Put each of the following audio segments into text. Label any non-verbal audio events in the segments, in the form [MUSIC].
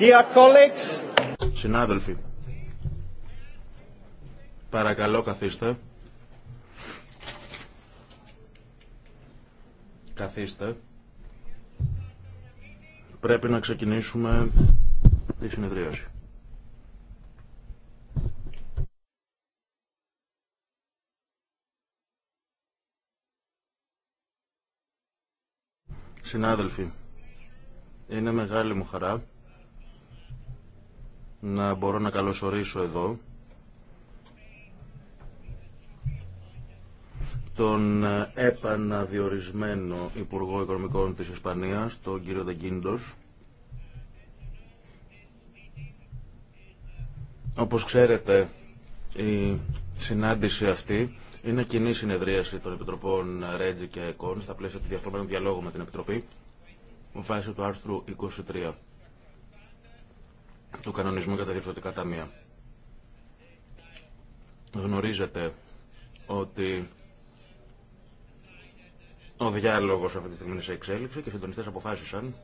Dear colleagues. Συνάδελφοι, παρακαλώ καθίστε. Καθίστε. Πρέπει να ξεκινήσουμε τη συνεδρίαση. Συνάδελφοι, είναι μεγάλη μου χαρά να μπορώ να καλωσορίσω εδώ τον επαναδιορισμένο Υπουργό Οικονομικών της Ισπανίας, τον κύριο Δεγκίντος. Όπως ξέρετε, η συνάντηση αυτή είναι κοινή συνεδρίαση των Επιτροπών Ρέτζι και ΕΚΟΝ στα πλαίσια του διαφορετικού διαλόγου με την Επιτροπή βάσει του άρθρου 23 του κανονισμού για τα διευθυντικά ταμεία. Γνωρίζετε ότι ο διάλογος αυτή τη στιγμή είναι σε εξέλιξη και οι συντονιστές αποφάσισαν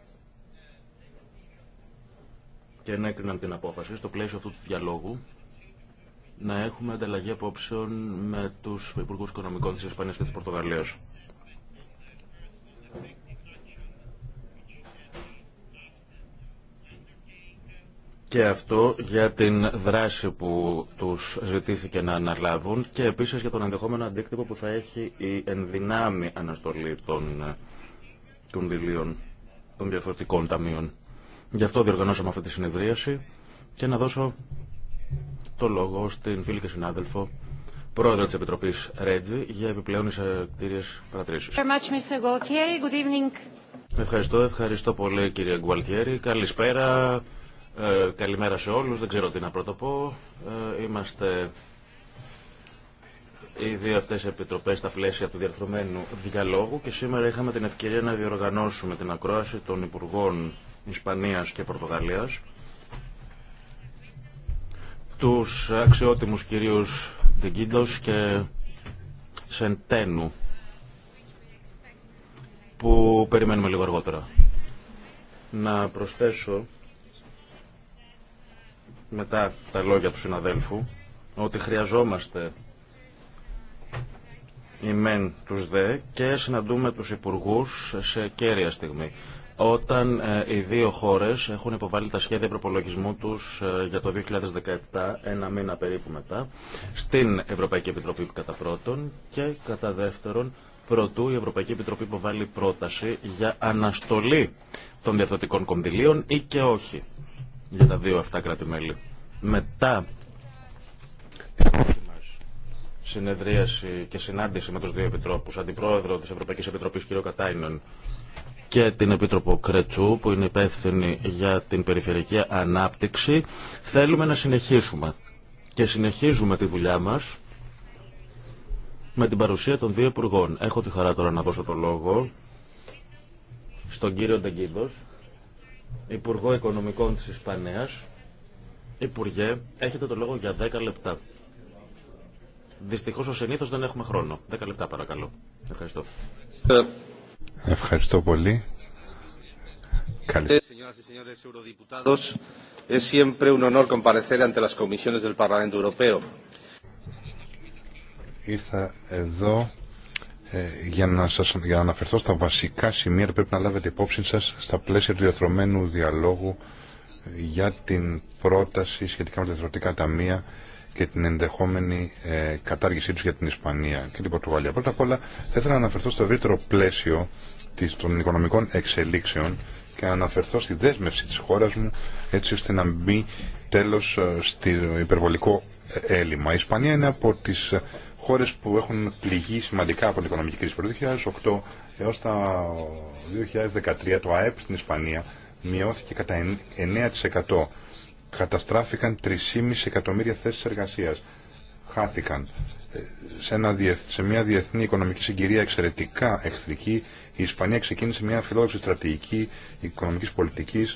και ενέκριναν την απόφαση στο πλαίσιο αυτού του διαλόγου να έχουμε ανταλλαγή απόψεων με τους Υπουργούς Οικονομικών της Ισπανίας και της Πορτογαλίας. και αυτό για την δράση που τους ζητήθηκε να αναλάβουν και επίσης για τον ενδεχόμενο αντίκτυπο που θα έχει η ενδυνάμει αναστολή των βιβλίων των διαφορετικών ταμείων. Γι' αυτό διοργανώσαμε αυτή τη συνεδρίαση και να δώσω το λόγο στην φίλη και συνάδελφο πρόεδρο της Επιτροπής Ρέτζη για επιπλέον εισακτήριες παρατηρήσεις. Ευχαριστώ, ευχαριστώ πολύ κύριε Γκουαλτιέρη. Καλησπέρα. Ε, καλημέρα σε όλους, δεν ξέρω τι να πω. Ε, είμαστε οι δύο αυτές οι επιτροπές στα πλαίσια του διαρθρωμένου διαλόγου και σήμερα είχαμε την ευκαιρία να διοργανώσουμε την ακρόαση των Υπουργών Ισπανίας και Πορτογαλίας τους αξιότιμους κυρίους Ντεγκίντος και Σεντένου που περιμένουμε λίγο αργότερα. Να προσθέσω μετά τα λόγια του συναδέλφου ότι χρειαζόμαστε ημέν τους δε και συναντούμε τους υπουργούς σε κέρια στιγμή όταν ε, οι δύο χώρες έχουν υποβάλει τα σχέδια προπολογισμού τους ε, για το 2017, ένα μήνα περίπου μετά, στην Ευρωπαϊκή Επιτροπή κατά πρώτον και κατά δεύτερον, προτού η Ευρωπαϊκή Επιτροπή υποβάλει πρόταση για αναστολή των διαθωτικών κονδυλίων ή και όχι για τα δύο αυτά κράτη-μέλη. Μετά συνεδρίαση και συνάντηση με του δύο επιτρόπους, αντιπρόεδρο της Ευρωπαϊκής Επιτροπής κ. Κατάινων, και την Επίτροπο Κρετσού που είναι υπεύθυνη για την περιφερειακή ανάπτυξη, θέλουμε να συνεχίσουμε. Και συνεχίζουμε τη δουλειά μας με την παρουσία των δύο υπουργών. Έχω τη χαρά τώρα να δώσω το λόγο στον κύριο Ντεγκίδος, Υπουργό Οικονομικών της Ισπανίας. Υπουργέ, έχετε το λόγο για 10 λεπτά. Δυστυχώς, ως συνήθως, δεν έχουμε χρόνο. 10 λεπτά, παρακαλώ. Ευχαριστώ. Ευχαριστώ πολύ. Καλή. Ε, es siempre un honor comparecer ante las comisiones del Parlamento Europeo. Ήρθα εδώ ε, για, να για να αναφερθώ στα βασικά σημεία που πρέπει να λάβετε υπόψη σας στα πλαίσια του διαθρωμένου διαλόγου για την πρόταση σχετικά με τα διαθροτικά ταμεία και την ενδεχόμενη ε, κατάργησή τους για την Ισπανία και την Πορτογαλία. Πρώτα απ' όλα θα ήθελα να αναφερθώ στο ευρύτερο πλαίσιο της, των οικονομικών εξελίξεων και να αναφερθώ στη δέσμευση της χώρας μου έτσι ώστε να μπει τέλος ε, στο υπερβολικό ε, έλλειμμα. Η Ισπανία είναι από τις Χώρε που έχουν πληγεί σημαντικά από την οικονομική κρίση. Από το 2008 έω το 2013 το ΑΕΠ στην Ισπανία μειώθηκε κατά 9%. Καταστράφηκαν 3,5 εκατομμύρια θέσεις εργασία. Χάθηκαν. Ε, σε, ένα, σε μια διεθνή οικονομική συγκυρία εξαιρετικά εχθρική, η Ισπανία ξεκίνησε μια φιλόδοξη στρατηγική οικονομική πολιτική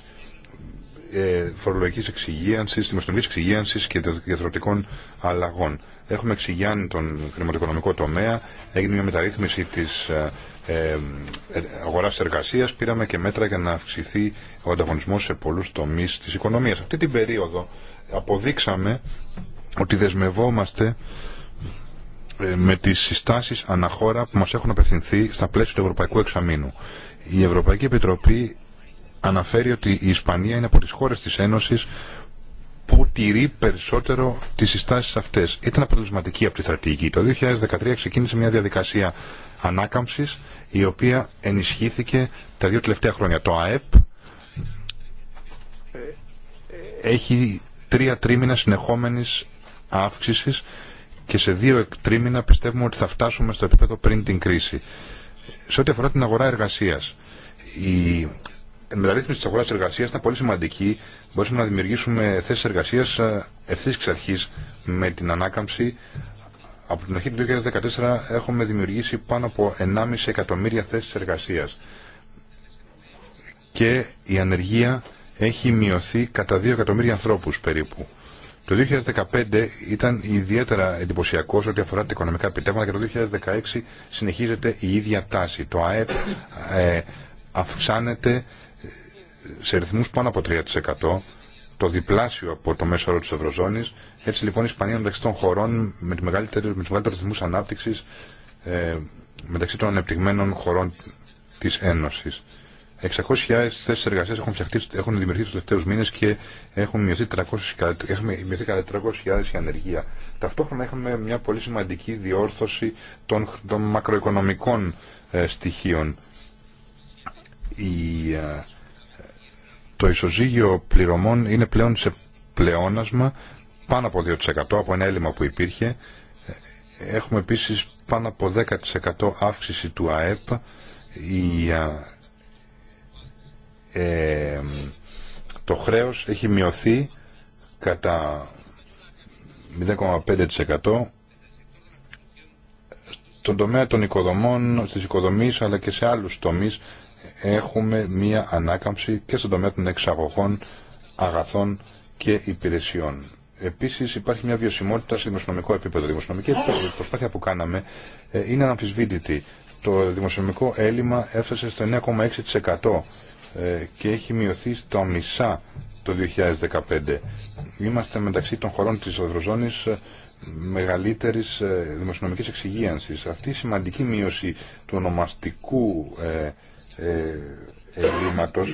ε, εξυγίανση, εξυγίανσης, δημοσιονομικής εξυγίανσης και διαδροτικών αλλαγών. Έχουμε εξυγιάνει τον χρηματοοικονομικό τομέα, έγινε μια μεταρρύθμιση τη ε, ε, αγοράς εργασίας, πήραμε και μέτρα για να αυξηθεί ο ανταγωνισμό σε πολλού τομεί τη οικονομία. Αυτή την περίοδο αποδείξαμε ότι δεσμευόμαστε ε, με τις συστάσεις αναχώρα που μας έχουν απευθυνθεί στα πλαίσια του Ευρωπαϊκού Εξαμήνου. Η Ευρωπαϊκή Επιτροπή αναφέρει ότι η Ισπανία είναι από τις χώρες της Ένωσης που τηρεί περισσότερο τις συστάσεις αυτές. Ήταν αποτελεσματική από τη στρατηγική. Το 2013 ξεκίνησε μια διαδικασία ανάκαμψης η οποία ενισχύθηκε τα δύο τελευταία χρόνια. Το ΑΕΠ ε, έχει τρία τρίμηνα συνεχόμενης αύξησης και σε δύο τρίμηνα πιστεύουμε ότι θα φτάσουμε στο επίπεδο πριν την κρίση. Σε ό,τι αφορά την αγορά εργασίας, η μεταρρύθμιση τη αγορά εργασία ήταν πολύ σημαντική. μπορούσαμε να δημιουργήσουμε θέσει εργασία ε, ευθύ εξ αρχή με την ανάκαμψη. Από την αρχή του 2014 έχουμε δημιουργήσει πάνω από 1,5 εκατομμύρια θέσει εργασία. Και η ανεργία έχει μειωθεί κατά 2 εκατομμύρια ανθρώπου περίπου. Το 2015 ήταν ιδιαίτερα εντυπωσιακό ό,τι αφορά τα οικονομικά επιτεύγματα και το 2016 συνεχίζεται η ίδια τάση. Το ΑΕΠ ε, αυξάνεται σε ρυθμούς πάνω από 3%, το διπλάσιο από το μέσο όρο της Ευρωζώνης. Έτσι λοιπόν η Ισπανία μεταξύ των χωρών με τους μεγαλύτερους ρυθμούς ανάπτυξης ε, μεταξύ των ανεπτυγμένων χωρών της Ένωσης. 600.000 θέσει εργασία έχουν, φτιαχτεί, έχουν δημιουργηθεί του τελευταίους μήνε και έχουν μειωθεί, 300, έχουμε μειωθεί κατά 300.000 η ανεργία. Ταυτόχρονα έχουμε μια πολύ σημαντική διόρθωση των, των μακροοικονομικών ε, στοιχείων. Η, ε, το ισοζύγιο πληρωμών είναι πλέον σε πλεόνασμα πάνω από 2% από ένα έλλειμμα που υπήρχε. Έχουμε επίσης πάνω από 10% αύξηση του ΑΕΠ. Η, ε, το χρέος έχει μειωθεί κατά 0,5% στον τομέα των οικοδομών, στις οικοδομήσεις αλλά και σε άλλους τομείς έχουμε μία ανάκαμψη και στον τομέα των εξαγωγών αγαθών και υπηρεσιών. Επίσης υπάρχει μια βιωσιμότητα σε δημοσιονομικό επίπεδο. Η δημοσιονομική προσπάθεια που κάναμε ε, είναι αναμφισβήτητη. Το δημοσιονομικό έλλειμμα έφτασε στο 9,6% ε, και έχει μειωθεί στο μισά το 2015. Είμαστε μεταξύ των χωρών της Ευρωζώνης ε, μεγαλύτερης δημοσιονομικής εξυγίανσης. Αυτή η σημαντική μείωση του ονομαστικού ε,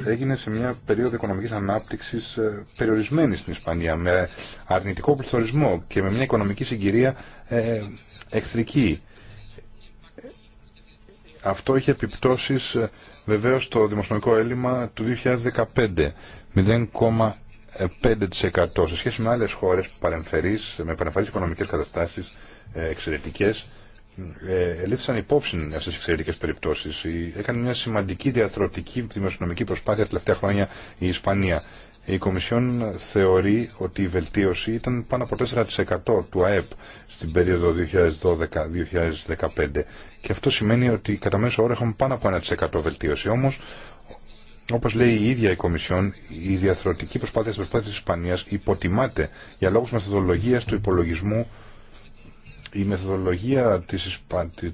έγινε σε μια περίοδο οικονομικής ανάπτυξης ε, περιορισμένη στην Ισπανία με αρνητικό πληθωρισμό και με μια οικονομική συγκυρία ε, εχθρική. Αυτό είχε επιπτώσεις ε, βεβαίως στο δημοσιονομικό έλλειμμα του 2015 0,5% σε σχέση με άλλες χώρες παρεμφερείς, με παρεμφερείς οικονομικές καταστάσεις ε, εξαιρετικές ε, ελήφθησαν υπόψη αυτέ τι εξαιρετικέ περιπτώσει. Έκανε μια σημαντική διαθροτική δημοσιονομική προσπάθεια τα τελευταία χρόνια η Ισπανία. Η Κομισιόν θεωρεί ότι η βελτίωση ήταν πάνω από 4% του ΑΕΠ στην περίοδο 2012-2015 και αυτό σημαίνει ότι κατά μέσο όρο έχουμε πάνω από 1% βελτίωση. Όμω, όπω λέει η ίδια η Κομισιόν, η διαθροτική προσπάθεια τη προσπάθεια τη Ισπανία υποτιμάται για λόγου μεθοδολογία του υπολογισμού η μεθοδολογία της,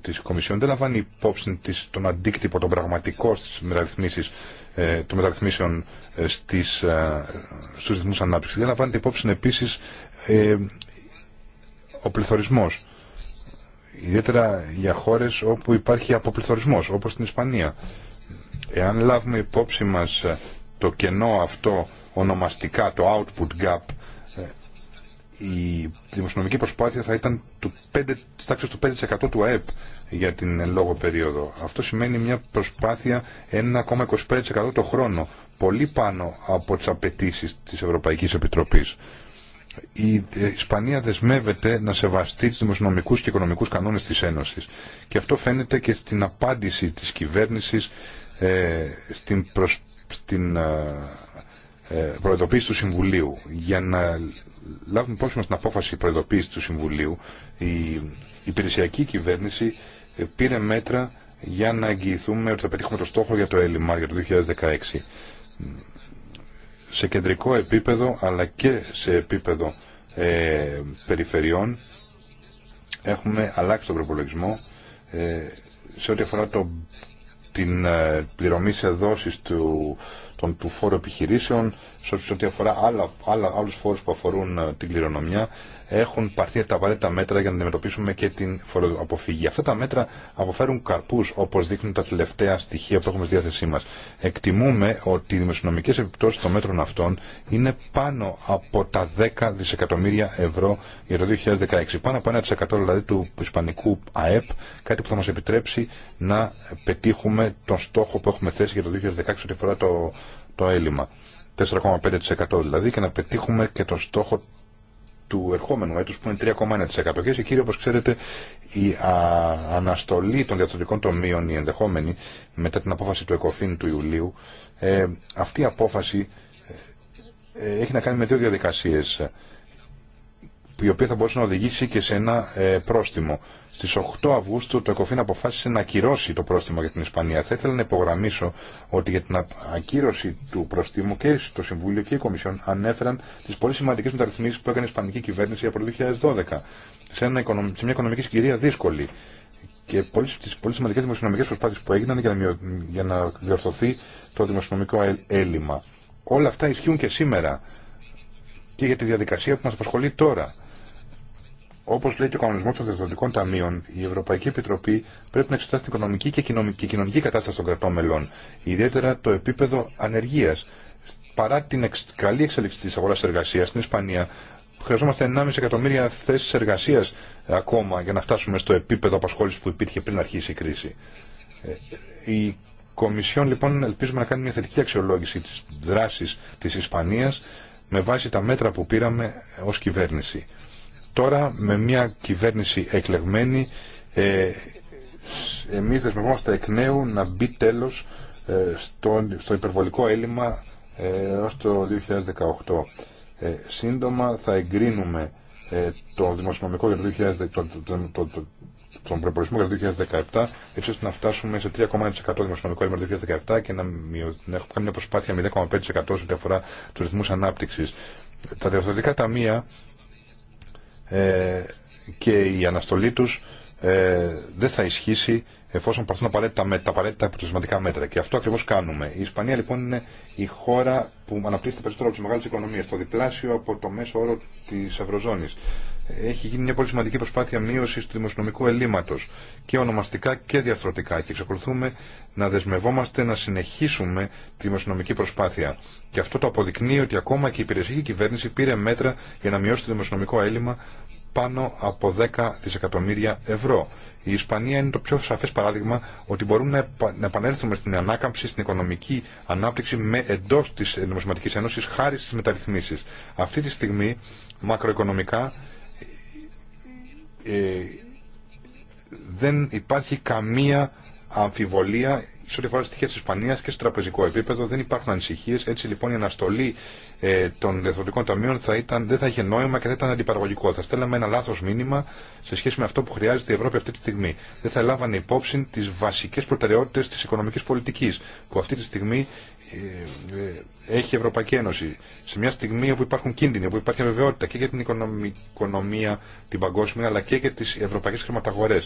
της Κομισιόν δεν λαμβάνει υπόψη της, τον αντίκτυπο, τον πραγματικό στις μεταρρυθμίσεις ε, των μεταρρυθμίσεων ε, στις, ε, στους ρυθμούς ανάπτυξης. Δεν λαμβάνει υπόψη επίσης ε, ο πληθωρισμός. Ιδιαίτερα για χώρες όπου υπάρχει αποπληθωρισμός, όπως στην Ισπανία. Εάν λάβουμε υπόψη μας το κενό αυτό ονομαστικά, το output gap, η δημοσιονομική προσπάθεια θα ήταν του 5, του 5% του ΑΕΠ για την λόγο λόγω περίοδο. Αυτό σημαίνει μια προσπάθεια 1,25% το χρόνο, πολύ πάνω από τις απαιτήσει της Ευρωπαϊκής Επιτροπής. Η Ισπανία δεσμεύεται να σεβαστεί τους δημοσιονομικούς και οικονομικούς κανόνες της Ένωσης. Και αυτό φαίνεται και στην απάντηση της κυβέρνησης ε, στην, προσ... Ε, ε, προεδοποίηση του Συμβουλίου για να λάβουμε υπόψη μας την απόφαση προειδοποίησης του Συμβουλίου, η υπηρεσιακή κυβέρνηση ε, πήρε μέτρα για να εγγυηθούμε ότι θα πετύχουμε το στόχο για το έλλειμμα για το 2016. Σε κεντρικό επίπεδο αλλά και σε επίπεδο ε, περιφερειών έχουμε αλλάξει τον προπολογισμό ε, σε ό,τι αφορά το, την ε, πληρωμή σε δόσεις του των, του φόρου επιχειρήσεων, σε ό,τι αφορά άλλα, άλλα, άλλους φόρους που αφορούν ε, την κληρονομιά έχουν πάρθει τα απαραίτητα μέτρα για να αντιμετωπίσουμε και την φοροαποφυγή. Αυτά τα μέτρα αποφέρουν καρπού, όπω δείχνουν τα τελευταία στοιχεία που έχουμε στη διάθεσή μα. Εκτιμούμε ότι οι δημοσιονομικέ επιπτώσει των μέτρων αυτών είναι πάνω από τα 10 δισεκατομμύρια ευρώ για το 2016. Πάνω από 1% δηλαδή του Ισπανικού ΑΕΠ, κάτι που θα μα επιτρέψει να πετύχουμε τον στόχο που έχουμε θέσει για το 2016 ό,τι αφορά το, το έλλειμμα. 4,5% δηλαδή και να πετύχουμε και τον στόχο του ερχόμενου έτου που είναι 3,1%. Και κύριε όπω ξέρετε η αναστολή των διατροφικών τομείων η ενδεχόμενη μετά την απόφαση του ΕΚΟΦΗΝ του Ιουλίου ε, αυτή η απόφαση ε, ε έχει να κάνει με δύο διαδικασίε ε, η οποία θα μπορούσε να οδηγήσει και σε ένα ε, πρόστιμο. Στι 8 Αυγούστου το ΕΚΟΦΗΝ αποφάσισε να ακυρώσει το πρόστιμο για την Ισπανία. Θα ήθελα να υπογραμμίσω ότι για την ακύρωση του πρόστιμου και το Συμβούλιο και η Κομισιόν ανέφεραν τι πολύ σημαντικέ μεταρρυθμίσει που έκανε η Ισπανική κυβέρνηση από το 2012 σε, ένα, σε μια οικονομική συγκυρία δύσκολη και τι πολύ σημαντικέ δημοσιονομικέ προσπάθειε που έγιναν για να, για να διορθωθεί το δημοσιονομικό έλλειμμα. Όλα αυτά ισχύουν και σήμερα και για τη διαδικασία που μα απασχολεί τώρα. Όπω λέει και ο κανονισμό των διευθυντικών ταμείων, η Ευρωπαϊκή Επιτροπή πρέπει να εξετάσει την οικονομική και κοινωνική κατάσταση των κρατών μελών, ιδιαίτερα το επίπεδο ανεργία. Παρά την καλή εξέλιξη τη αγορά εργασία στην Ισπανία, χρειαζόμαστε 1,5 εκατομμύρια θέσει εργασία ακόμα για να φτάσουμε στο επίπεδο απασχόληση που υπήρχε πριν αρχίσει η κρίση. Ε, η Κομισιόν λοιπόν ελπίζουμε να κάνει μια θετική αξιολόγηση τη δράση τη Ισπανία με βάση τα μέτρα που πήραμε ω κυβέρνηση. Τώρα με μια κυβέρνηση εκλεγμένη ε, εμείς δεσμευόμαστε εκ νέου να μπει τέλος ε, στο, υπερβολικό έλλειμμα ε, ως το 2018. Ε, σύντομα θα εγκρίνουμε ε, το δημοσιονομικό για το, τον προπολογισμό για το 2017, έτσι ώστε να φτάσουμε σε 3,1% δημοσιονομικό έλλειμμα το 2017 και να, έχουμε κάνει μια προσπάθεια 0,5% σε διαφορά του ρυθμού ανάπτυξη. Τα διαφορετικά ταμεία ε, και η αναστολή τους ε, δεν θα ισχύσει εφόσον παρθούν απαραίτητα, με, τα απαραίτητα αποτελεσματικά μέτρα. Και αυτό ακριβώς κάνουμε. Η Ισπανία λοιπόν είναι η χώρα που αναπτύσσεται περισσότερο από τις μεγάλες οικονομίες, το διπλάσιο από το μέσο όρο της Ευρωζώνης έχει γίνει μια πολύ σημαντική προσπάθεια μείωση του δημοσιονομικού ελλείμματο και ονομαστικά και διαθροτικά και εξακολουθούμε να δεσμευόμαστε να συνεχίσουμε τη δημοσιονομική προσπάθεια. Και αυτό το αποδεικνύει ότι ακόμα και η υπηρεσιακή κυβέρνηση πήρε μέτρα για να μειώσει το δημοσιονομικό έλλειμμα πάνω από 10 δισεκατομμύρια ευρώ. Η Ισπανία είναι το πιο σαφέ παράδειγμα ότι μπορούμε να επανέλθουμε στην ανάκαμψη, στην οικονομική ανάπτυξη με εντό τη Ένωση χάρη στι μεταρρυθμίσει. Αυτή τη στιγμή μακροοικονομικά ε, δεν υπάρχει καμία αμφιβολία σε ό,τι αφορά στοιχεία τη Ισπανία και στο τραπεζικό επίπεδο δεν υπάρχουν ανησυχίε. Έτσι λοιπόν η αναστολή ε, των διαθροτικών ταμείων θα ήταν, δεν θα είχε νόημα και θα ήταν αντιπαραγωγικό. Θα στέλναμε ένα λάθο μήνυμα σε σχέση με αυτό που χρειάζεται η Ευρώπη αυτή τη στιγμή. Δεν θα λάβανε υπόψη τι βασικέ προτεραιότητε τη οικονομική πολιτική που αυτή τη στιγμή ε, ε, έχει η Ευρωπαϊκή Ένωση. Σε μια στιγμή όπου υπάρχουν κίνδυνοι, όπου υπάρχει αβεβαιότητα και για την οικονομία, την παγκόσμια, αλλά και για τι ευρωπαϊκέ χρηματαγορέ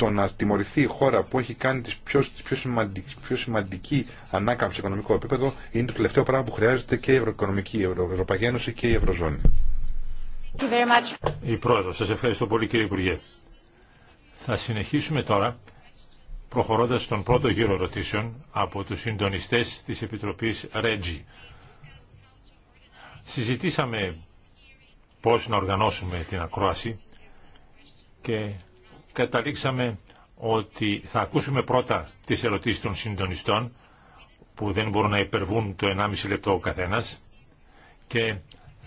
το να τιμωρηθεί η χώρα που έχει κάνει τις πιο, πιο, σημαντική, πιο σημαντική ανάκαμψη σε οικονομικό επίπεδο είναι το τελευταίο πράγμα που χρειάζεται και η Ευρωοικονομική, η Ευρωπαϊκή Ένωση και η Ευρωζώνη. Η πρόεδρο. σας ευχαριστώ πολύ κύριε Υπουργέ. Θα συνεχίσουμε τώρα προχωρώντας στον πρώτο γύρο ερωτήσεων από τους συντονιστές της Επιτροπής Ρέτζι. Συζητήσαμε πώς να οργανώσουμε την ακρόαση και καταλήξαμε ότι θα ακούσουμε πρώτα τις ερωτήσεις των συντονιστών που δεν μπορούν να υπερβούν το 1,5 λεπτό ο καθένας και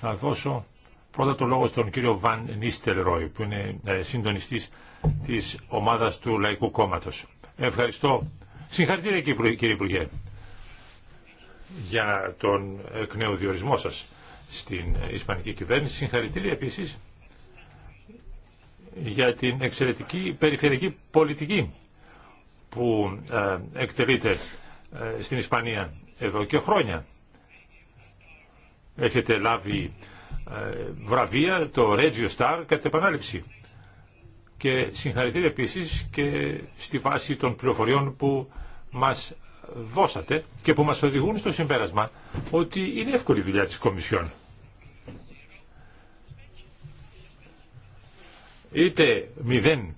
θα δώσω πρώτα το λόγο στον κύριο Βαν Νίστελ Ρόι που είναι ε, συντονιστής της ομάδας του Λαϊκού Κόμματος. Ευχαριστώ. Συγχαρητήρια κύριε Υπουργέ για τον εκ νέου διορισμό σας στην Ισπανική κυβέρνηση. Συγχαρητήρια επίσης για την εξαιρετική περιφερειακή πολιτική που ε, εκτελείται ε, στην Ισπανία εδώ και χρόνια. Έχετε λάβει ε, βραβεία, το Regio Star, κατά επανάληψη. Και συγχαρητήρια επίσης και στη βάση των πληροφοριών που μας δώσατε και που μας οδηγούν στο συμπέρασμα ότι είναι εύκολη η δουλειά της Κομισιόν. είτε μηδέν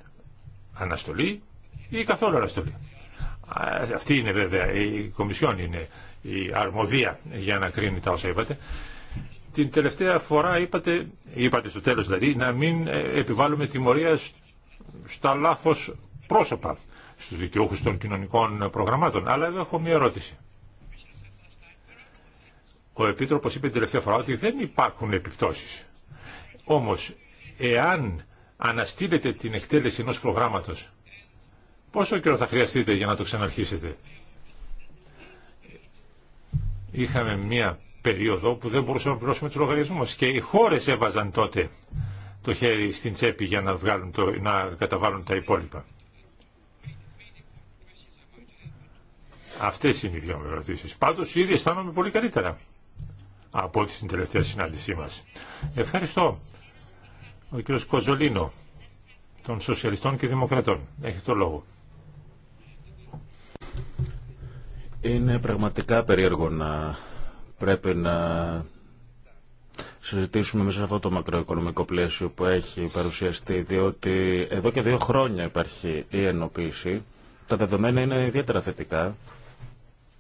αναστολή ή καθόλου αναστολή. Αυτή είναι βέβαια, η Κομισιόν είναι η αρμοδία για να κρίνει τα όσα είπατε. Την τελευταία φορά είπατε, είπατε στο τέλος δηλαδή, να μην ε, επιβάλλουμε τιμωρία στα λάθος πρόσωπα στους δικαιούχους των κοινωνικών προγραμμάτων. Αλλά εδώ έχω μια ερώτηση. Ο Επίτροπος είπε την τελευταία φορά ότι δεν υπάρχουν επιπτώσεις. Όμως, εάν αναστείλετε την εκτέλεση ενός προγράμματος, πόσο καιρό θα χρειαστείτε για να το ξαναρχίσετε. Είχαμε μία περίοδο που δεν μπορούσαμε να πληρώσουμε τους λογαριασμούς και οι χώρες έβαζαν τότε το χέρι στην τσέπη για να, βγάλουν το, να καταβάλουν τα υπόλοιπα. Αυτές είναι οι δυο ερωτήσεις. Πάντως ήδη αισθάνομαι πολύ καλύτερα από ό,τι στην τελευταία συνάντησή μας. Ευχαριστώ. Ο κ. Κοζολίνο των Σοσιαλιστών και Δημοκρατών. Έχει το λόγο. Είναι πραγματικά περίεργο να πρέπει να συζητήσουμε μέσα σε αυτό το μακροοικονομικό πλαίσιο που έχει παρουσιαστεί, διότι εδώ και δύο χρόνια υπάρχει η ενοποίηση. Τα δεδομένα είναι ιδιαίτερα θετικά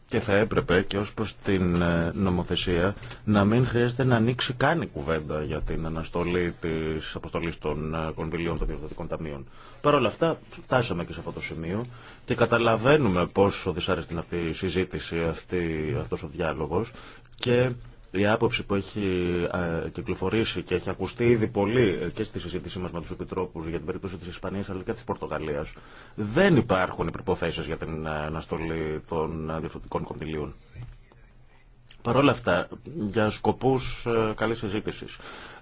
και θα έπρεπε και ως προς την ε, νομοθεσία να μην χρειάζεται να ανοίξει καν η κουβέντα για την αναστολή της αποστολής των ε, κονδυλίων των διευθυντικών ταμείων. Παρ' όλα αυτά φτάσαμε και σε αυτό το σημείο και καταλαβαίνουμε πόσο δυσάρεστη είναι αυτή η συζήτηση, αυτή, αυτός ο διάλογος και η άποψη που έχει κυκλοφορήσει και έχει ακουστεί ήδη πολύ και στη συζήτησή μα με του επιτρόπου για την περίπτωση τη Ισπανία αλλά και τη Πορτογαλία, δεν υπάρχουν οι προποθέσει για την ε, αναστολή των ε, διευθυντικών κοντιλίων. Παρ' όλα αυτά, για σκοπού ε, καλή συζήτηση.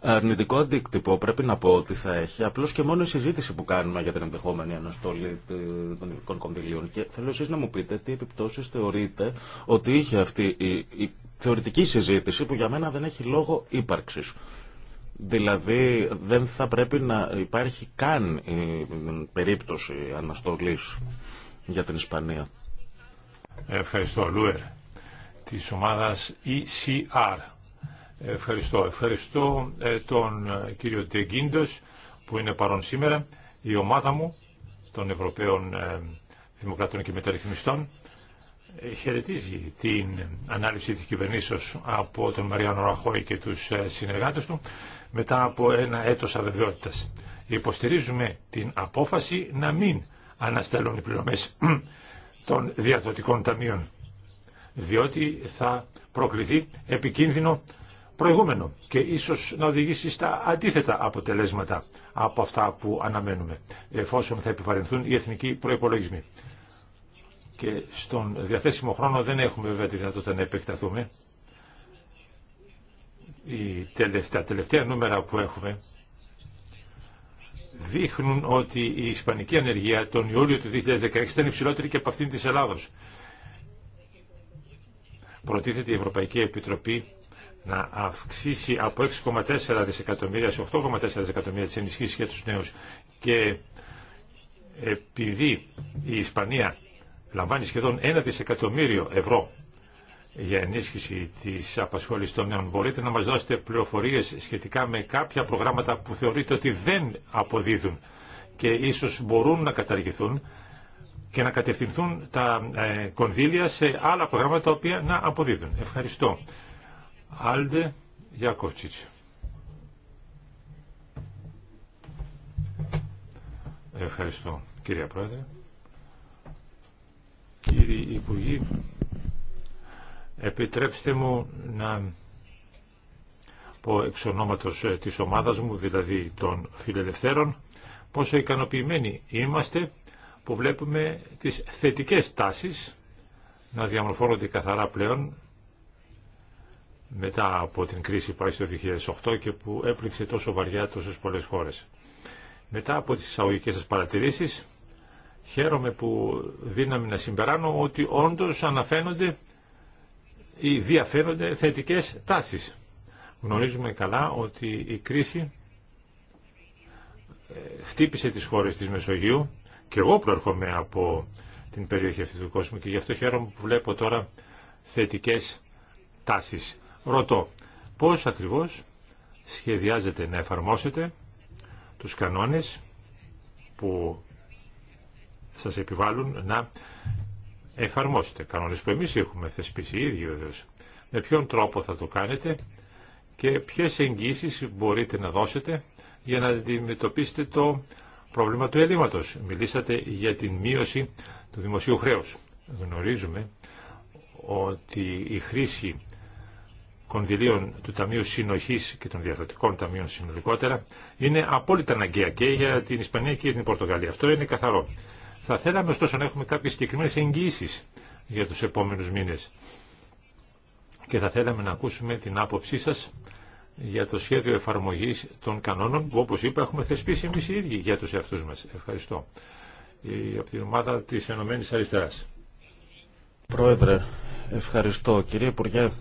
Αρνητικό αντίκτυπο πρέπει να πω ότι θα έχει απλώ και μόνο η συζήτηση που κάνουμε για την ενδεχόμενη αναστολή των ειδικών κονδυλίων. Και θέλω εσεί να μου πείτε τι επιπτώσει θεωρείτε ότι είχε αυτή η θεωρητική συζήτηση που για μένα δεν έχει λόγο ύπαρξη. Δηλαδή δεν θα πρέπει να υπάρχει καν η περίπτωση αναστολής για την Ισπανία. Ευχαριστώ, Λούερ της ομάδας ECR. Ευχαριστώ. Ευχαριστώ ε, τον ε, κύριο Τεγκίντος που είναι παρόν σήμερα, η ομάδα μου των Ευρωπαίων ε, Δημοκρατών και Μεταρρυθμιστών χαιρετίζει την ανάλυση της κυβερνήσεως από τον Μαριάνο Ραχώη και τους συνεργάτες του μετά από ένα έτος αβεβαιότητας. Υποστηρίζουμε την απόφαση να μην αναστέλουν οι πληρωμές [CLEARS THROAT] των διαδοτικών ταμείων διότι θα προκληθεί επικίνδυνο προηγούμενο και ίσως να οδηγήσει στα αντίθετα αποτελέσματα από αυτά που αναμένουμε, εφόσον θα επιβαρυνθούν οι εθνικοί προϋπολογισμοί. Και στον διαθέσιμο χρόνο δεν έχουμε βέβαια τη δυνατότητα να επεκταθούμε. τελευταία, τα τελευταία νούμερα που έχουμε δείχνουν ότι η ισπανική ανεργία τον Ιούλιο του 2016 ήταν υψηλότερη και από αυτήν της Ελλάδος προτίθεται η Ευρωπαϊκή Επιτροπή να αυξήσει από 6,4 δισεκατομμύρια σε 8,4 δισεκατομμύρια τις ενισχύσεις για τους νέους και επειδή η Ισπανία λαμβάνει σχεδόν 1 δισεκατομμύριο ευρώ για ενίσχυση της απασχόλησης των νέων μπορείτε να μας δώσετε πληροφορίες σχετικά με κάποια προγράμματα που θεωρείτε ότι δεν αποδίδουν και ίσως μπορούν να καταργηθούν και να κατευθυνθούν τα ε, κονδύλια σε άλλα προγράμματα τα οποία να αποδίδουν. Ευχαριστώ. Άλντε Γιακόβτσιτς. Ευχαριστώ κυρία Πρόεδρε. Κύριοι Υπουργοί, επιτρέψτε μου να πω εξ ονόματος ε, της ομάδας μου, δηλαδή των φιλελευθέρων, πόσο ικανοποιημένοι είμαστε που βλέπουμε τις θετικές τάσεις να διαμορφώνονται καθαρά πλέον μετά από την κρίση που 2008 και που έπληξε τόσο βαριά τόσες πολλές χώρες. Μετά από τις εισαγωγικέ σας παρατηρήσεις, χαίρομαι που δύναμη να συμπεράνω ότι όντως αναφαίνονται ή διαφαίνονται θετικές τάσεις. Γνωρίζουμε καλά ότι η κρίση ε, χτύπησε τις χώρες της Μεσογείου και εγώ προερχόμαι από την περιοχή αυτή του κόσμου και γι' αυτό χαίρομαι που βλέπω τώρα θετικές τάσεις. Ρωτώ, πώς ακριβώς σχεδιάζετε να εφαρμόσετε τους κανόνες που σας επιβάλλουν να εφαρμόσετε. Κανόνες που εμείς έχουμε θεσπίσει οι ίδιοι βεβαίως. Με ποιον τρόπο θα το κάνετε και ποιες εγγύσεις μπορείτε να δώσετε για να αντιμετωπίσετε το πρόβλημα του ελλείμματος. Μιλήσατε για την μείωση του δημοσίου χρέους. Γνωρίζουμε ότι η χρήση κονδυλίων του Ταμείου Συνοχής και των διαφορετικών Ταμείων συνολικότερα είναι απόλυτα αναγκαία και για την Ισπανία και την Πορτογαλία. Αυτό είναι καθαρό. Θα θέλαμε ωστόσο να έχουμε κάποιες συγκεκριμένε εγγύησει για τους επόμενους μήνες και θα θέλαμε να ακούσουμε την άποψή σας για το σχέδιο εφαρμογής των κανόνων που όπως είπα έχουμε θεσπίσει εμείς οι ίδιοι για τους εαυτούς μας. Ευχαριστώ. Από την ομάδα της Ενωμένης ΕΕ. Πρόεδρε, ευχαριστώ. Κύριε Υπουργέ,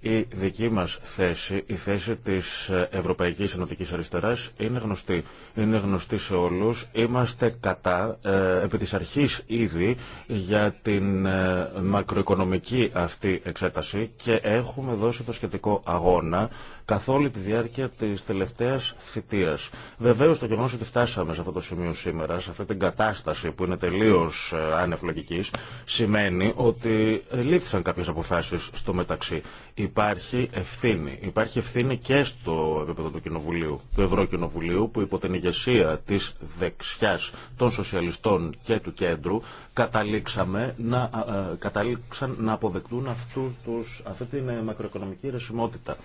η δική μας θέση, η θέση της Ευρωπαϊκής Ενωτικής Αριστεράς είναι γνωστή. Είναι γνωστή σε όλους. Είμαστε κατά, ε, επί της αρχής ήδη, για την ε, μακροοικονομική αυτή εξέταση και έχουμε δώσει το σχετικό αγώνα καθ' όλη τη διάρκεια τη τελευταία θητεία. Βεβαίω το γεγονό ότι φτάσαμε σε αυτό το σημείο σήμερα, σε αυτή την κατάσταση που είναι τελείω ε, ανευλογική, σημαίνει ότι λήφθησαν κάποιε αποφάσει στο μεταξύ. Υπάρχει ευθύνη. Υπάρχει ευθύνη και στο επίπεδο του Κοινοβουλίου, του Ευρωκοινοβουλίου, που υπό την ηγεσία τη δεξιά των σοσιαλιστών και του κέντρου καταλήξαμε να, καταλήξαν να αποδεκτούν αυτούς τους, αυτή την ε, μακροοικονομική ρεσιμότητα.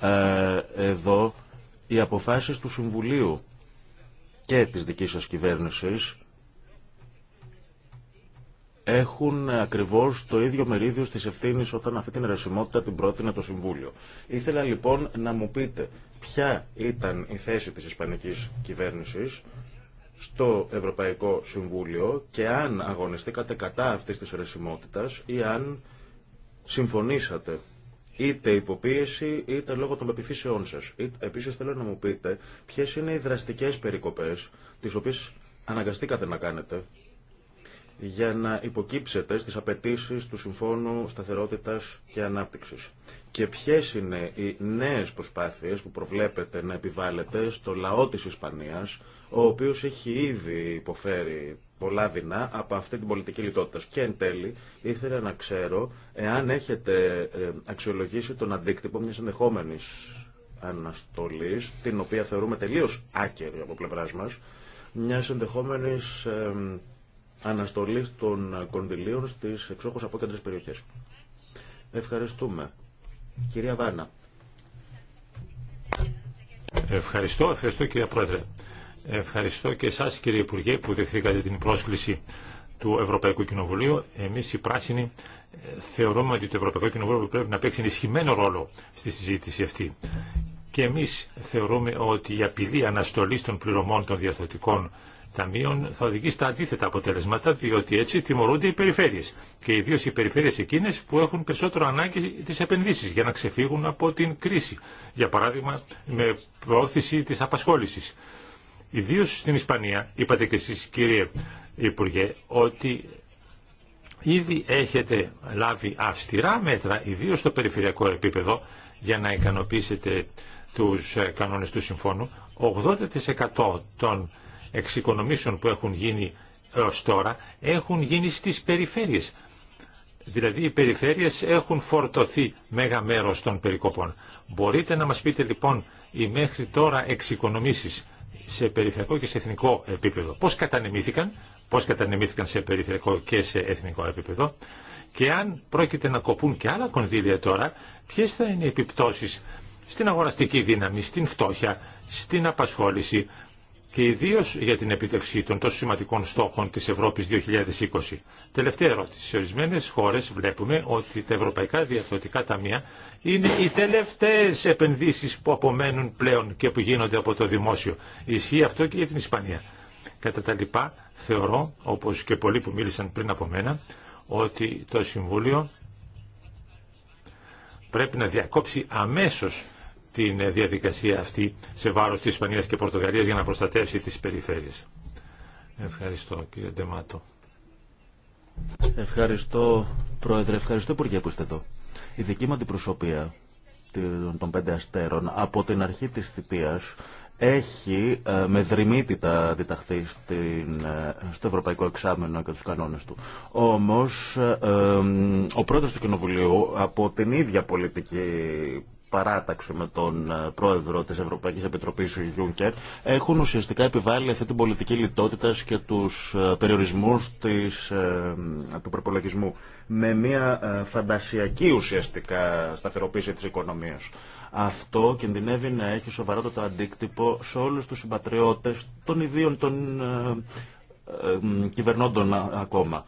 Ε, ε, εδώ οι αποφάσεις του Συμβουλίου και της δικής σας κυβέρνησης έχουν ακριβώς το ίδιο μερίδιο στις ευθύνη όταν αυτή την ερεσιμότητα την πρότεινε το Συμβούλιο. Ήθελα λοιπόν να μου πείτε ποια ήταν η θέση της Ισπανικής κυβέρνησης στο Ευρωπαϊκό Συμβούλιο και αν αγωνιστήκατε κατά αυτής της ερεσιμότητας ή αν συμφωνήσατε είτε υποπίεση είτε λόγω των πεπιθήσεών σα. Επίσης θέλω να μου πείτε ποιε είναι οι δραστικές περικοπές τις οποίες αναγκαστήκατε να κάνετε για να υποκύψετε στις απαιτήσει του Συμφώνου Σταθερότητας και Ανάπτυξης. Και ποιες είναι οι νέες προσπάθειες που προβλέπετε να επιβάλλετε στο λαό της Ισπανίας, ο οποίος έχει ήδη υποφέρει πολλά δεινά από αυτή την πολιτική λιτότητα. Και εν τέλει ήθελα να ξέρω εάν έχετε ε, αξιολογήσει τον αντίκτυπο μιας ενδεχόμενη αναστολής, την οποία θεωρούμε τελείως άκερη από πλευρά μας, μια ενδεχόμενη ε, αναστολής των κονδυλίων στις εξόχω απόκεντρε περιοχές. Ευχαριστούμε. Κυρία Βάνα. Ευχαριστώ, ευχαριστώ κυρία Πρόεδρε. Ευχαριστώ και εσάς κύριε Υπουργέ που δεχθήκατε την πρόσκληση του Ευρωπαϊκού Κοινοβουλίου. Εμείς οι πράσινοι ε, θεωρούμε ότι το Ευρωπαϊκό Κοινοβούλιο πρέπει να παίξει ενισχυμένο ρόλο στη συζήτηση αυτή. Και εμείς θεωρούμε ότι η απειλή αναστολή των πληρωμών των διαθετικών ταμείων θα οδηγεί στα αντίθετα αποτελέσματα, διότι έτσι τιμωρούνται οι περιφέρειες. Και ιδίω οι περιφέρειες εκείνες που έχουν περισσότερο ανάγκη τις επενδύσεις για να ξεφύγουν από την κρίση. Για παράδειγμα, με πρόθεση της απασχόλησης. Ιδίω στην Ισπανία, είπατε και εσείς κύριε Υπουργέ, ότι ήδη έχετε λάβει αυστηρά μέτρα, ιδίω στο περιφερειακό επίπεδο, για να ικανοποιήσετε τους ε, κανόνε του συμφώνου. 80% των εξοικονομήσεων που έχουν γίνει έω τώρα έχουν γίνει στις περιφέρειες. Δηλαδή οι περιφέρειες έχουν φορτωθεί μέγα μέρος των περικοπών. Μπορείτε να μας πείτε λοιπόν οι μέχρι τώρα εξοικονομήσεις σε περιφερειακό και σε εθνικό επίπεδο. Πώς κατανεμήθηκαν, πώς κατανεμήθηκαν σε περιφερειακό και σε εθνικό επίπεδο και αν πρόκειται να κοπούν και άλλα κονδύλια τώρα, ποιες θα είναι οι επιπτώσεις στην αγοραστική δύναμη, στην φτώχεια, στην απασχόληση, και ιδίω για την επίτευξη των τόσο σημαντικών στόχων τη Ευρώπη 2020. Τελευταία ερώτηση. Σε ορισμένε χώρε βλέπουμε ότι τα ευρωπαϊκά διαθεωτικά ταμεία είναι οι τελευταίε επενδύσει που απομένουν πλέον και που γίνονται από το δημόσιο. Ισχύει αυτό και για την Ισπανία. Κατά τα λοιπά, θεωρώ, όπω και πολλοί που μίλησαν πριν από μένα, ότι το Συμβούλιο πρέπει να διακόψει αμέσως την ε, διαδικασία αυτή σε βάρος της Ισπανίας και Πορτογαλίας για να προστατεύσει τις περιφέρειες. Ευχαριστώ κύριε Ντεμάτο. Ευχαριστώ Πρόεδρε, ευχαριστώ Υπουργέ που είστε εδώ. Η δική μου αντιπροσωπεία των πέντε αστέρων από την αρχή της θητείας έχει ε, με δρυμύτητα διταχθεί ε, στο Ευρωπαϊκό Εξάμενο και τους κανόνες του. Όμως, ο πρόεδρος του Κοινοβουλίου από την ίδια πολιτική Παράταξε με τον ε, πρόεδρο της Ευρωπαϊκής Επιτροπής, Γιούνκερ, έχουν ουσιαστικά επιβάλει αυτή την πολιτική λιτότητα και τους ε, περιορισμούς ε, του προπολογισμού με μια φαντασιακή ουσιαστικά σταθεροποίηση της οικονομίας. Αυτό κινδυνεύει να έχει σοβαρότατο αντίκτυπο σε όλους τους συμπατριώτες των ιδίων των κυβερνώντων ακόμα.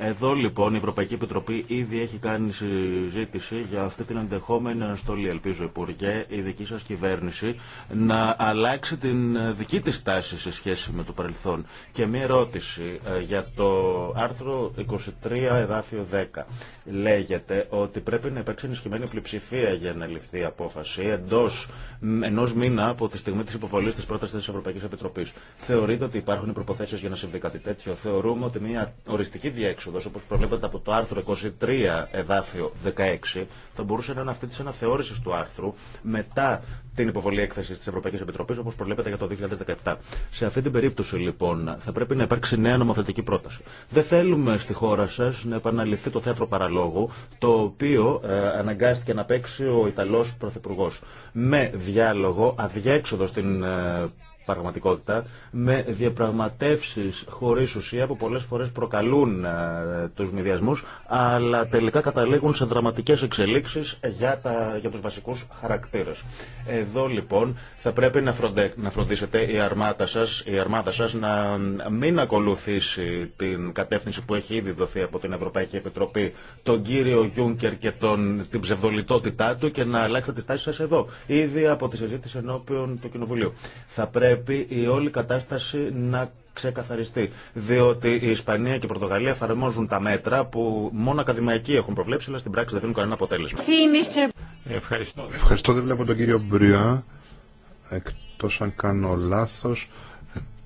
Εδώ λοιπόν η Ευρωπαϊκή Επιτροπή ήδη έχει κάνει συζήτηση για αυτή την ενδεχόμενη αναστολή. Ελπίζω, Υπουργέ, η δική σας κυβέρνηση να αλλάξει την δική της τάση σε σχέση με το παρελθόν. Και μία ερώτηση ε, για το άρθρο 23 εδάφιο 10. Λέγεται ότι πρέπει να υπάρξει ενισχυμένη πλειοψηφία για να ληφθεί η απόφαση εντός ενός μήνα από τη στιγμή της υποβολής της πρότασης της Ευρωπαϊκής Επιτροπής. Θεωρείτε ότι υπάρχουν οι για να συμβεί κάτι τέτοιο. Θεωρούμε ότι μια οριστική διέξοδο όπως όπω προβλέπεται από το άρθρο 23, εδάφιο 16, θα μπορούσε να είναι αυτή τη αναθεώρηση του άρθρου μετά την υποβολή έκθεση τη Ευρωπαϊκή Επιτροπή, όπω προβλέπεται για το 2017. Σε αυτή την περίπτωση, λοιπόν, θα πρέπει να υπάρξει νέα νομοθετική πρόταση. Δεν θέλουμε στη χώρα σα να επαναληφθεί το θέατρο παραλόγου, το οποίο ε, αναγκάστηκε να παίξει ο Ιταλό Πρωθυπουργό. Με διάλογο αδιέξοδο στην ε, πραγματικότητα με διαπραγματεύσεις χωρίς ουσία που πολλές φορές προκαλούν ε, τους μηδιασμούς αλλά τελικά καταλήγουν σε δραματικές εξελίξεις για, τα, για τους βασικούς χαρακτήρες. Εδώ λοιπόν θα πρέπει να, να φροντίσετε η αρμάτα, σας, η σας να μην ακολουθήσει την κατεύθυνση που έχει ήδη δοθεί από την Ευρωπαϊκή Επιτροπή τον κύριο Γιούνκερ και τον, την ψευδολιτότητά του και να αλλάξετε τη στάση σας εδώ ήδη από τη συζήτηση ενώπιον του Κοινοβουλίου. Θα πρέπει πρέπει η όλη κατάσταση να ξεκαθαριστεί. Διότι η Ισπανία και η Πορτογαλία εφαρμόζουν τα μέτρα που μόνο ακαδημαϊκοί έχουν προβλέψει, αλλά στην πράξη δεν δίνουν κανένα αποτέλεσμα. Ευχαριστώ. Ευχαριστώ. Δεν βλέπω τον κύριο Μπριά, εκτός αν κάνω λάθος.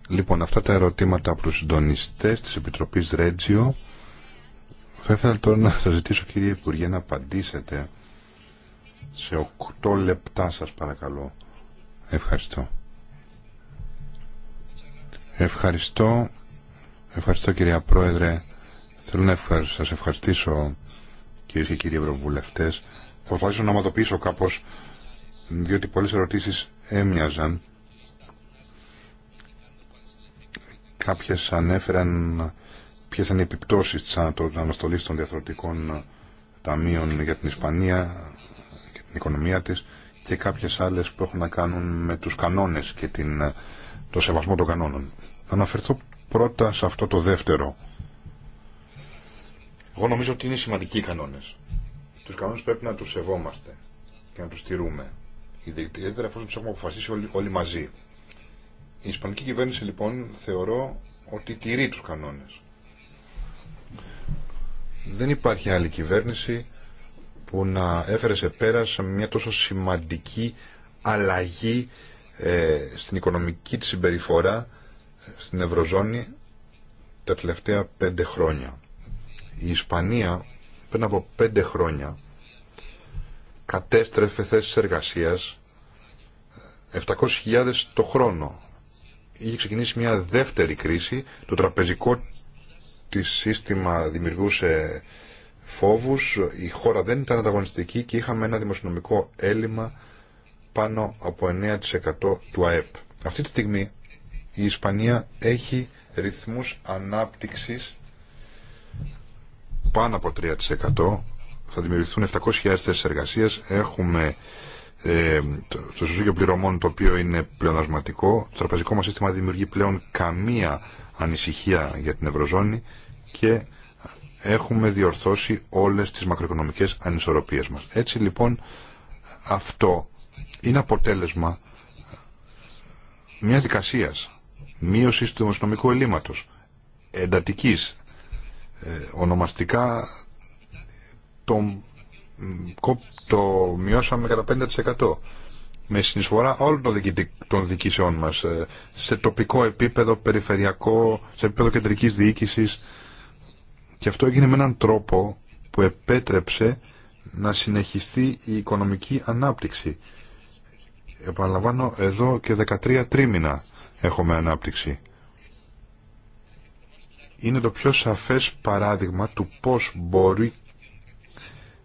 Λοιπόν, αυτά τα ερωτήματα από τους συντονιστές της Επιτροπής Ρέτζιο. Θα ήθελα τώρα να σας ζητήσω κύριε Υπουργέ να απαντήσετε σε 8 λεπτά σας παρακαλώ. Ευχαριστώ. Ευχαριστώ. Ευχαριστώ κυρία Πρόεδρε. Θέλω να σας ευχαριστήσω κύριε και κύριοι ευρωβουλευτές. Θα προσπαθήσω να ομαδοποιήσω κάπως διότι πολλές ερωτήσεις έμοιαζαν. Κάποιες ανέφεραν ποιες ήταν οι επιπτώσεις της αναστολή των διαθροτικών ταμείων για την Ισπανία και την οικονομία της και κάποιες άλλες που έχουν να κάνουν με τους κανόνες και την, το σεβασμό των κανόνων αναφερθώ πρώτα σε αυτό το δεύτερο. Εγώ νομίζω ότι είναι σημαντικοί οι κανόνες. Τους κανόνες πρέπει να τους σεβόμαστε και να τους τηρούμε. Ιδιαίτερα εφόσον τους έχουμε αποφασίσει όλοι, όλοι μαζί. Η Ισπανική κυβέρνηση λοιπόν θεωρώ ότι τηρεί τους κανόνες. Δεν υπάρχει άλλη κυβέρνηση που να έφερε σε πέρα μια τόσο σημαντική αλλαγή ε, στην οικονομική της συμπεριφορά στην Ευρωζώνη τα τελευταία πέντε χρόνια. Η Ισπανία πριν από πέντε χρόνια κατέστρεφε θέσεις εργασίας 700.000 το χρόνο. Είχε ξεκινήσει μια δεύτερη κρίση, το τραπεζικό της σύστημα δημιουργούσε φόβους, η χώρα δεν ήταν ανταγωνιστική και είχαμε ένα δημοσιονομικό έλλειμμα πάνω από 9% του ΑΕΠ. Αυτή τη στιγμή η Ισπανία έχει ρυθμούς ανάπτυξης πάνω από 3%. Θα δημιουργηθούν 700.000 θέσεις εργασίας. Έχουμε ε, το, το πληρωμών το οποίο είναι πλεονασματικό. Το τραπεζικό μας σύστημα δημιουργεί πλέον καμία ανησυχία για την Ευρωζώνη και έχουμε διορθώσει όλες τις μακροοικονομικές ανισορροπίες μας. Έτσι λοιπόν αυτό είναι αποτέλεσμα μιας δικασίας μείωση του δημοσιονομικού ελλείμματος, εντατικής, ε, ονομαστικά το, μειώσαμε κατά 50% με συνεισφορά όλων των, των διοικήσεών μας ε, σε τοπικό επίπεδο, περιφερειακό, σε επίπεδο κεντρικής διοίκησης και αυτό έγινε με έναν τρόπο που επέτρεψε να συνεχιστεί η οικονομικη ανάπτυξη. Επαναλαμβάνω εδώ και 13 τρίμηνα έχουμε ανάπτυξη. Είναι το πιο σαφές παράδειγμα του πώς μπορεί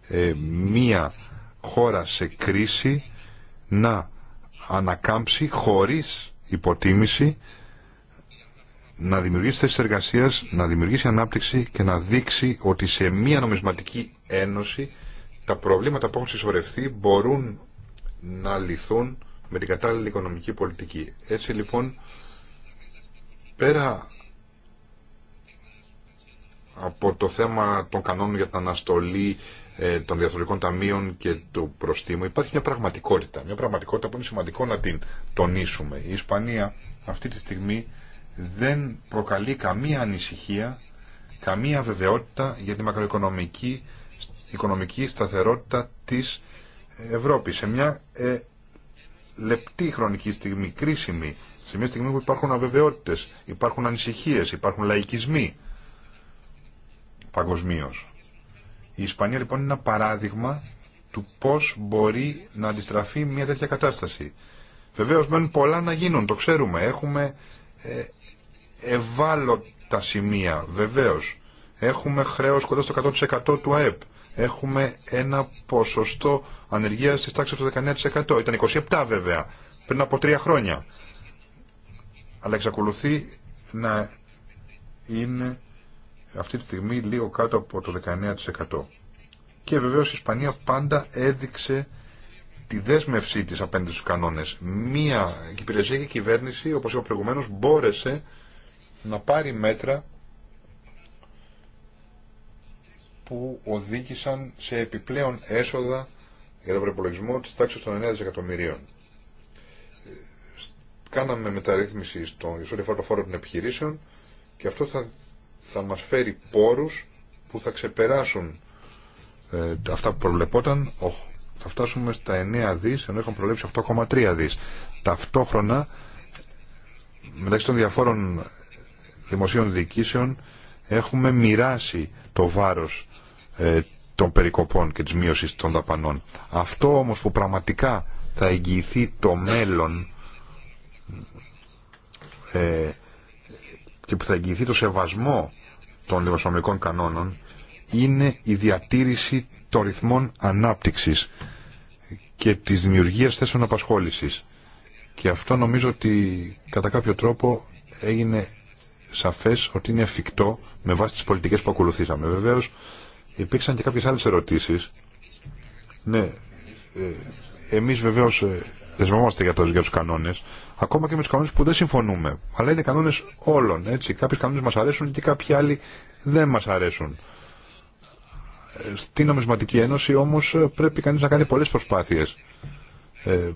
ε, μία χώρα σε κρίση να ανακάμψει χωρίς υποτίμηση να δημιουργήσει θέσει εργασία, να δημιουργήσει ανάπτυξη και να δείξει ότι σε μία νομισματική ένωση τα προβλήματα που έχουν συσσωρευτεί μπορούν να λυθούν με την κατάλληλη οικονομική πολιτική. Έτσι λοιπόν Πέρα από το θέμα των κανόνων για την αναστολή ε, των διαθροτικών ταμείων και του προστήμου υπάρχει μια πραγματικότητα. Μια πραγματικότητα που είναι σημαντικό να την τονίσουμε. Η Ισπανία αυτή τη στιγμή δεν προκαλεί καμία ανησυχία, καμία βεβαιότητα για τη μακροοικονομική οικονομική σταθερότητα της Ευρώπης. Σε μια ε, λεπτή χρονική στιγμή, κρίσιμη σε μια στιγμή που υπάρχουν αβεβαιότητε, υπάρχουν ανησυχίε, υπάρχουν λαϊκισμοί παγκοσμίω. Η Ισπανία λοιπόν είναι ένα παράδειγμα του πώ μπορεί να αντιστραφεί μια τέτοια κατάσταση. Βεβαίω μένουν πολλά να γίνουν, το ξέρουμε. Έχουμε ε, ευάλωτα σημεία, βεβαίω. Έχουμε χρέο κοντά στο 100% του ΑΕΠ. Έχουμε ένα ποσοστό ανεργία τη τάξη του 19%. Ήταν 27 βέβαια, πριν από τρία χρόνια αλλά εξακολουθεί να είναι αυτή τη στιγμή λίγο κάτω από το 19%. Και βεβαίως η Ισπανία πάντα έδειξε τη δέσμευσή της απέναντι στους κανόνες. Μία και κυβέρνηση, όπως είπα προηγουμένως, μπόρεσε να πάρει μέτρα που οδήγησαν σε επιπλέον έσοδα για τον προπολογισμό της τάξης των 9 δισεκατομμυρίων κάναμε μεταρρύθμιση στο, σε ό,τι το των επιχειρήσεων και αυτό θα, θα μας φέρει πόρους που θα ξεπεράσουν ε, αυτά που προβλεπόταν. Oh, θα φτάσουμε στα 9 δις, ενώ είχαμε προβλέψει 8,3 δις. Ταυτόχρονα, μεταξύ των διαφόρων δημοσίων διοικήσεων, έχουμε μοιράσει το βάρος ε, των περικοπών και της μείωσης των δαπανών. Αυτό όμως που πραγματικά θα εγγυηθεί το μέλλον ε, και που θα εγγυηθεί το σεβασμό των δημοσιονομικών κανόνων είναι η διατήρηση των ρυθμών ανάπτυξης και της δημιουργίας θέσεων απασχόλησης. Και αυτό νομίζω ότι κατά κάποιο τρόπο έγινε σαφές ότι είναι εφικτό με βάση τις πολιτικές που ακολουθήσαμε. Βεβαίως υπήρξαν και κάποιες άλλες ερωτήσεις. Ναι, ε, εμείς βεβαίως ε, δεσμευόμαστε για, για τους κανόνες ακόμα και με του κανόνε που δεν συμφωνούμε. Αλλά είναι κανόνε όλων. Έτσι. Κάποιοι κανόνε μα αρέσουν και κάποιοι άλλοι δεν μα αρέσουν. Στην νομισματική ένωση όμω πρέπει κανεί να κάνει πολλέ προσπάθειε. Ε,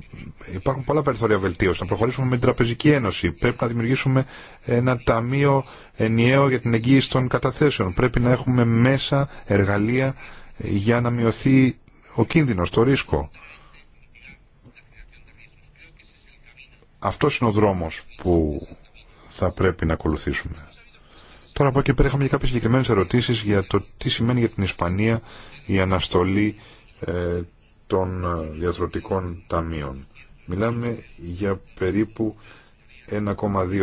υπάρχουν πολλά περιθώρια βελτίωση. Να προχωρήσουμε με την Τραπεζική Ένωση. Πρέπει να δημιουργήσουμε ένα ταμείο ενιαίο για την εγγύηση των καταθέσεων. Πρέπει να έχουμε μέσα εργαλεία για να μειωθεί ο κίνδυνος, το ρίσκο. Αυτός είναι ο δρόμος που θα πρέπει να ακολουθήσουμε. Τώρα από εκεί πέρα είχαμε και κάποιες συγκεκριμένες ερωτήσεις για το τι σημαίνει για την Ισπανία η αναστολή ε, των ε, διαδροτικών ταμείων. Μιλάμε για περίπου 1,2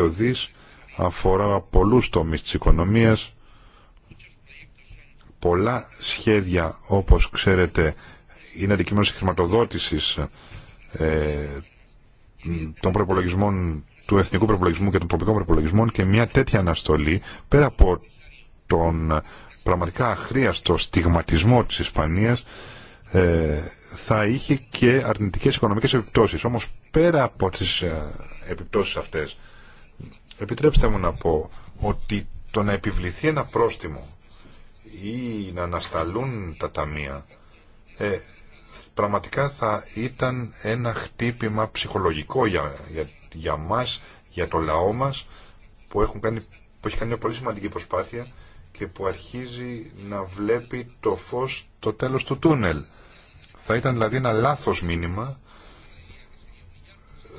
δις αφορά πολλούς τομείς της οικονομίας πολλά σχέδια όπως ξέρετε είναι αντικείμενο χρηματοδότησης ε, των προπολογισμών του εθνικού προπολογισμού και των τοπικών προπολογισμών και μια τέτοια αναστολή πέρα από τον πραγματικά αχρίαστο στιγματισμό της Ισπανίας ε, θα είχε και αρνητικές οικονομικές επιπτώσεις. Όμως πέρα από τις ε, επιπτώσεις αυτές επιτρέψτε μου να πω ότι το να επιβληθεί ένα πρόστιμο ή να ανασταλούν τα ταμεία ε, πραγματικά θα ήταν ένα χτύπημα ψυχολογικό για, για, για μας, για το λαό μας που, έχουν κάνει, που έχει κάνει μια πολύ σημαντική προσπάθεια και που αρχίζει να βλέπει το φως το τέλος του τούνελ. Θα ήταν δηλαδή ένα λάθος μήνυμα,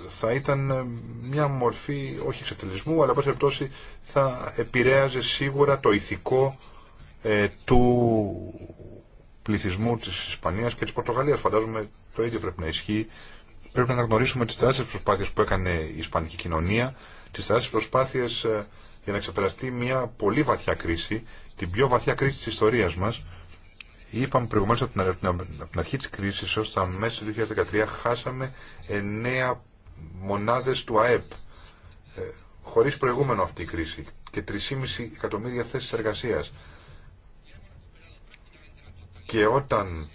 θα ήταν ε, μια μορφή όχι εξετελισμού αλλά πάση πτώση θα επηρέαζε σίγουρα το ηθικό ε, του πληθυσμού της Ισπανίας και τη Πορτογαλίας. Φαντάζομαι το ίδιο πρέπει να ισχύει. Πρέπει να αναγνωρίσουμε τι τεράστιε προσπάθειε που έκανε η Ισπανική κοινωνία, τι τεράστιε προσπάθειε ε, για να ξεπεραστεί μια πολύ βαθιά κρίση, την πιο βαθιά κρίση τη ιστορία μα. Είπαμε προηγουμένω από την αρχή τη κρίση ω τα μέσα του 2013 χάσαμε 9 μονάδε του ΑΕΠ ε, χωρί προηγούμενο αυτή η κρίση και 3,5 εκατομμύρια θέσει εργασία και όταν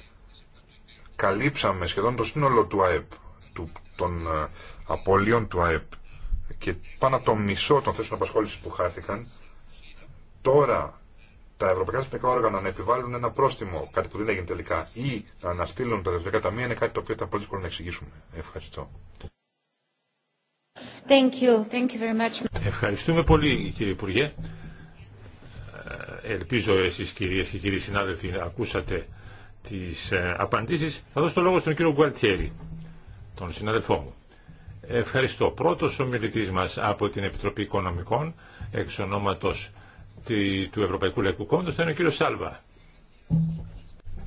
καλύψαμε σχεδόν το σύνολο του ΑΕΠ, του, των ε, απολύων του ΑΕΠ και πάνω από το μισό των θέσεων απασχόλησης που χάθηκαν, τώρα τα ευρωπαϊκά θεσμικά όργανα να επιβάλλουν ένα πρόστιμο, κάτι που δεν έγινε τελικά, ή να αναστείλουν τα δευτερικά ταμεία είναι κάτι το οποίο ήταν πολύ δύσκολο να εξηγήσουμε. Ευχαριστώ. Thank you. Thank you very much. Ευχαριστούμε πολύ κύριε Υπουργέ. Ελπίζω εσείς κυρίες και κύριοι συνάδελφοι να ακούσατε τις ε, απαντήσεις. Θα δώσω το λόγο στον κύριο Γκουαλτιέρη, τον συναδελφό μου. Ευχαριστώ. Πρώτος ο μιλητής μας από την Επιτροπή Οικονομικών, εξ ονόματος του Ευρωπαϊκού Λαϊκού Κόμματος, θα είναι ο κύριος Σάλβα.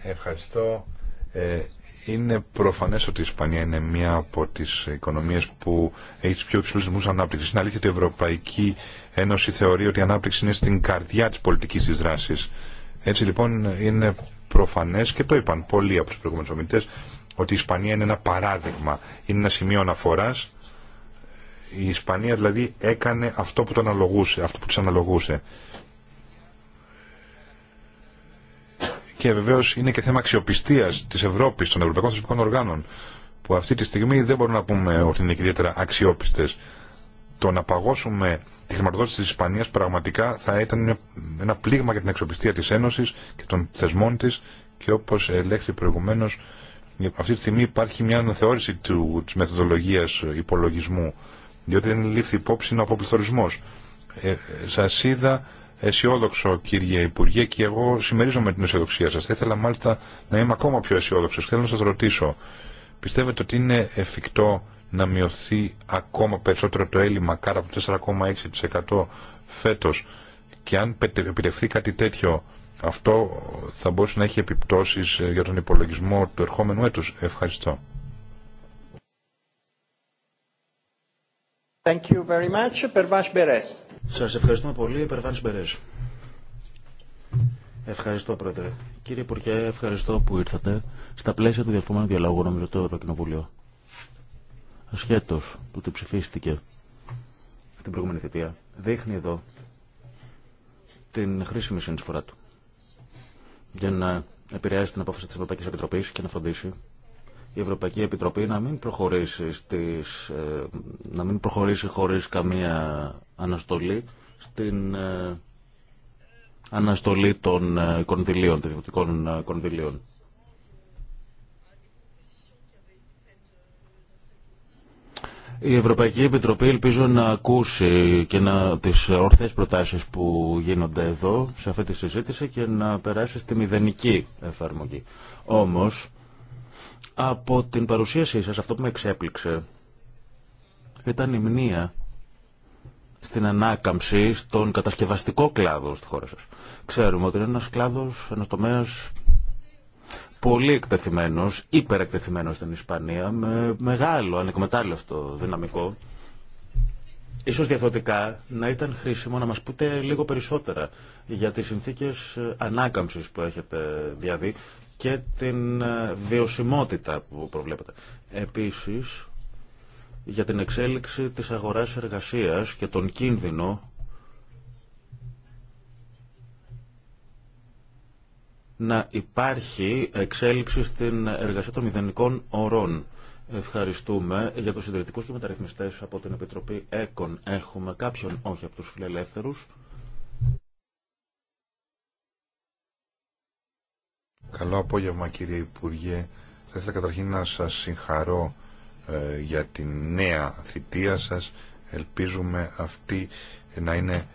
Ευχαριστώ. Ε, είναι προφανές ότι η Ισπανία είναι μία από τις οικονομίες που έχει τις πιο υψηλούς δημούς ανάπτυξης. Είναι αλήθεια ότι η Ευρωπαϊκή Ένωση θεωρεί ότι η ανάπτυξη είναι στην καρδιά της πολιτικής της δράσης. Έτσι λοιπόν είναι προφανές και το είπαν πολλοί από τους προηγούμενους ομιλητές ότι η Ισπανία είναι ένα παράδειγμα, είναι ένα σημείο αναφοράς. Η Ισπανία δηλαδή έκανε αυτό που, το αναλογούσε, αυτό που της αναλογούσε. Και βεβαίω είναι και θέμα αξιοπιστία τη Ευρώπη, των ευρωπαϊκών θεσμικών οργάνων, που αυτή τη στιγμή δεν μπορούμε να πούμε ότι είναι ιδιαίτερα αξιόπιστε το να παγώσουμε τη χρηματοδότηση της Ισπανίας πραγματικά θα ήταν ένα πλήγμα για την εξοπιστία της Ένωσης και των θεσμών της και όπως ελέγχθη προηγουμένως αυτή τη στιγμή υπάρχει μια αναθεώρηση του, της μεθοδολογίας υπολογισμού διότι δεν λήφθη υπόψη είναι ο αποπληθωρισμός. Ε, σας είδα αισιόδοξο κύριε Υπουργέ και εγώ συμμερίζομαι την αισιοδοξία σας. Θα ήθελα μάλιστα να είμαι ακόμα πιο αισιόδοξο. Θέλω να σας ρωτήσω, πιστεύετε ότι είναι εφικτό να μειωθεί ακόμα περισσότερο το έλλειμμα κάτω από 4,6% φέτος και αν επιτευχθεί κάτι τέτοιο αυτό θα μπορούσε να έχει επιπτώσεις ε, για τον υπολογισμό του ερχόμενου έτους. Ευχαριστώ. Σα Σας ευχαριστούμε πολύ, Περβάνς Μπερές. Ευχαριστώ, Πρόεδρε. Κύριε Υπουργέ, ευχαριστώ που ήρθατε. Στα πλαίσια του διαφορετικού διαλόγου, νομίζω, το Ευρωκοινοβούλιο ασχέτως του ότι ψηφίστηκε στην προηγούμενη θητεία, δείχνει εδώ την χρήσιμη συνεισφορά του για να επηρεάσει την απόφαση της Ευρωπαϊκής Επιτροπής και να φροντίσει η Ευρωπαϊκή Επιτροπή να μην προχωρήσει, στις, ε, να μην προχωρήσει χωρίς καμία αναστολή στην ε, αναστολή των ε, κονδυλίων, των κονδυλίων. Η Ευρωπαϊκή Επιτροπή ελπίζω να ακούσει και να τις ορθές προτάσεις που γίνονται εδώ σε αυτή τη συζήτηση και να περάσει στη μηδενική εφαρμογή. Όμως, από την παρουσίασή σας, αυτό που με εξέπληξε ήταν η μνήα στην ανάκαμψη στον κατασκευαστικό κλάδο στη χώρα σας. Ξέρουμε ότι είναι ένας κλάδος, ένας τομέας πολύ εκτεθειμένο, υπερεκτεθειμένο στην Ισπανία, με μεγάλο ανεκμετάλλευτο δυναμικό. Ίσως διαφορετικά να ήταν χρήσιμο να μας πείτε λίγο περισσότερα για τις συνθήκες ανάκαμψης που έχετε διαδεί και την βιωσιμότητα που προβλέπετε. Επίσης, για την εξέλιξη της αγοράς εργασίας και τον κίνδυνο να υπάρχει εξέλιξη στην εργασία των μηδενικών ορών. Ευχαριστούμε. Για τους συντηρητικούς και μεταρρυθμιστές από την Επιτροπή ΕΚΟΝ έχουμε κάποιον, όχι από τους φιλελεύθερους. Καλό απόγευμα κύριε Υπουργέ. Θα ήθελα καταρχήν να σας συγχαρώ ε, για την νέα θητεία σας. Ελπίζουμε αυτή να είναι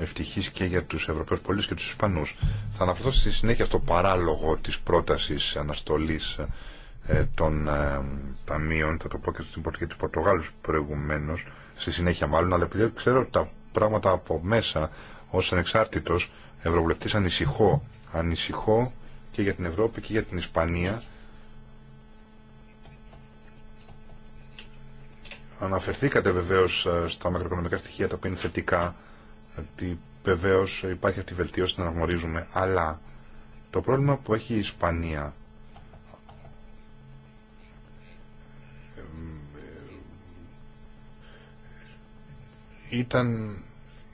ευτυχής και για τους Ευρωπαίους πολίτες και τους Ισπανούς. Θα αναφερθώ στη συνέχεια στο παράλογο της πρότασης αναστολής ε, των ταμείων, θα το πω και στην Πορτογαλία της προηγουμένως, στη συνέχεια μάλλον, αλλά επειδή ξέρω τα πράγματα από μέσα ως ανεξάρτητος ευρωβουλευτής ανησυχώ. Ανησυχώ και για την Ευρώπη και για την Ισπανία. Αναφερθήκατε βεβαίως ε, στα μακροοικονομικά στοιχεία τα οποία είναι θετικά ότι βεβαίω υπάρχει αυτή η βελτίωση, να αναγνωρίζουμε, αλλά το πρόβλημα που έχει η Ισπανία ήταν,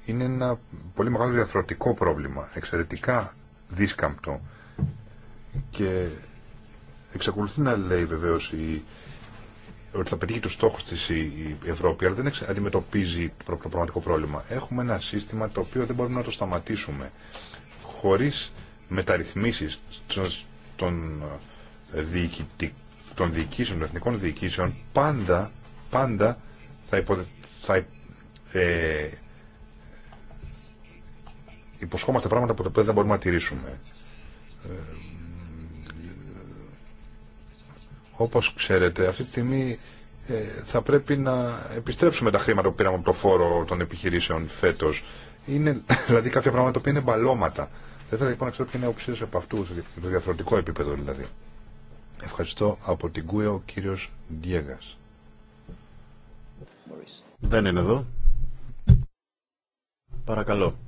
είναι ένα πολύ μεγάλο διαφορετικό πρόβλημα, εξαιρετικά δίσκαμπτο και εξακολουθεί να λέει βεβαίως η ότι θα πετύχει του στόχου τη η Ευρώπη, αλλά δεν αντιμετωπίζει το πραγματικό πρόβλημα. Έχουμε ένα σύστημα το οποίο δεν μπορούμε να το σταματήσουμε χωρίς μεταρρυθμίσει των, ε, των διοικήσεων, των εθνικών διοικήσεων, πάντα, πάντα θα, θα ε, υποσχόμαστε πράγματα που δεν μπορούμε να τηρήσουμε. Ε, όπως ξέρετε, αυτή τη στιγμή ε, θα πρέπει να επιστρέψουμε τα χρήματα που πήραμε από το φόρο των επιχειρήσεων φέτος. Είναι [LAUGHS] δηλαδή κάποια πράγματα που είναι μπαλώματα. Δεν θα λοιπόν να ξέρω ποιο είναι οψίες από αυτού, το διαφορετικό επίπεδο δηλαδή. Ευχαριστώ από την ΚΟΕ ο κύριος Διέγας. Δεν είναι εδώ. Παρακαλώ.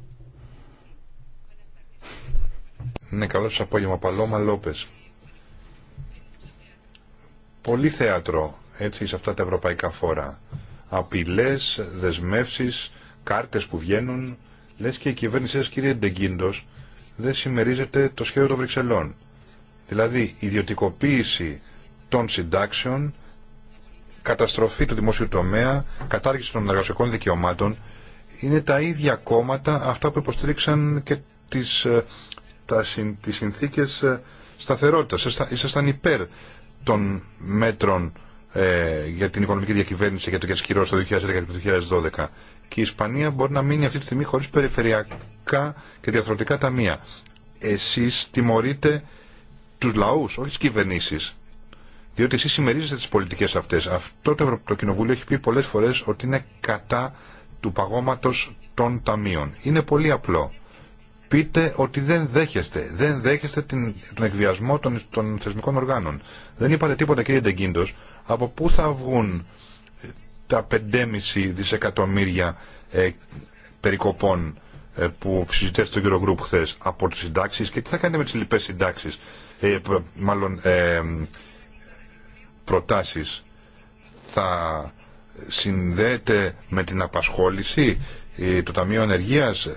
Ναι, καλό σας απόγευμα. Παλώμα Λόπες πολύ θέατρο έτσι, σε αυτά τα ευρωπαϊκά φόρα. Απειλές, δεσμεύσεις, κάρτες που βγαίνουν. Λες και η κυβέρνησή σας κύριε Ντεγκίντος δεν συμμερίζεται το σχέδιο των Βρυξελών. Δηλαδή ιδιωτικοποίηση των συντάξεων, καταστροφή του δημόσιου τομέα, κατάργηση των εργασιακών δικαιωμάτων είναι τα ίδια κόμματα αυτά που υποστήριξαν και τις, ε, τα, τις συνθήκες ε, σταθερότητας. Ήσασταν υπέρ των μέτρων ε, για την οικονομική διακυβέρνηση και το κυρώσει στο 2011 και το 2012. Και η Ισπανία μπορεί να μείνει αυτή τη στιγμή χωρίς περιφερειακά και διαθροτικά ταμεία. Εσείς τιμωρείτε τους λαούς, όχι τις κυβερνήσεις. Διότι εσείς συμμερίζεστε τις πολιτικές αυτές. Αυτό το κοινοβούλιο έχει πει πολλές φορές ότι είναι κατά του παγώματος των ταμείων. Είναι πολύ απλό πείτε ότι δεν δέχεστε, δεν δέχεστε την, τον εκβιασμό των, των θεσμικών οργάνων. Δεν είπατε τίποτα κύριε Ντεγκίντος, από πού θα βγουν ε, τα 5,5 δισεκατομμύρια ε, περικοπών ε, που συζητήσατε στο κύριο Γκρουπ χθε από τις συντάξεις και τι θα κάνετε με τις λοιπές συντάξεις, μάλλον ε, προτάσεις θα συνδέεται με την απασχόληση, το Ταμείο Ενεργείας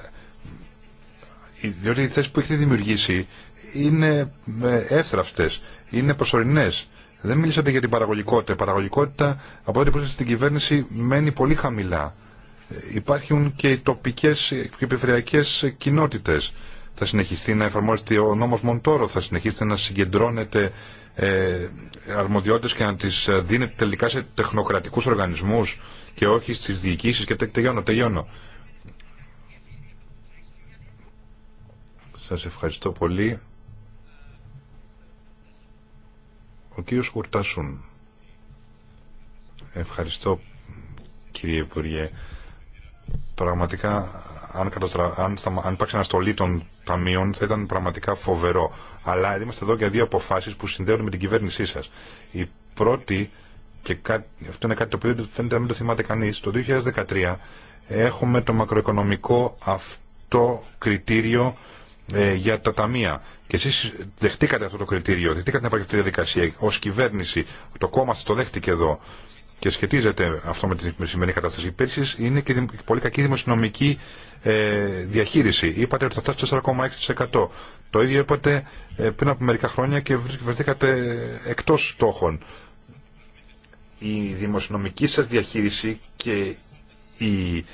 διότι οι θέσει που έχετε δημιουργήσει είναι ε, εύθραυστες, είναι προσωρινές. Δεν μίλησατε για την παραγωγικότητα. Η παραγωγικότητα από ό,τι πρόσθεσε στην κυβέρνηση μένει πολύ χαμηλά. Ε, υπάρχουν και οι τοπικές και επιφερειακές κοινότητες. Θα συνεχιστεί να εφαρμόζεται ο νόμος Μοντόρο, θα συνεχίσετε να συγκεντρώνετε ε, αρμοδιότητες και να τις ε, δίνετε τελικά σε τεχνοκρατικούς οργανισμούς και όχι στις διοικήσεις και τελειώνω, τελειώνω. Σας ευχαριστώ πολύ. Ο κύριος Κουρτάσουν. Ευχαριστώ κύριε Υπουργέ. Πραγματικά αν, καταστρα... αν, αν υπάρξει αναστολή των ταμείων θα ήταν πραγματικά φοβερό. Αλλά είμαστε εδώ για δύο αποφάσεις που συνδέονται με την κυβέρνησή σας. Η πρώτη, και αυτό είναι κάτι το οποίο φαίνεται να μην το θυμάται κανείς, το 2013 έχουμε το μακροοικονομικό αυτό κριτήριο ε, για τα ταμεία. Και εσεί δεχτήκατε αυτό το κριτήριο, δεχτήκατε την επαγγελματική διαδικασία ως κυβέρνηση, το κόμμα σα το δέχτηκε εδώ και σχετίζεται αυτό με τη σημερινή κατάσταση. πέρσι είναι και πολύ κακή δημοσιονομική ε, διαχείριση. Είπατε ότι θα φτάσει 4,6%. Το ίδιο είπατε ε, πριν από μερικά χρόνια και βρεθήκατε εκτό στόχων. Η δημοσιονομική σα διαχείριση και η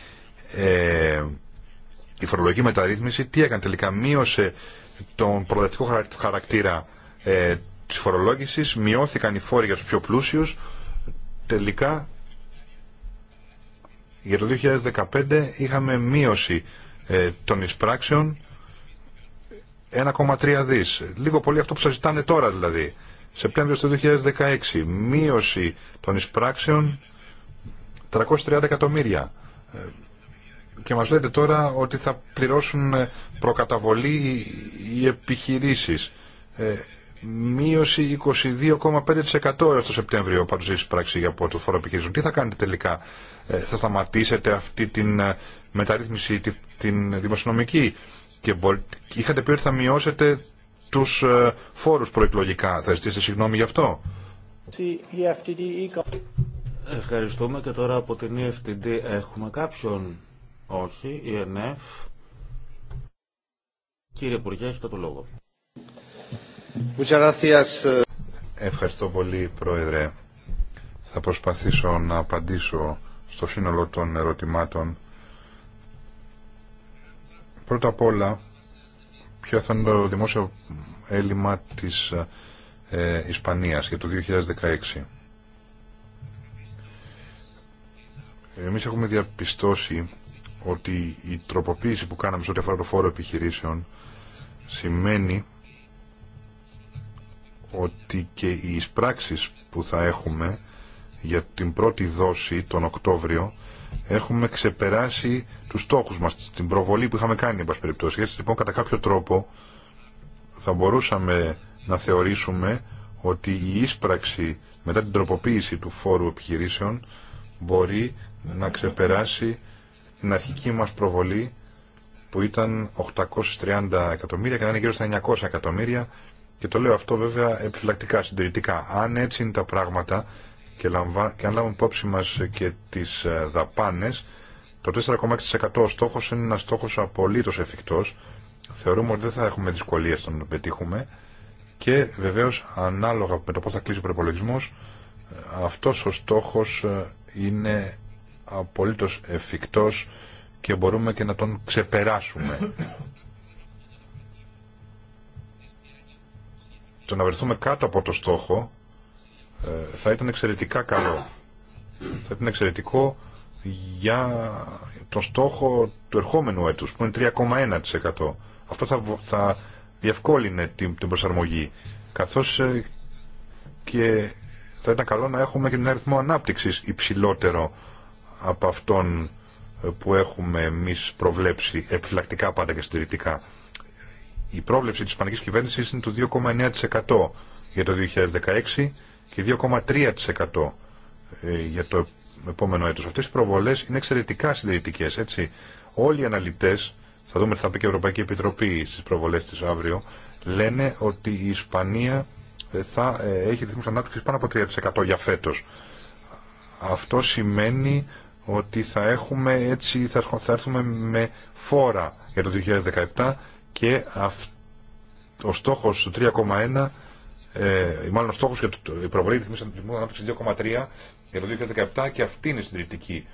ε, η φορολογική μεταρρύθμιση τι έκανε τελικά, μείωσε τον προοδευτικό χαρακτήρα ε, της φορολόγησης, μειώθηκαν οι φόροι για του πιο πλούσιου. τελικά για το 2015 είχαμε μείωση ε, των εισπράξεων 1,3 δις. Λίγο πολύ αυτό που σας ζητάνε τώρα δηλαδή. Σεπτέμβριο του 2016, μείωση των εισπράξεων 330 εκατομμύρια. Ε, και μας λέτε τώρα ότι θα πληρώσουν προκαταβολή οι επιχειρήσεις. Ε, μείωση 22,5% έως το Σεπτέμβριο παρουσίαση πράξη για το φόρο επιχειρήσεων. Τι θα κάνετε τελικά, ε, θα σταματήσετε αυτή την ε, μεταρρύθμιση, την, την δημοσιονομική και μπο, είχατε πει ότι θα μειώσετε τους ε, φόρους προεκλογικά. Θα ζητήσετε συγγνώμη γι' αυτό. Ευχαριστούμε και τώρα από την EFTD έχουμε κάποιον όχι, η ΕΝΕΦ. Κύριε Υπουργέ, έχετε το λόγο. Ε, Ευχαριστώ πολύ, Πρόεδρε. Θα προσπαθήσω να απαντήσω στο σύνολο των ερωτημάτων. Πρώτα απ' όλα, ποιο θα είναι το δημόσιο έλλειμμα της ε, ε Ισπανίας για το 2016. Εμείς έχουμε διαπιστώσει ότι η τροποποίηση που κάναμε σε ό,τι αφορά το φόρο επιχειρήσεων σημαίνει ότι και οι εισπράξεις που θα έχουμε για την πρώτη δόση τον Οκτώβριο έχουμε ξεπεράσει τους στόχους μας, την προβολή που είχαμε κάνει εν περιπτώσει. λοιπόν κατά κάποιο τρόπο θα μπορούσαμε να θεωρήσουμε ότι η εισπράξη μετά την τροποποίηση του φόρου επιχειρήσεων μπορεί να ξεπεράσει την αρχική μας προβολή που ήταν 830 εκατομμύρια και να είναι γύρω στα 900 εκατομμύρια και το λέω αυτό βέβαια επιφυλακτικά, συντηρητικά. Αν έτσι είναι τα πράγματα και, και αν λάβουμε υπόψη μας και τις ε, δαπάνες, το 4,6% ο στόχος είναι ένας στόχος απολύτως εφικτός. Θεωρούμε ότι δεν θα έχουμε δυσκολίες να τον πετύχουμε και βεβαίως ανάλογα με το πώς θα κλείσει ο προπολογισμό, ε, αυτός ο στόχος ε, είναι απολύτως εφικτός και μπορούμε και να τον ξεπεράσουμε. Το να βρεθούμε κάτω από το στόχο ε, θα ήταν εξαιρετικά καλό. Θα ήταν εξαιρετικό για τον στόχο του ερχόμενου έτους που είναι 3,1%. Αυτό θα, θα διευκόλυνε την, την προσαρμογή καθώς ε, και θα ήταν καλό να έχουμε και ένα αριθμό ανάπτυξης υψηλότερο από αυτόν ε, που έχουμε εμείς προβλέψει επιφυλακτικά πάντα και συντηρητικά. Η πρόβλεψη της Ισπανικής κυβέρνησης είναι το 2,9% για το 2016 και 2,3% ε, για το επόμενο έτος. Αυτές οι προβολές είναι εξαιρετικά συντηρητικές, έτσι. Όλοι οι αναλυτές, θα δούμε τι θα πει και η Ευρωπαϊκή Επιτροπή στις προβολές της αύριο, λένε ότι η Ισπανία ε, θα έχει ρυθμούς ανάπτυξης πάνω από 3% για φέτος. Αυτό σημαίνει ότι θα έχουμε έτσι, θα, έρθουμε με φόρα για το 2017 και ο στόχος του 3,1 ε, μάλλον ο στόχος για το, η προβολή ανάπτυξη 2,3 για το 2017 και αυτή είναι συντηρητική.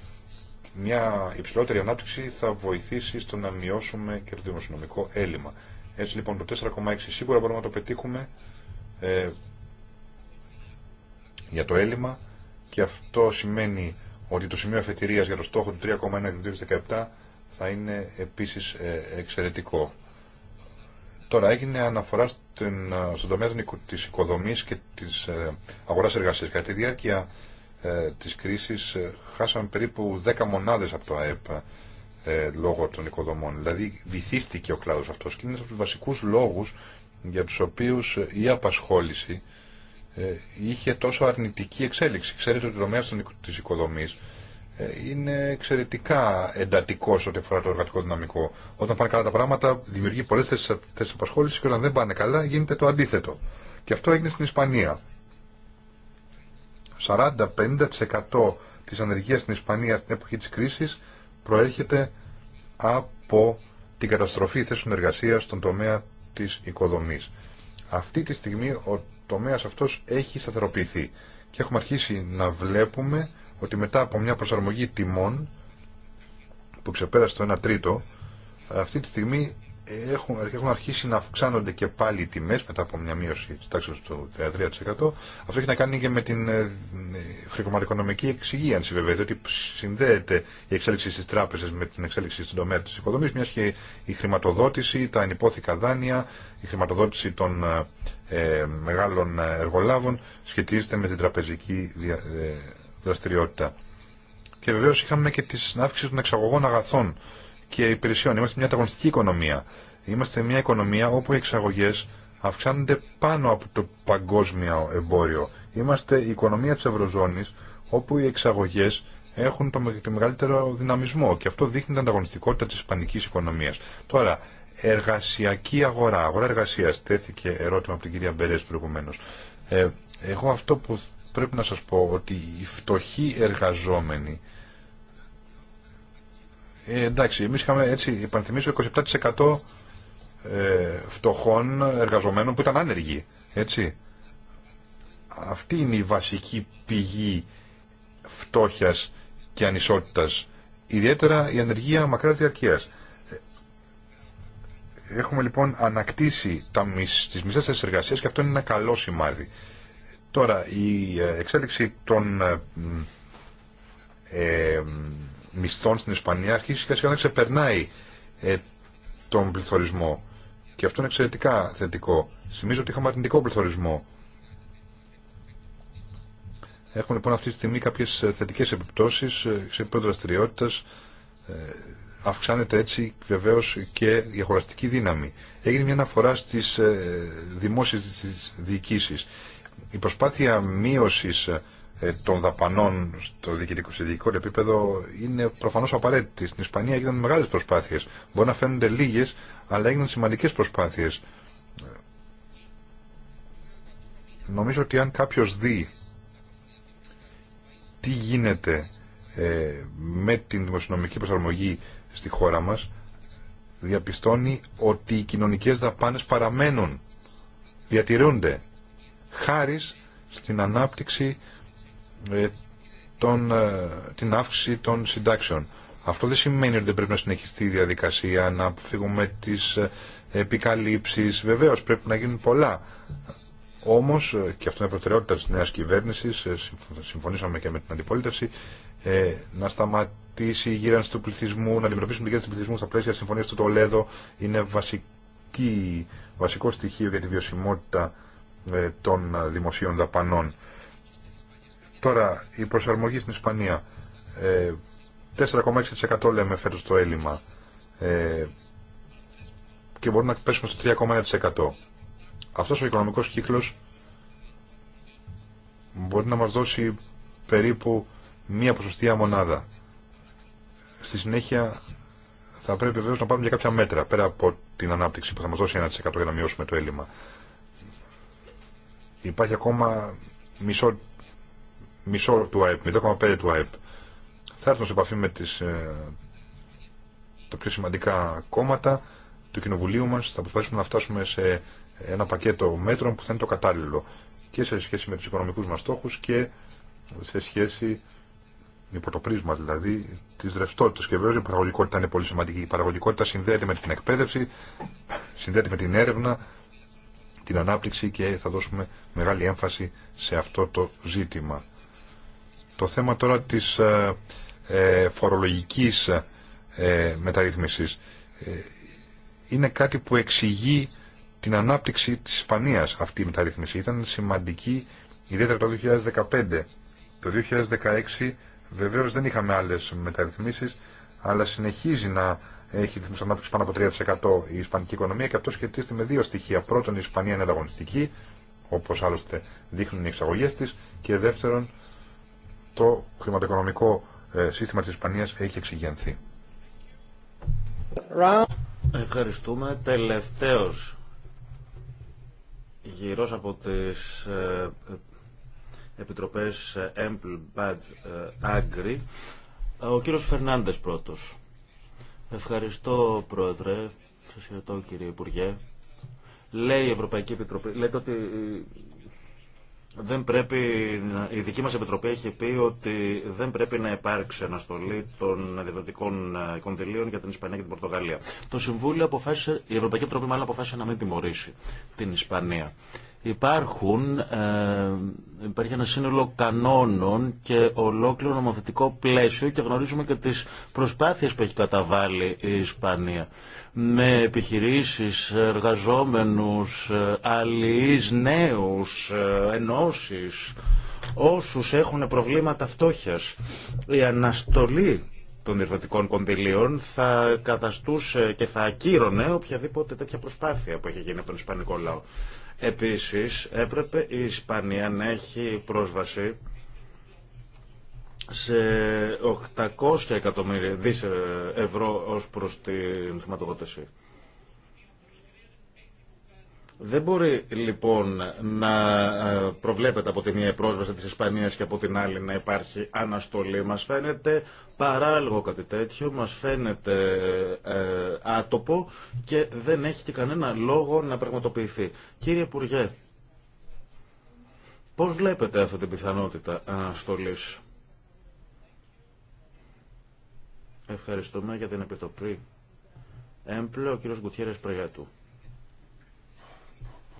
Μια υψηλότερη ανάπτυξη θα βοηθήσει στο να μειώσουμε και το δημοσιονομικό έλλειμμα. Έτσι λοιπόν το 4,6 σίγουρα μπορούμε να το πετύχουμε ε, για το έλλειμμα και αυτό σημαίνει ότι το σημείο αφετηρίας για το στόχο του 3,1 του 2017 θα είναι επίσης ε, εξαιρετικό. Τώρα έγινε αναφορά στην, ε, στον τομέα της οικοδομής και της ε, αγοράς εργασίας. Κατά τη διάρκεια ε, της κρίσης χάσαμε περίπου 10 μονάδες από το ΑΕΠ ε, λόγω των οικοδομών. Δηλαδή βυθίστηκε ο κλάδος αυτός και είναι από τους βασικούς λόγους για τους οποίους η απασχόληση ε, είχε τόσο αρνητική εξέλιξη. Ξέρετε ότι ο τομέα τη οικοδομή ε, είναι εξαιρετικά εντατικό ό,τι αφορά το εργατικό δυναμικό. Όταν πάνε καλά τα πράγματα, δημιουργεί πολλέ θέσει απασχόληση και όταν δεν πάνε καλά, γίνεται το αντίθετο. Και αυτό έγινε στην Ισπανία. 40-50% της ανεργίας στην Ισπανία στην εποχή της κρίσης προέρχεται από την καταστροφή θέσεων εργασία στον τομέα της οικοδομής. Αυτή τη στιγμή ο τομέας αυτός έχει σταθεροποιηθεί και έχουμε αρχίσει να βλέπουμε ότι μετά από μια προσαρμογή τιμών που ξεπέρασε το 1 τρίτο αυτή τη στιγμή έχουν, έχουν αρχίσει να αυξάνονται και πάλι οι τιμέ μετά από μια μείωση τη τάξη του 33%. Αυτό έχει να κάνει και με την ε, ε, χρηματοοικονομική εξυγίανση βέβαια, διότι συνδέεται η εξέλιξη στις τράπεζε με την εξέλιξη στην τομέα τη οικοδομή, μια και η χρηματοδότηση, τα ανυπόθηκα δάνεια, η χρηματοδότηση των ε, ε μεγάλων εργολάβων σχετίζεται με την τραπεζική δραστηριότητα. Και βεβαίω είχαμε και την αύξηση των εξαγωγών αγαθών και υπηρεσιών. Είμαστε μια ανταγωνιστική οικονομία. Είμαστε μια οικονομία όπου οι εξαγωγέ αυξάνονται πάνω από το παγκόσμιο εμπόριο. Είμαστε η οικονομία τη Ευρωζώνη όπου οι εξαγωγέ έχουν το μεγαλύτερο δυναμισμό και αυτό δείχνει την ανταγωνιστικότητα τη ισπανική οικονομία. Τώρα, εργασιακή αγορά, αγορά εργασία, τέθηκε ερώτημα από την κυρία Μπερέ προηγουμένω. Ε, εγώ αυτό που πρέπει να σα πω ότι οι φτωχοί εργαζόμενοι ε, εντάξει, εμείς είχαμε έτσι, υπενθυμίσω, 27% ε, φτωχών εργαζομένων που ήταν άνεργοι. Έτσι. Αυτή είναι η βασική πηγή φτώχειας και ανισότητας. Ιδιαίτερα η ανεργία μακρά διαρκείας. Ε, έχουμε λοιπόν ανακτήσει τα, τις μισές της εργασίας και αυτό είναι ένα καλό σημάδι. Τώρα, η ε, εξέλιξη των ε, μισθών στην Ισπανία αρχίζει σχεδόν σχεδόν να ξεπερνάει ε, τον πληθωρισμό. Και αυτό είναι εξαιρετικά θετικό. Σημίζω ότι είχαμε αρνητικό πληθωρισμό. Έχουμε λοιπόν αυτή τη στιγμή κάποιε θετικέ επιπτώσει ε, σε επίπεδο δραστηριότητα. Ε, αυξάνεται έτσι βεβαίω και η αγοραστική δύναμη. Έγινε μια αναφορά στι δημόσιε διοικήσει. Η προσπάθεια μείωση ε, των δαπανών στο διοικητικό, διοικητικό επίπεδο είναι προφανώς απαραίτητη. Στην Ισπανία έγιναν μεγάλες προσπάθειες. Μπορεί να φαίνονται λίγες, αλλά έγιναν σημαντικές προσπάθειες. Νομίζω ότι αν κάποιος δει τι γίνεται ε, με την δημοσιονομική προσαρμογή στη χώρα μας, διαπιστώνει ότι οι κοινωνικές δαπάνες παραμένουν, διατηρούνται, χάρη στην ανάπτυξη ε, τον, ε, την αύξηση των συντάξεων. Αυτό δεν σημαίνει ότι δεν πρέπει να συνεχιστεί η διαδικασία, να αποφύγουμε τις ε, επικαλύψεις. Βεβαίως πρέπει να γίνουν πολλά. Όμως, και αυτό είναι προτεραιότητα της νέας κυβέρνησης, συμφωνήσαμε και με την αντιπολίτευση, να σταματήσει η γύρανση του πληθυσμού, να αντιμετωπίσουμε τη γύρανση του πληθυσμού στα πλαίσια της συμφωνίας του Τολέδο, είναι βασική, βασικό στοιχείο για τη βιωσιμότητα των δημοσίων δαπανών. Τώρα, η προσαρμογή στην Ισπανία. 4,6% ε, λέμε φέτο το έλλειμμα. Ε, και μπορούμε να πέσουμε στο 3,1%. Αυτός ο οικονομικός κύκλος μπορεί να μας δώσει περίπου μία ποσοστία μονάδα. Στη συνέχεια θα πρέπει βεβαίω να πάρουμε για κάποια μέτρα πέρα από την ανάπτυξη που θα μας δώσει 1% για να μειώσουμε το έλλειμμα. Υπάρχει ακόμα μισό μισό του ΑΕΠ, 0,5 του ΑΕΠ. Θα έρθουν σε επαφή με τις, ε, τα πιο σημαντικά κόμματα του Κοινοβουλίου μας. Θα προσπαθήσουμε να φτάσουμε σε ένα πακέτο μέτρων που θα είναι το κατάλληλο και σε σχέση με τους οικονομικούς μας στόχους και σε σχέση υπό το πρίσμα δηλαδή τη ρευστότητα. Και βέβαια η παραγωγικότητα είναι πολύ σημαντική. Η παραγωγικότητα συνδέεται με την εκπαίδευση, συνδέεται με την έρευνα, την ανάπτυξη και θα δώσουμε μεγάλη έμφαση σε αυτό το ζήτημα. Το θέμα τώρα της ε, ε φορολογικής ε, μεταρρύθμισης ε, είναι κάτι που εξηγεί την ανάπτυξη της Ισπανίας αυτή η μεταρρύθμιση. Ήταν σημαντική ιδιαίτερα το 2015. Το 2016 βεβαίως δεν είχαμε άλλες μεταρρυθμίσεις αλλά συνεχίζει να έχει την ανάπτυξη πάνω από 3% η ισπανική οικονομία και αυτό σχετίζεται με δύο στοιχεία. Πρώτον, η Ισπανία είναι ανταγωνιστική, όπως άλλωστε δείχνουν οι εξαγωγές της, και δεύτερον, το χρηματοοικονομικό ε, σύστημα της Ισπανίας έχει εξηγενθεί. Ευχαριστούμε. Τελευταίος γύρος από τις ε, ε, επιτροπές Ample Badge Agri. Ο κύριος Φερνάντες πρώτος. Ευχαριστώ Πρόεδρε. Σας ευχαριστώ κύριε Υπουργέ. Λέει η Ευρωπαϊκή Επιτροπή, λέτε ότι δεν πρέπει, η δική μας Επιτροπή έχει πει ότι δεν πρέπει να υπάρξει αναστολή των διαδοτικών ε, κονδυλίων για την Ισπανία και την Πορτογαλία. Το Συμβούλιο αποφάσισε, η Ευρωπαϊκή Επιτροπή μάλλον αποφάσισε να μην τιμωρήσει την Ισπανία. Υπάρχουν, ε, υπάρχει ένα σύνολο κανόνων και ολόκληρο νομοθετικό πλαίσιο και γνωρίζουμε και τις προσπάθειες που έχει καταβάλει η Ισπανία. Με επιχειρήσεις, εργαζόμενους, ε, αλληλείς, νέους, ε, ενώσεις, όσους έχουν προβλήματα φτώχειας. Η αναστολή των διευθυντικών κονδυλίων θα καταστούσε και θα ακύρωνε οποιαδήποτε τέτοια προσπάθεια που έχει γίνει από τον Ισπανικό λαό. Επίσης, έπρεπε η Ισπανία να έχει πρόσβαση σε 800 εκατομμύρια ε, ευρώ ως προς την χρηματοδότηση. Δεν μπορεί λοιπόν να ε, προβλέπεται από τη μία πρόσβαση της Ισπανίας και από την άλλη να υπάρχει αναστολή. Μας φαίνεται παράλογο κάτι τέτοιο, μας φαίνεται ε, άτοπο και δεν έχει και κανένα λόγο να πραγματοποιηθεί. Κύριε Υπουργέ, πώς βλέπετε αυτή την πιθανότητα αναστολής. Ευχαριστούμε για την επιτοπή. Έμπλε ο κύριος Γκουτιέρες Πρεγιατού.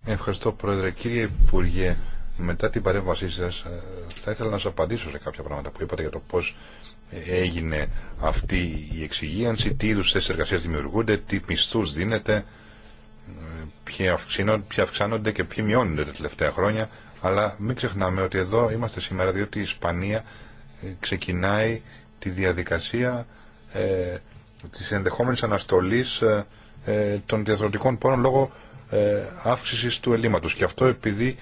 Ευχαριστώ Πρόεδρε. Κύριε Υπουργέ, μετά την παρέμβασή σας ε, θα ήθελα να σας απαντήσω σε κάποια πράγματα που είπατε για το πώς ε, έγινε αυτή η εξυγίανση, τι είδους θέσεις εργασίας δημιουργούνται, τι μισθούς δίνεται, ε, ποιοι αυξάνονται και ποιοι μειώνονται τα τελευταία χρόνια. Αλλά μην ξεχνάμε ότι εδώ είμαστε σήμερα διότι η Ισπανία ξεκινάει τη διαδικασία ε, της ενδεχόμενης αναστολής των διαδροτικών πόρων λόγω ε, αύξησης του ελλείμματος. Και αυτό επειδή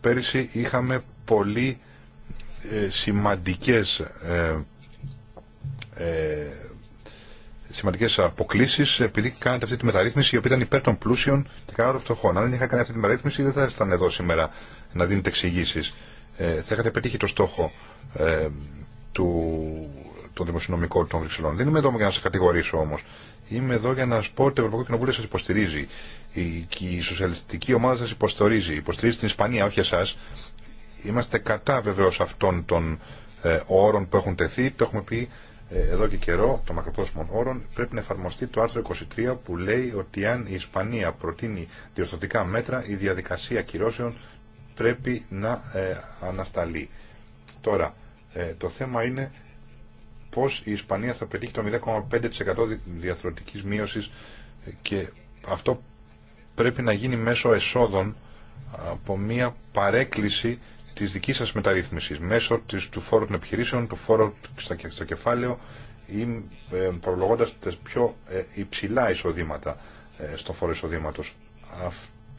πέρυσι είχαμε πολύ ε, σημαντικές ε, σημαντικέ αποκλήσει επειδή κάνατε αυτή τη μεταρρύθμιση η οποία ήταν υπέρ των πλούσιων και κατά των φτωχών. Αν δεν είχα κάνει αυτή τη μεταρρύθμιση, δεν θα ήσασταν εδώ σήμερα να δίνετε εξηγήσει. Ε, θα είχατε πετύχει το στόχο ε, του, των Βρυξελών. Δεν είμαι εδώ για να σα κατηγορήσω όμω. Είμαι εδώ για να σα πω ότι το Ευρωπαϊκό Κοινοβούλιο σα υποστηρίζει. Η, η σοσιαλιστική ομάδα σα υποστηρίζει. Υποστηρίζει την Ισπανία, όχι εσά. Είμαστε κατά βεβαίω αυτών των ε, όρων που έχουν τεθεί. Το έχουμε πει ε, εδώ και καιρό των μακροπρόθεσμων όρων πρέπει να εφαρμοστεί το άρθρο 23 που λέει ότι αν η Ισπανία προτείνει διορθωτικά μέτρα η διαδικασία κυρώσεων πρέπει να ε, ανασταλεί. Τώρα, ε, το θέμα είναι πώς η Ισπανία θα πετύχει το 0,5% διαθροτικής μείωσης και αυτό πρέπει να γίνει μέσω εσόδων από μια παρέκκληση της δικής σας μεταρρύθμισης μέσω του φόρου των επιχειρήσεων, του φόρου στο κεφάλαιο ή προλογώντα ε, προλογώντας πιο ε, υψηλά εισοδήματα ε, στο φόρο εισοδήματος.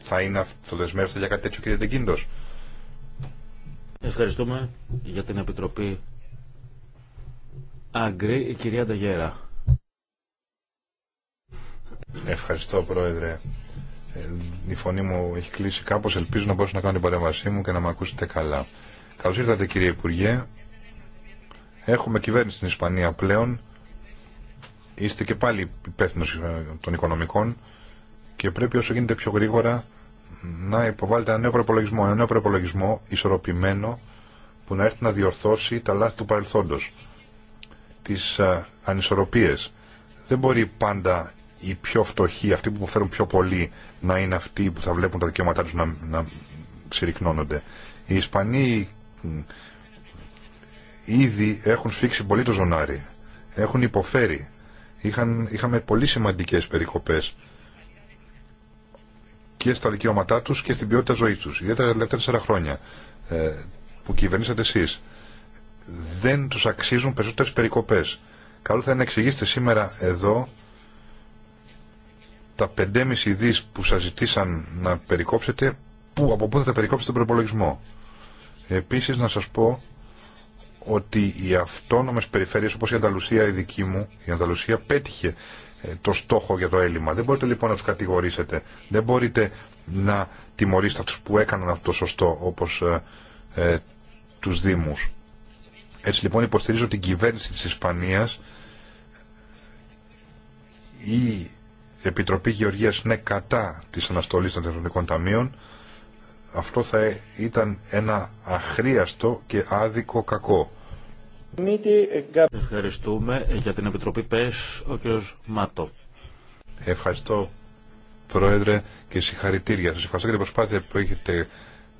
θα είναι αυτό δεσμεύστε για κάτι τέτοιο κύριε Ευχαριστούμε για την Επιτροπή Άγκρη, η κυρία Νταγέρα. Ευχαριστώ, Πρόεδρε. Ε, η φωνή μου έχει κλείσει κάπως. Ελπίζω να μπορέσω να κάνω την παρέμβασή μου και να με ακούσετε καλά. Καλώς ήρθατε, κύριε Υπουργέ. Έχουμε κυβέρνηση στην Ισπανία πλέον. Είστε και πάλι υπεύθυνο ε, των οικονομικών και πρέπει όσο γίνεται πιο γρήγορα να υποβάλλετε ένα νέο προπολογισμό, ένα νέο προπολογισμό ισορροπημένο που να έρθει να διορθώσει τα λάθη του παρελθόντος τις ανισορροπίες. Δεν μπορεί πάντα οι πιο φτωχοί, αυτοί που φέρουν πιο πολύ, να είναι αυτοί που θα βλέπουν τα δικαιώματά τους να, να συρρυκνώνονται. Οι Ισπανοί ήδη έχουν σφίξει πολύ το ζωνάρι. Έχουν υποφέρει. Είχαν, είχαμε πολύ σημαντικές περικοπές και στα δικαιώματά τους και στην ποιότητα ζωής τους. Ιδιαίτερα τα τέσσερα χρόνια ε, που κυβερνήσατε εσείς δεν τους αξίζουν περισσότερες περικοπές. Καλό θα είναι να εξηγήσετε σήμερα εδώ τα 5,5 δις που σας ζητήσαν να περικόψετε, που, από πού θα τα περικόψετε τον προπολογισμό. Επίσης να σας πω ότι οι αυτόνομες περιφέρειες όπως η Ανταλουσία η δική μου, η Ανταλουσία πέτυχε ε, το στόχο για το έλλειμμα. Δεν μπορείτε λοιπόν να τους κατηγορήσετε. Δεν μπορείτε να τιμωρήσετε αυτούς που έκαναν αυτό το σωστό όπως ε, ε τους Δήμους. Έτσι λοιπόν υποστηρίζω την κυβέρνηση της Ισπανίας η Επιτροπή Γεωργίας είναι κατά της αναστολής των τεχνικών ταμείων αυτό θα ήταν ένα αχρίαστο και άδικο κακό. Ευχαριστούμε για την Επιτροπή ΠΕΣ ο κ. Μάτο. Ευχαριστώ Πρόεδρε και συγχαρητήρια. Σας ευχαριστώ για την προσπάθεια που, έχετε,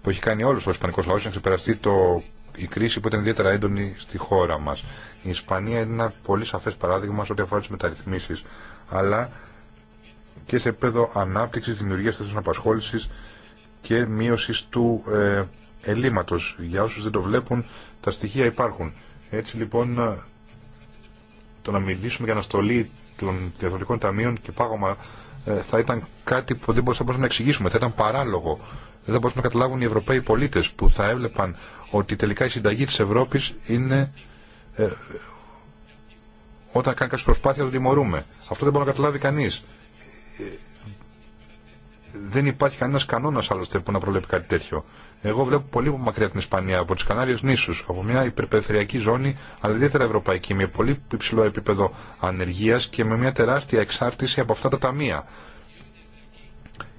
που έχει κάνει όλος ο Ισπανικός λαός να ξεπεραστεί το η κρίση που ήταν ιδιαίτερα έντονη στη χώρα μα. Η Ισπανία είναι ένα πολύ σαφέ παράδειγμα σε ό,τι αφορά τι μεταρρυθμίσει, αλλά και σε επίπεδο ανάπτυξη, δημιουργία θέσεων απασχόληση και μείωση του ε, ελλείμματος. Για όσου δεν το βλέπουν, τα στοιχεία υπάρχουν. Έτσι λοιπόν, το να μιλήσουμε για αναστολή των διαδρομικών ταμείων και πάγωμα ε, θα ήταν κάτι που δεν μπορούσαμε να εξηγήσουμε, θα ήταν παράλογο. Δεν θα μπορούσαν να καταλάβουν οι Ευρωπαίοι πολίτε που θα έβλεπαν ότι τελικά η συνταγή της Ευρώπης είναι ε, όταν κάνει κάποιες προσπάθεια το τιμωρούμε. Αυτό δεν μπορεί να καταλάβει κανείς. Ε, δεν υπάρχει κανένας κανόνας άλλωστε που να προβλέπει κάτι τέτοιο. Εγώ βλέπω πολύ μακριά την Ισπανία, από τις Κανάριες νήσους, από μια υπερπεριφερειακή ζώνη, αλλά ιδιαίτερα ευρωπαϊκή, με πολύ υψηλό επίπεδο ανεργίας και με μια τεράστια εξάρτηση από αυτά τα ταμεία.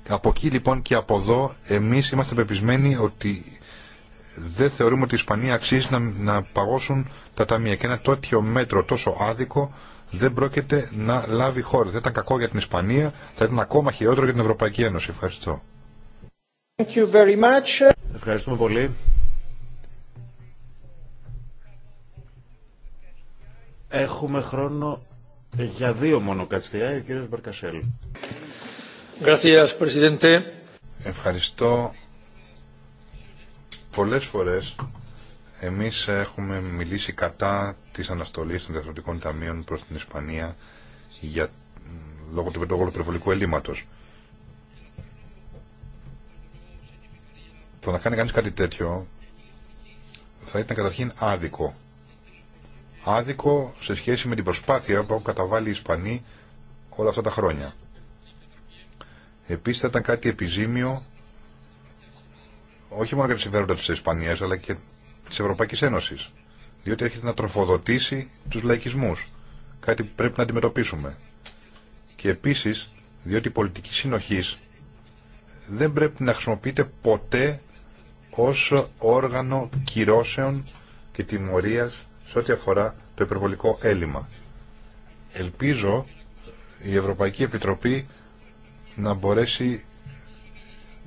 Από εκεί λοιπόν και από εδώ εμείς είμαστε πεπισμένοι ότι δεν θεωρούμε ότι η Ισπανία αξίζει να, να παγώσουν τα ταμεία. Και ένα τέτοιο μέτρο τόσο άδικο δεν πρόκειται να λάβει χώρα. Δεν ήταν κακό για την Ισπανία, θα ήταν ακόμα χειρότερο για την Ευρωπαϊκή Ένωση. Ευχαριστώ. Thank you very much. Ευχαριστούμε πολύ. Έχουμε χρόνο για δύο μόνο κατστιά, ο κύριος Μπαρκασέλ. Ευχαριστώ, Πολλές φορές εμείς έχουμε μιλήσει κατά της αναστολής των διαθροτικών ταμείων προς την Ισπανία για, λόγω του περιβολικού ελλείμματος. Το να κάνει κανείς κάτι τέτοιο θα ήταν καταρχήν άδικο. Άδικο σε σχέση με την προσπάθεια που έχουν καταβάλει οι Ισπανοί όλα αυτά τα χρόνια. Επίσης θα ήταν κάτι επιζήμιο όχι μόνο για τα συμφέροντα της Ισπανίας αλλά και της Ευρωπαϊκής Ένωσης διότι έρχεται να τροφοδοτήσει τους λαϊκισμούς κάτι που πρέπει να αντιμετωπίσουμε και επίσης διότι η πολιτική συνοχής δεν πρέπει να χρησιμοποιείται ποτέ ως όργανο κυρώσεων και τιμωρίας σε ό,τι αφορά το υπερβολικό έλλειμμα. Ελπίζω η Ευρωπαϊκή Επιτροπή να μπορέσει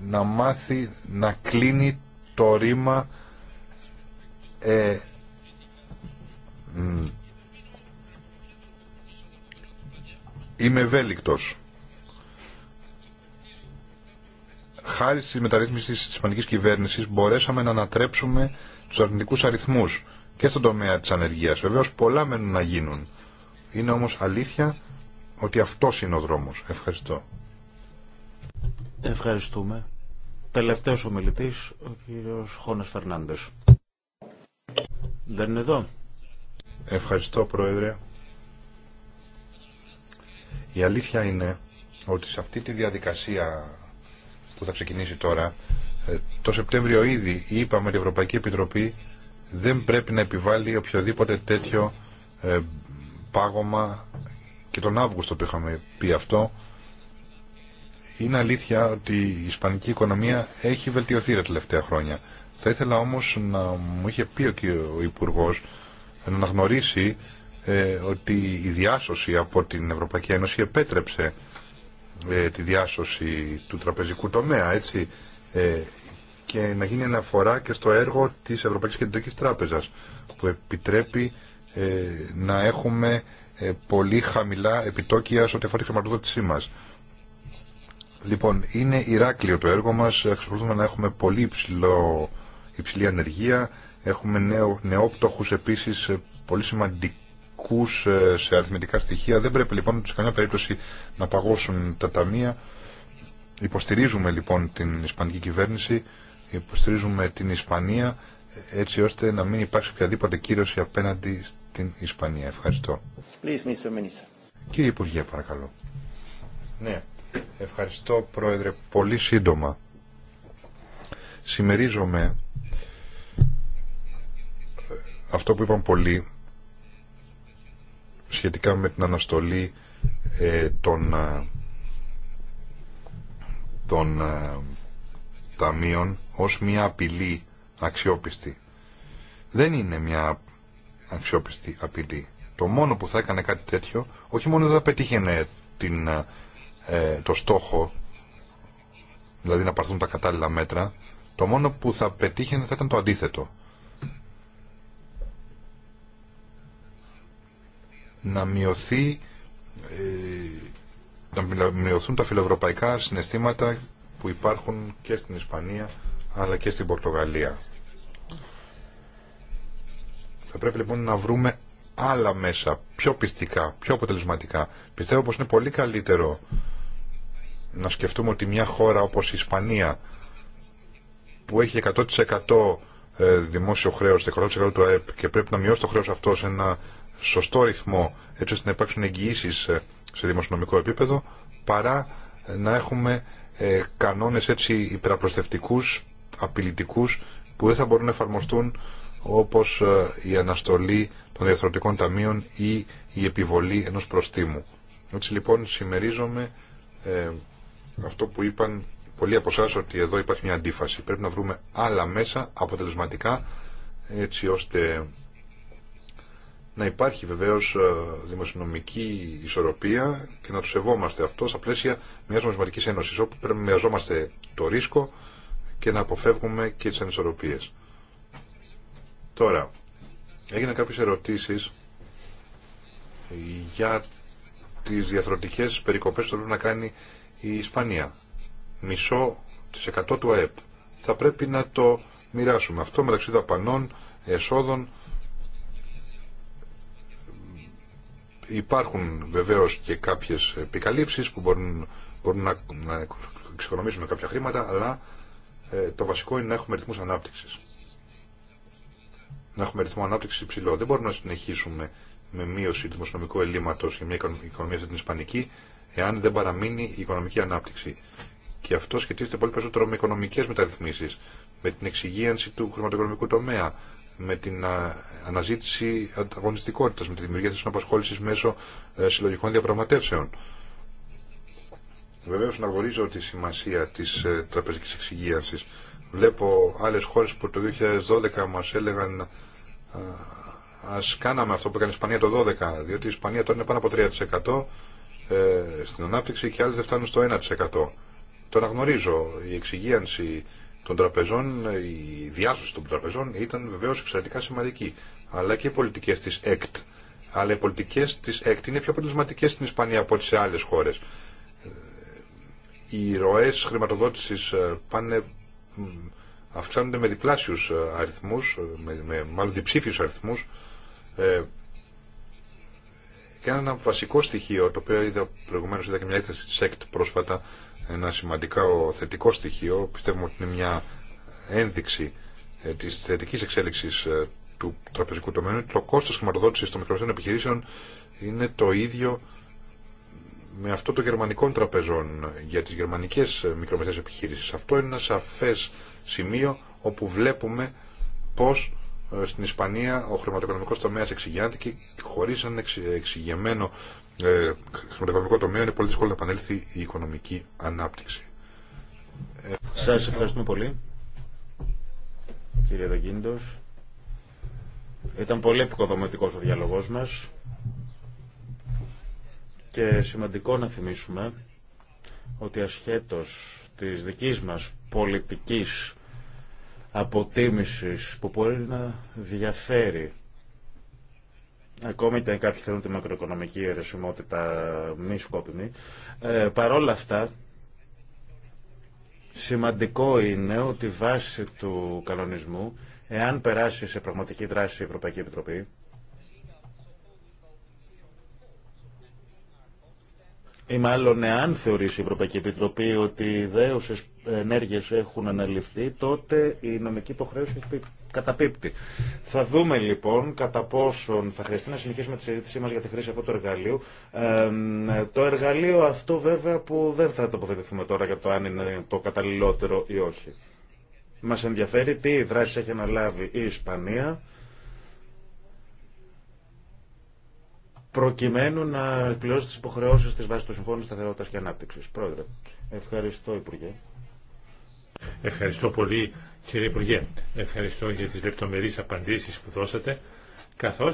να μάθει να κλείνει το ρήμα ε, είμαι ευέλικτο. Χάρη στη μεταρρύθμιση της Ισπανικής κυβέρνησης μπορέσαμε να ανατρέψουμε τους αρνητικούς αριθμούς και στον τομέα της ανεργίας. Βεβαίως πολλά μένουν να γίνουν. Είναι όμως αλήθεια ότι αυτός είναι ο δρόμος. Ευχαριστώ. Ευχαριστούμε. Τελευταίος ομιλητής, ο κύριος Χώνας Φερνάντες. Δεν είναι εδώ. Ευχαριστώ, Πρόεδρε. Η αλήθεια είναι ότι σε αυτή τη διαδικασία που θα ξεκινήσει τώρα, ε, το Σεπτέμβριο ήδη είπαμε η Ευρωπαϊκή Επιτροπή δεν πρέπει να επιβάλλει οποιοδήποτε τέτοιο ε, πάγωμα και τον Αύγουστο το είχαμε πει αυτό είναι αλήθεια ότι η ισπανική οικονομία έχει βελτιωθεί τα τελευταία χρόνια. Θα ήθελα όμως να μου είχε πει ο υπουργό να γνωρίσει ε, ότι η διάσωση από την Ευρωπαϊκή Ένωση επέτρεψε ε, τη διάσωση του τραπεζικού τομέα, έτσι, ε, και να γίνει αναφορά και στο έργο της Ευρωπαϊκής Κεντρικής Τράπεζας, που επιτρέπει ε, να έχουμε ε, πολύ χαμηλά επιτόκια σε ό,τι αφορά τη χρηματοδότησή μας. Λοιπόν, είναι Ηράκλειο το έργο μας, εξακολουθούμε να έχουμε πολύ υψηλό, υψηλή ανεργία, έχουμε νέο, νεόπτωχους επίσης ε, πολύ σημαντικούς ε, σε αριθμητικά στοιχεία, δεν πρέπει λοιπόν σε καμία περίπτωση να παγώσουν τα ταμεία. Υποστηρίζουμε λοιπόν την Ισπανική κυβέρνηση, υποστηρίζουμε την Ισπανία, έτσι ώστε να μην υπάρξει οποιαδήποτε κύρωση απέναντι στην Ισπανία. Ευχαριστώ. Please, Κύριε Υπουργέ, παρακαλώ. Ναι. Ευχαριστώ Πρόεδρε. Πολύ σύντομα. Σημερίζομαι αυτό που είπαν πολλοί σχετικά με την αναστολή ε, των, ε, των ε, ταμείων ως μια απειλή αξιόπιστη. Δεν είναι μια αξιόπιστη απειλή. Το μόνο που θα έκανε κάτι τέτοιο, όχι μόνο δεν θα πετύχαινε την ε, το στόχο, δηλαδή να παρθούν τα κατάλληλα μέτρα, το μόνο που θα πετύχαινε θα ήταν το αντίθετο. Να μειωθεί ε, να μειωθούν τα φιλοευρωπαϊκά συναισθήματα που υπάρχουν και στην Ισπανία αλλά και στην Πορτογαλία. Θα πρέπει λοιπόν να βρούμε άλλα μέσα, πιο πιστικά, πιο αποτελεσματικά. Πιστεύω πως είναι πολύ καλύτερο να σκεφτούμε ότι μια χώρα όπως η Ισπανία που έχει 100% ε, δημόσιο χρέος, 100% του ΑΕΠ και πρέπει να μειώσει το χρέος αυτό σε ένα σωστό ρυθμό έτσι ώστε να υπάρξουν εγγυήσει ε, σε δημοσιονομικό επίπεδο παρά να έχουμε ε, κανόνες έτσι υπεραπροστευτικούς, απειλητικούς που δεν θα μπορούν να εφαρμοστούν όπως η αναστολή των διαθροτικών ταμείων ή η επιβολή ενός προστίμου. Έτσι λοιπόν συμμερίζομαι αυτό που είπαν πολλοί από εσά ότι εδώ υπάρχει μια αντίφαση. Πρέπει να βρούμε άλλα μέσα αποτελεσματικά έτσι ώστε να υπάρχει βεβαίως ε, δημοσιονομική ισορροπία και να το σεβόμαστε αυτό στα πλαίσια μιας νομισματικής ένωσης όπου πρέπει να μοιραζόμαστε το ρίσκο και να αποφεύγουμε και τις ανισορροπίες. Τώρα, έγιναν κάποιες ερωτήσεις για τις διαθροτικές περικοπές που πρέπει να κάνει η Ισπανία. Μισό της 100 του ΑΕΠ. Θα πρέπει να το μοιράσουμε αυτό μεταξύ δαπανών, εσόδων. Υπάρχουν βεβαίως και κάποιες επικαλύψεις που μπορούν, να, να εξοικονομήσουμε κάποια χρήματα, αλλά ε, το βασικό είναι να έχουμε ρυθμούς ανάπτυξης. Να έχουμε ρυθμό ανάπτυξη υψηλό. Δεν μπορούμε να συνεχίσουμε με μείωση του δημοσιονομικού ελλείμματο για μια οικονομία σαν την Ισπανική εάν δεν παραμείνει η οικονομική ανάπτυξη. Και αυτό σχετίζεται πολύ περισσότερο με οικονομικέ μεταρρυθμίσει, με την εξυγίανση του χρηματοοικονομικού τομέα, με την αναζήτηση ανταγωνιστικότητα, με τη δημιουργία θέσεων απασχόληση μέσω ε, συλλογικών διαπραγματεύσεων. Βεβαίω, να γνωρίζω τη σημασία τη ε, τραπεζική εξυγίανση. Βλέπω άλλε χώρε που το 2012 μα έλεγαν α κάναμε αυτό που έκανε η Ισπανία το 12, διότι η Ισπανία τώρα είναι πάνω από ε, στην ανάπτυξη και άλλες δεν φτάνουν στο 1%. Το αναγνωρίζω. Η εξυγίανση των τραπεζών, η διάσωση των τραπεζών ήταν βεβαίως εξαιρετικά σημαντική. Αλλά και οι πολιτικές της ΕΚΤ. Αλλά οι πολιτικές της ΕΚΤ είναι πιο αποτελεσματικές στην Ισπανία από ό,τι σε άλλες χώρες. Οι ροές χρηματοδότησης ε, πάνε, αυξάνονται με διπλάσιους ε, αριθμούς, με, με μάλλον διψήφιους αριθμούς και ένα βασικό στοιχείο, το οποίο είδα προηγουμένω, είδα και μια έκθεση τη ΕΚΤ πρόσφατα, ένα σημαντικό θετικό στοιχείο, πιστεύουμε ότι είναι μια ένδειξη ε, τη θετική εξέλιξη ε, του τραπεζικού τομέα, το κόστο χρηματοδότηση των μικρομεσαίων επιχειρήσεων είναι το ίδιο με αυτό των γερμανικών τραπεζών για τις γερμανικέ ε, μικρομεσαίε επιχείρησει. Αυτό είναι ένα σαφέ σημείο όπου βλέπουμε πώς ε, στην Ισπανία ο χρηματοοικονομικός τομέας εξηγιάνθηκε και χωρίς ένα εξηγεμένο ε, χρηματοοικονομικό τομέα είναι πολύ δύσκολο να επανέλθει η οικονομική ανάπτυξη. Ε, Σας ευχαριστούμε πολύ. Κύριε Δοκίνητος. Ήταν πολύ επικοδομητικός ο διάλογός μας και σημαντικό να θυμίσουμε ότι ασχέτως της δικής μας πολιτικής αποτίμησης που μπορεί να διαφέρει ακόμη και αν κάποιοι θέλουν τη μακροοικονομική αιρεσιμότητα μη σκόπιμη. Ε, παρόλα αυτά, σημαντικό είναι ότι βάσει του κανονισμού, εάν περάσει σε πραγματική δράση η Ευρωπαϊκή Επιτροπή, ή μάλλον εάν θεωρήσει η Ευρωπαϊκή Επιτροπή ότι οι ιδέωσες ενέργειες έχουν αναλυφθεί, τότε η νομική υποχρέωση έχει καταπίπτει. Θα δούμε λοιπόν κατά πόσον θα χρειαστεί να συνεχίσουμε τη συζήτησή μας για τη χρήση αυτού του εργαλείου. το εργαλείο αυτό βέβαια που δεν θα τοποθετηθούμε τώρα για το αν είναι το καταλληλότερο ή όχι. Μας ενδιαφέρει τι δράση έχει αναλάβει η οχι μας ενδιαφερει τι δρασεις εχει αναλαβει η ισπανια προκειμένου να εκπληρώσει τι υποχρεώσει τη βάση του Συμφώνου Σταθερότητα και Ανάπτυξη. Πρόεδρε, ευχαριστώ, Υπουργέ. Ευχαριστώ πολύ, κύριε Υπουργέ. Ευχαριστώ για τι λεπτομερεί απαντήσει που δώσατε, καθώ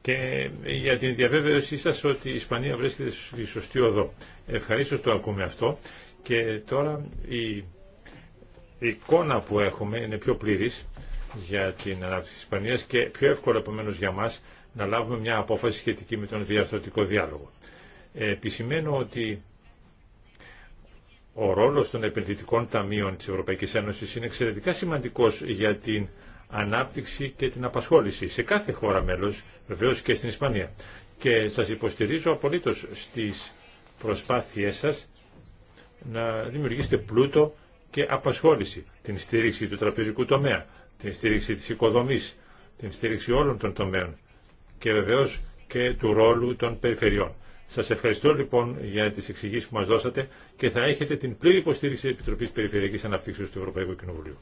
και για την διαβέβαιωσή σα ότι η Ισπανία βρίσκεται στη σωστή οδό. Ευχαρίστω το ακούμε αυτό. Και τώρα η εικόνα που έχουμε είναι πιο πλήρη για την ανάπτυξη της Ισπανίας και πιο εύκολο, επομένω για μας να λάβουμε μια απόφαση σχετική με τον διαρθρωτικό διάλογο. Ε, επισημαίνω ότι ο ρόλος των επενδυτικών ταμείων της Ευρωπαϊκής Ένωσης είναι εξαιρετικά σημαντικός για την ανάπτυξη και την απασχόληση σε κάθε χώρα μέλος, βεβαίω και στην Ισπανία. Και σας υποστηρίζω απολύτως στις προσπάθειές σας να δημιουργήσετε πλούτο και απασχόληση, την στήριξη του τραπεζικού τομέα, την στήριξη της οικοδομής, την στήριξη όλων των τομέων και βεβαίως και του ρόλου των περιφερειών. Σας ευχαριστώ λοιπόν για τι εξηγήσει που μα δώσατε και θα έχετε την πλήρη υποστήριξη τη Επιτροπής Περιφερειακής Αναπτύξεως του Ευρωπαϊκού Κοινοβουλίου.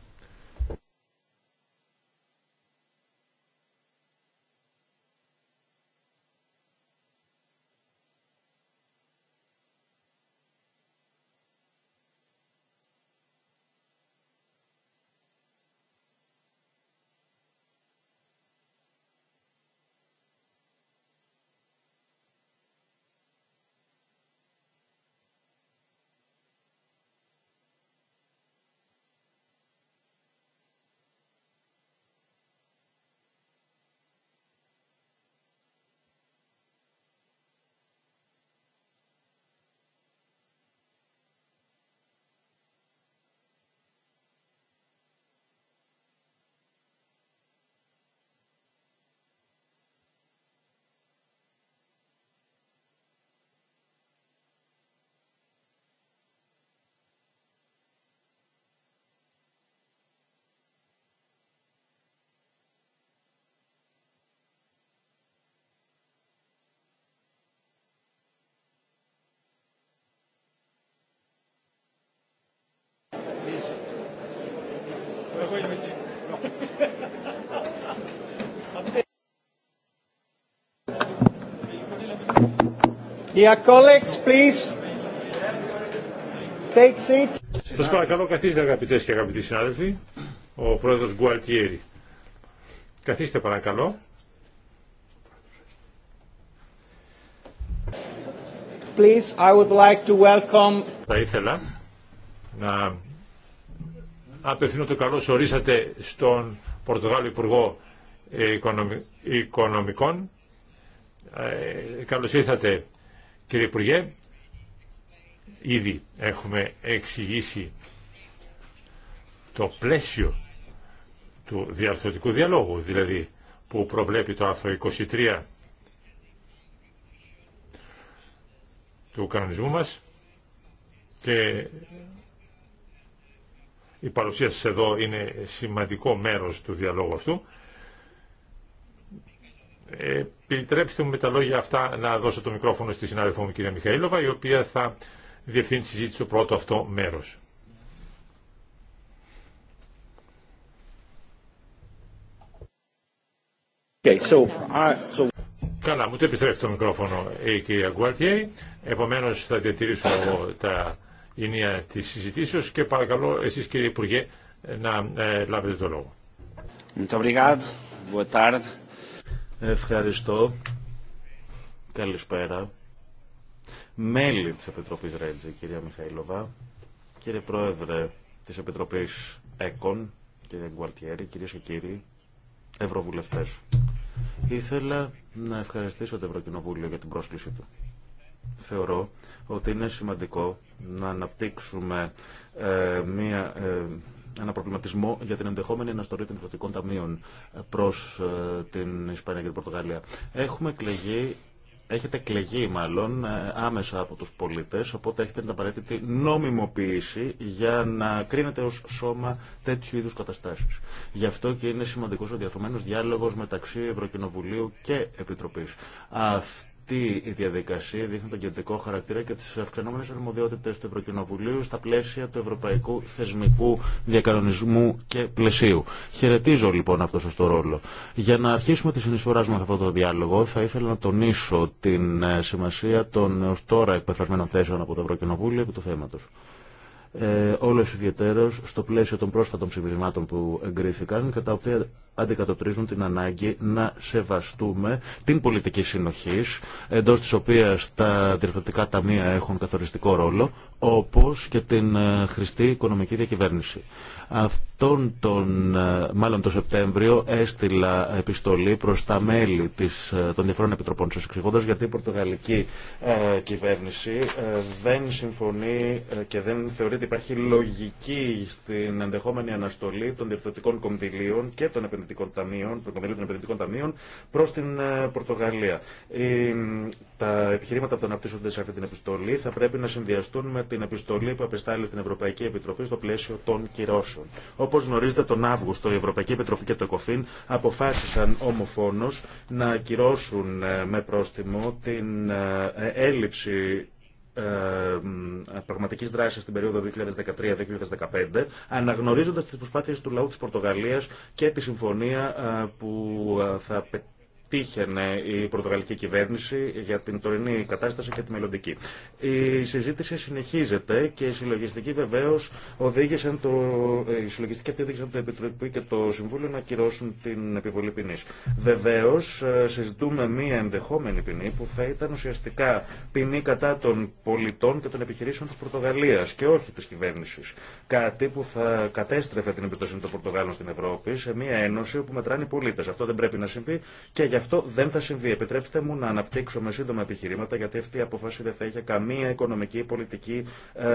Dear colleagues, please take seat. Σας παρακαλώ καθίστε αγαπητές και αγαπητοί συνάδελφοι, ο πρόεδρος Γκουαλτιέρη. Καθίστε παρακαλώ. Please, I would like to welcome... Θα ήθελα να απευθύνω το καλό ορίσατε στον Πορτογάλο Υπουργό ε, Οικονομικών. Ε, καλώς ήρθατε κύριε Υπουργέ. Ήδη έχουμε εξηγήσει το πλαίσιο του διαρθρωτικού διαλόγου, δηλαδή που προβλέπει το άρθρο 23 του κανονισμού μας και η παρουσία σας εδώ είναι σημαντικό μέρος του διαλόγου αυτού. Επιτρέψτε μου με τα λόγια αυτά να δώσω το μικρόφωνο στη συνάδελφό μου κυρία Μιχαήλοβα, η οποία θα διευθύνει τη συζήτηση στο πρώτο αυτό μέρος. Καλά, μου το επιστρέφει το μικρόφωνο η κυρία Γκουαρτιέ. Επομένως θα διατηρήσω τα ενία τη συζητήσεως και παρακαλώ εσείς κύριε Υπουργέ να ε, λάβετε το λόγο. Ευχαριστώ. Καλησπέρα. Μέλη της Επιτροπής Ρέντζε, κυρία Μιχαήλοβα, κύριε Πρόεδρε της Επιτροπής ΕΚΟΝ, κύριε Γκουαλτιέρη, κύριε και κύριοι Ευρωβουλευτές. Ήθελα να ευχαριστήσω το Ευρωκοινοβούλιο για την πρόσκληση του. Θεωρώ ότι είναι σημαντικό να αναπτύξουμε ε, μία, ε, ένα προβληματισμό για την ενδεχόμενη αναστολή των διευθυντικών ταμείων ε, προς ε, την Ισπανία και την Πορτογαλία. Έχουμε εκλεγεί έχετε κλεγεί μάλλον άμεσα από τους πολίτες, οπότε έχετε την απαραίτητη νόμιμοποίηση για να κρίνετε ως σώμα τέτοιου είδους καταστάσεις. Γι' αυτό και είναι σημαντικός ο διαθωμένος διάλογος μεταξύ Ευρωκοινοβουλίου και Επιτροπής αυτή η διαδικασία δείχνει τον κεντρικό χαρακτήρα και τις αυξανόμενες αρμοδιότητες του Ευρωκοινοβουλίου στα πλαίσια του ευρωπαϊκού θεσμικού διακανονισμού και πλαισίου. Χαιρετίζω λοιπόν αυτό το ρόλο. Για να αρχίσουμε τη συνεισφορά μας αυτό το διάλογο θα ήθελα να τονίσω την ε, σημασία των έω τώρα εκπεφρασμένων θέσεων από το Ευρωκοινοβούλιο επί του θέματος ε, όλες ιδιαίτερως στο πλαίσιο των πρόσφατων ψηφισμάτων που εγκρίθηκαν και οποία αντικατοπτρίζουν την ανάγκη να σεβαστούμε την πολιτική συνοχή, εντό τη οποία τα διευθυντικά ταμεία έχουν καθοριστικό ρόλο, όπω και την ε, χρηστή οικονομική διακυβέρνηση. Αυτόν τον, ε, μάλλον τον Σεπτέμβριο, έστειλα επιστολή προ τα μέλη της, ε, των διαφορών επιτροπών σα, εξηγώντα γιατί η Πορτογαλική κυβέρνηση δεν συμφωνεί και δεν θεωρεί ότι υπάρχει λογική στην ενδεχόμενη αναστολή των διευθυντικών κομπιλιών και των επενδυτικών επενδυτικών ταμείων, των κονδυλίων των επενδυτικών ταμείων προ την ε, Πορτογαλία. Τα επιχειρήματα που αναπτύσσονται σε αυτή την επιστολή θα πρέπει να συνδυαστούν με την επιστολή που απεστάλλει στην Ευρωπαϊκή Επιτροπή στο πλαίσιο των κυρώσεων. Όπω γνωρίζετε, τον Αύγουστο η Ευρωπαϊκή Επιτροπή και το ΕΚΟΦΗΝ αποφάσισαν ομοφόνω να κυρώσουν ε, με πρόστιμο την ε, έλλειψη ε, πραγματικής δράσης στην περίοδο 2013-2015, αναγνωρίζοντας τις προσπάθειες του λαού της Πορτογαλίας και τη συμφωνία ε, που ε, θα πετύχει πετύχαινε η πορτογαλική κυβέρνηση για την τωρινή κατάσταση και τη μελλοντική. Η συζήτηση συνεχίζεται και η συλλογιστική βεβαίω οδήγησε το. Ε, η συλλογιστική οδήγησαν το Επιτροπή και το Συμβούλιο να ακυρώσουν την επιβολή ποινή. Βεβαίω, ε, συζητούμε μία ενδεχόμενη ποινή που θα ήταν ουσιαστικά ποινή κατά των πολιτών και των επιχειρήσεων τη Πορτογαλία και όχι τη κυβέρνηση. Κάτι που θα κατέστρεφε την εμπιστοσύνη των Πορτογάλων στην Ευρώπη σε μία ένωση όπου μετράνε οι πολίτε. Αυτό δεν πρέπει να συμβεί και γι' αυτό δεν θα συμβεί. Επιτρέψτε μου να αναπτύξω με σύντομα επιχειρήματα, γιατί αυτή η αποφάση δεν θα είχε καμία οικονομική ή πολιτική ε,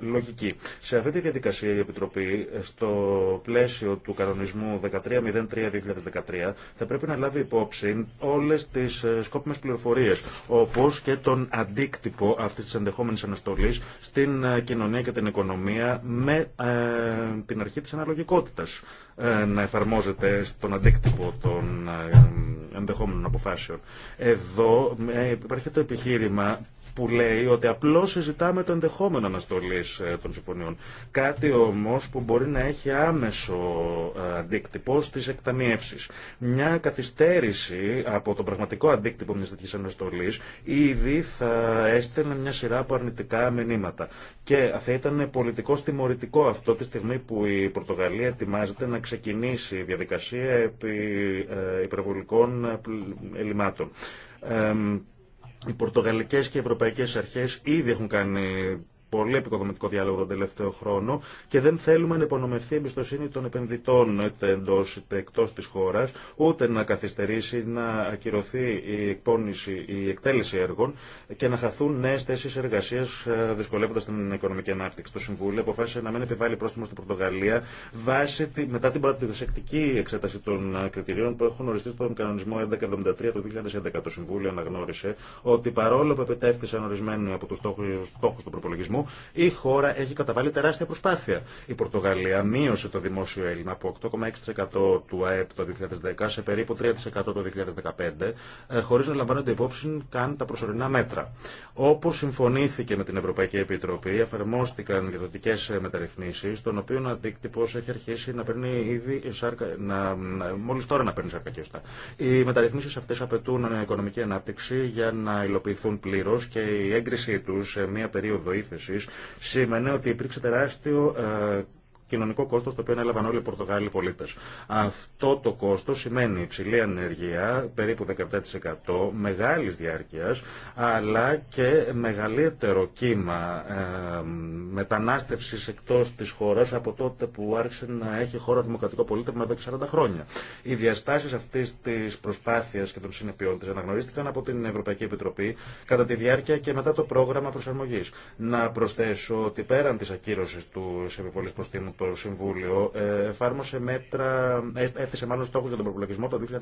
λογική. Σε αυτή τη διαδικασία η πολιτικη λογικη σε αυτη τη διαδικασια η επιτροπη στο πλαίσιο του κανονισμού 1303-2013, θα πρέπει να λάβει υπόψη όλε τι ε, σκόπιμε πληροφορίε, όπω και τον αντίκτυπο αυτή τη ενδεχόμενη αναστολή στην ε, κοινωνία και την οικονομία με ε, την αρχή τη αναλογικότητα να εφαρμόζεται στον αντίκτυπο των ενδεχόμενων αποφάσεων. Εδώ ε, υπάρχει το επιχείρημα που λέει ότι απλώ συζητάμε το ενδεχόμενο αναστολή ε, των συμφωνιών. Κάτι όμω που μπορεί να έχει άμεσο ε, αντίκτυπο στι εκταμιεύσει. Μια καθυστέρηση από το πραγματικό αντίκτυπο μια τέτοια αναστολή ήδη θα έστελνε μια σειρά από αρνητικά μηνύματα. Και θα ήταν πολιτικό τιμωρητικό αυτό τη στιγμή που η Πορτογαλία ετοιμάζεται να ξεκινήσει η διαδικασία επί ε, υπερβολικών ελλημάτων. Οι πορτογαλικές και οι ευρωπαϊκές αρχές ήδη έχουν κάνει πολύ επικοδομητικό διάλογο τον τελευταίο χρόνο και δεν θέλουμε να υπονομευθεί η εμπιστοσύνη των επενδυτών εντό είτε εκτό τη χώρα, ούτε να καθυστερήσει να ακυρωθεί η εκπόνηση, η εκτέλεση έργων και να χαθούν νέε θέσει εργασία ε, δυσκολεύοντα την οικονομική ανάπτυξη. Το Συμβούλιο αποφάσισε να μην επιβάλλει πρόστιμο στην Πορτογαλία βάσει μετά την πρωτοδισεκτική εξέταση των ε, κριτηρίων που έχουν οριστεί στον κανονισμό 1173 του 2011. Το Συμβούλιο αναγνώρισε ότι παρόλο που επιτεύχθησαν ορισμένοι από του στόχου του προπολογισμού, η χώρα έχει καταβάλει τεράστια προσπάθεια. Η Πορτογαλία μείωσε το δημόσιο έλλειμμα από 8,6% του ΑΕΠ το 2010 σε περίπου 3% το 2015, ε, χωρί να λαμβάνονται υπόψη καν τα προσωρινά μέτρα. Όπω συμφωνήθηκε με την Ευρωπαϊκή Επιτροπή, εφαρμόστηκαν διαδοτικέ ε, μεταρρυθμίσει, των οποίων αντίκτυπο έχει αρχίσει να παίρνει ήδη να, μόλις τώρα να παίρνει σάρκα και ωστά. Οι μεταρρυθμίσεις αυτές απαιτούν ε, οικονομική ανάπτυξη για να υλοποιηθούν πλήρως και η έγκρισή τους σε μια περίοδο ύφεση Ένωσης ότι υπήρξε τεράστιο ε, κοινωνικό κόστος το οποίο έλαβαν όλοι οι Πορτογάλοι πολίτες. Αυτό το κόστος σημαίνει υψηλή ανεργία, περίπου 17%, μεγάλης διάρκειας, αλλά και μεγαλύτερο κύμα ε, μετανάστευσης εκτός της χώρας από τότε που άρχισε να έχει χώρα δημοκρατικό πολίτευμα εδώ και 40 χρόνια. Οι διαστάσεις αυτής της προσπάθειας και των συνεπειών της αναγνωρίστηκαν από την Ευρωπαϊκή Επιτροπή κατά τη διάρκεια και μετά το πρόγραμμα προσαρμογής. Να προσθέσω ότι πέραν της ακύρωσης του επιβολής προστήμου το Συμβούλιο ε, εφάρμοσε μέτρα, ε, έθεσε μάλλον στόχους για τον προπολογισμό το 2016.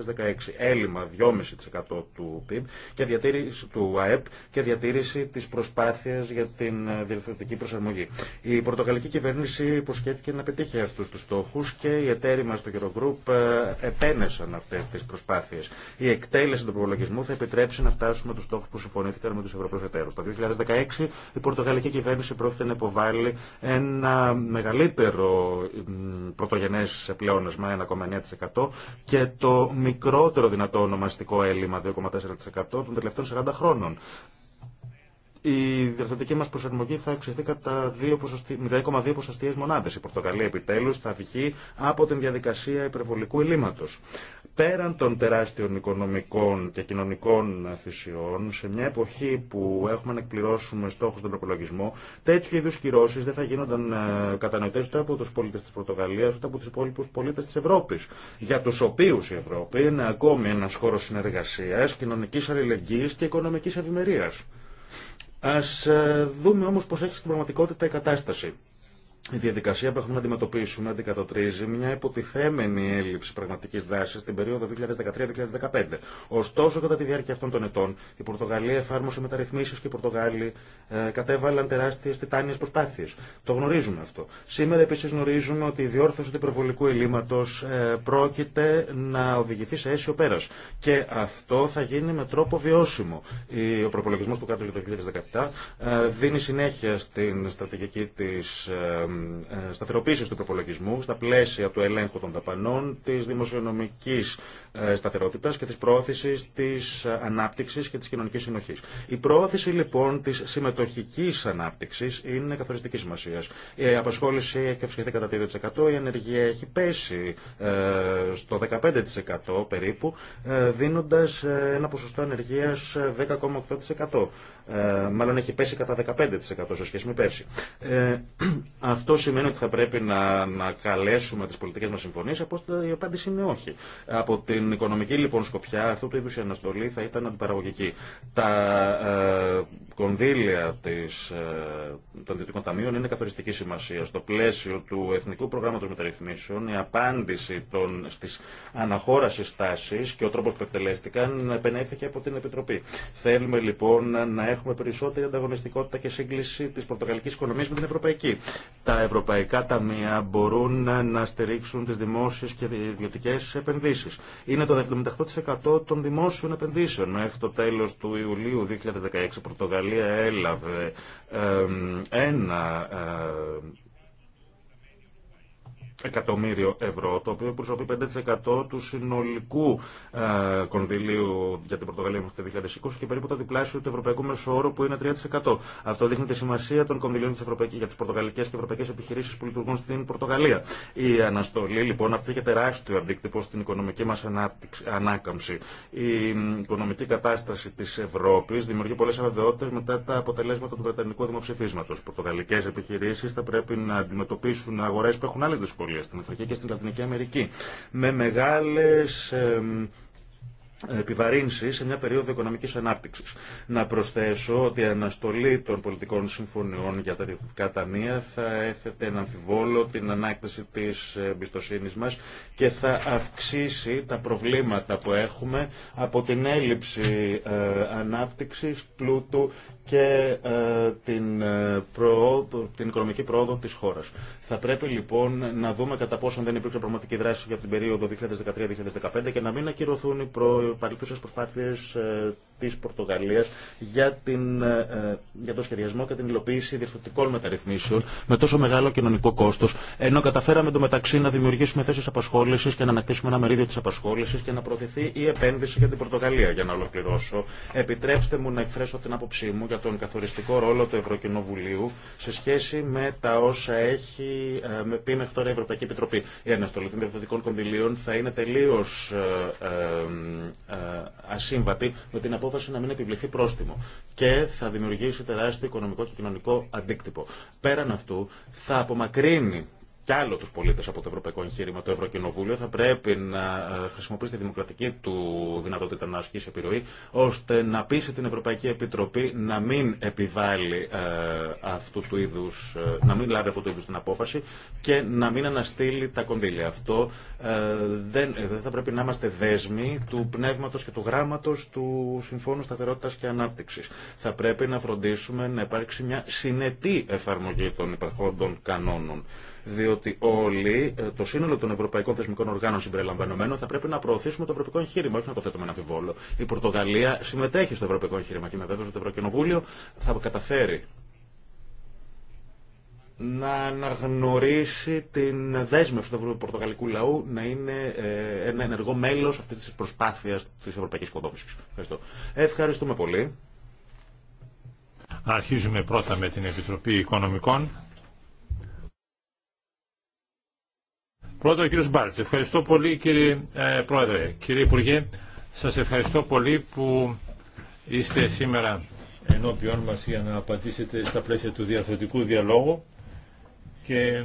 Έλλειμμα 2,5% του PIB και διατήρηση του ΑΕΠ και διατήρηση της προσπάθειας για την ε, διευθυντική προσαρμογή. Η πορτογαλική κυβέρνηση υποσχέθηκε να πετύχει αυτούς τους στόχους και οι εταίροι μας στο Eurogroup επένεσαν αυτές τις προσπάθειες. Η εκτέλεση του προπολογισμού θα επιτρέψει να φτάσουμε τους στόχους που συμφωνήθηκαν με τους Ευρωπαίους εταίρους. Το 2016 η πορτογαλική κυβέρνηση πρόκειται να υποβάλει ένα μεγαλύτερο πρωτογενέ πλεόνασμα 1,9% και το μικρότερο δυνατό ονομαστικό έλλειμμα 2,4% των τελευταίων 40 χρόνων. Η διαρθρωτική μα προσαρμογή θα αυξηθεί κατά 0,2 ποσοστιαίε μονάδε. Η Πορτογαλία επιτέλου θα βγει από την διαδικασία υπερβολικού ελλείμματο πέραν των τεράστιων οικονομικών και κοινωνικών θυσιών, σε μια εποχή που έχουμε να εκπληρώσουμε στόχους στον προπολογισμό, τέτοιου είδου κυρώσει δεν θα γίνονταν ε, κατανοητέ ούτε από του πολίτε τη Πορτογαλία, ούτε από του υπόλοιπου πολίτε τη Ευρώπη. Για του οποίου η Ευρώπη είναι ακόμη ένα χώρο συνεργασία, κοινωνική αλληλεγγύη και οικονομική ευημερία. Α ε, δούμε όμως πώς έχει στην πραγματικότητα η κατάσταση η διαδικασία που έχουμε να αντιμετωπίσουμε αντικατοπτρίζει μια υποτιθέμενη έλλειψη πραγματική δράση στην περίοδο 2013-2015. Ωστόσο, κατά τη διάρκεια αυτών των ετών, η Πορτογαλία εφάρμοσε μεταρρυθμίσει και οι Πορτογάλοι ε, κατέβαλαν τεράστιε τιτάνιε προσπάθειε. Το γνωρίζουμε αυτό. Σήμερα, επίση, γνωρίζουμε ότι η διόρθωση του υπερβολικού ελλείμματο ε, πρόκειται να οδηγηθεί σε αίσιο πέρα. Και αυτό θα γίνει με τρόπο βιώσιμο. Ο προπολογισμό του κράτου για το 2017 ε, δίνει συνέχεια στην στρατηγική τη ε, ε, Σταθεροποίηση του προπολογισμού στα πλαίσια του ελέγχου των δαπανών, τη δημοσιονομική ε, σταθερότητα και τη προώθηση τη ε, ανάπτυξη και τη κοινωνική συνοχή. Η προώθηση λοιπόν τη συμμετοχική ανάπτυξη είναι καθοριστική σημασία. Η απασχόληση έχει αυξηθεί κατά 2%, η ανεργία έχει πέσει στο 15% περίπου, δίνοντα ένα ποσοστό ανεργία 10,8%. Μάλλον έχει πέσει κατά 15% σε σχέση με πέρσι. [CLEARS THROAT] αυτό σημαίνει ότι θα πρέπει να, να καλέσουμε τι πολιτικέ μα συμφωνίε, από η απάντηση είναι όχι. Από την οικονομική λοιπόν σκοπιά, αυτού του είδου η αναστολή θα ήταν αντιπαραγωγική. Τα ε, κονδύλια της, ε, των Δυτικών Ταμείων είναι καθοριστική σημασία. Στο πλαίσιο του Εθνικού Προγράμματο Μεταρρυθμίσεων, η απάντηση στι αναχώρασει τάση και ο τρόπο που εκτελέστηκαν επενέθηκε από την Επιτροπή. Θέλουμε λοιπόν να έχουμε περισσότερη ανταγωνιστικότητα και σύγκληση τη πορτογαλική οικονομία με την ευρωπαϊκή τα ευρωπαϊκά ταμεία μπορούν να στηρίξουν τις δημόσιες και ιδιωτικές επενδύσεις. Είναι το 78% των δημόσιων επενδύσεων. Μέχρι το τέλος του Ιουλίου 2016 η Πορτογαλία έλαβε ένα ε, εκατομμύριο ευρώ, το οποίο προσωπεί 5% του συνολικού ε, κονδυλίου για την Πορτογαλία μέχρι το 2020 και περίπου το διπλάσιο του ευρωπαϊκού μεσοόρου που είναι 3%. Αυτό δείχνει τη σημασία των κονδυλίων της για τι πορτογαλικέ και ευρωπαϊκέ επιχειρήσει που λειτουργούν στην Πορτογαλία. Η αναστολή λοιπόν αυτή έχει τεράστιο αντίκτυπο στην οικονομική μα ανάκαμψη. Η οικονομική κατάσταση τη Ευρώπη δημιουργεί πολλέ αβεβαιότητε μετά τα αποτελέσματα του Βρετανικού δημοψηφίσματο. Πορτογαλικέ επιχειρήσει θα πρέπει να αντιμετωπίσουν αγορέ που έχουν άλλε δυσκολίε στην Αφρική και στην Λατινική Αμερική. Με μεγάλες επιβαρύνσει σε μια περίοδο οικονομικής ανάπτυξης. Να προσθέσω ότι η αναστολή των πολιτικών συμφωνιών για τα διευθυντικά ταμεία θα έθετε να αμφιβόλο την ανάκτηση της εμπιστοσύνη μας και θα αυξήσει τα προβλήματα που έχουμε από την έλλειψη ε, ανάπτυξης, πλούτου και ε, την, ε, την οικονομική πρόοδο της χώρας. Θα πρέπει λοιπόν να δούμε κατά πόσον δεν υπήρξε πραγματική δράση για την περίοδο 2013-2015 και να μην ακυρωθούν οι προ... παρελθούσες προσπάθειες ε, της Πορτογαλίας για, την, για το σχεδιασμό και την υλοποίηση διευθυντικών μεταρρυθμίσεων με τόσο μεγάλο κοινωνικό κόστος, ενώ καταφέραμε το μεταξύ να δημιουργήσουμε θέσεις απασχόλησης και να ανακτήσουμε ένα μερίδιο της απασχόλησης και να προωθηθεί η επένδυση για την Πορτογαλία. Για να ολοκληρώσω, επιτρέψτε μου να εκφράσω την άποψή μου τον καθοριστικό ρόλο του Ευρωκοινοβουλίου σε σχέση με τα όσα έχει ε, με πει μέχρι τώρα η Ευρωπαϊκή Επιτροπή. Η αναστολή των διευθυντικών κονδυλίων θα είναι τελείω ε, ε, ασύμβατη με την απόφαση να μην επιβληθεί πρόστιμο και θα δημιουργήσει τεράστιο οικονομικό και κοινωνικό αντίκτυπο. Πέραν αυτού, θα απομακρύνει κι άλλο του πολίτε από το ευρωπαϊκό εγχείρημα, το Ευρωκοινοβούλιο, θα πρέπει να ε, χρησιμοποιήσει τη δημοκρατική του δυνατότητα να ασκήσει επιρροή, ώστε να πείσει την Ευρωπαϊκή Επιτροπή να μην επιβάλλει ε, αυτού του είδου, ε, να μην λάβει αυτού του είδου την απόφαση και να μην αναστείλει τα κονδύλια. Αυτό ε, δεν, θα πρέπει να είμαστε δέσμοι του πνεύματο και του γράμματο του Συμφώνου Σταθερότητα και Ανάπτυξη. Θα πρέπει να φροντίσουμε να υπάρξει μια συνετή εφαρμογή των υπαρχόντων κανόνων. Διότι όλοι, ε, το σύνολο των ευρωπαϊκών θεσμικών οργάνων συμπεριλαμβανομένων, θα πρέπει να προωθήσουμε το ευρωπαϊκό εγχείρημα, όχι να το θέτουμε ένα αμφιβόλο. Η Πορτογαλία συμμετέχει στο ευρωπαϊκό εγχείρημα και με βέβαια το Ευρωκοινοβούλιο θα καταφέρει να αναγνωρίσει την δέσμευση του πορτογαλικού λαού να είναι ε, ένα ενεργό μέλος αυτής της προσπάθειας της ευρωπαϊκής οικοδόμησης. Ευχαριστώ. Ευχαριστούμε πολύ. Αρχίζουμε πρώτα με την Επιτροπή Οικονομικών. Πρώτο ο κύριος Μπάλτς. Ευχαριστώ πολύ κύριε ε, Πρόεδρε. Κύριε Υπουργέ, σας ευχαριστώ πολύ που είστε σήμερα ενώπιόν μας για να απαντήσετε στα πλαίσια του διαθετικού διαλόγου και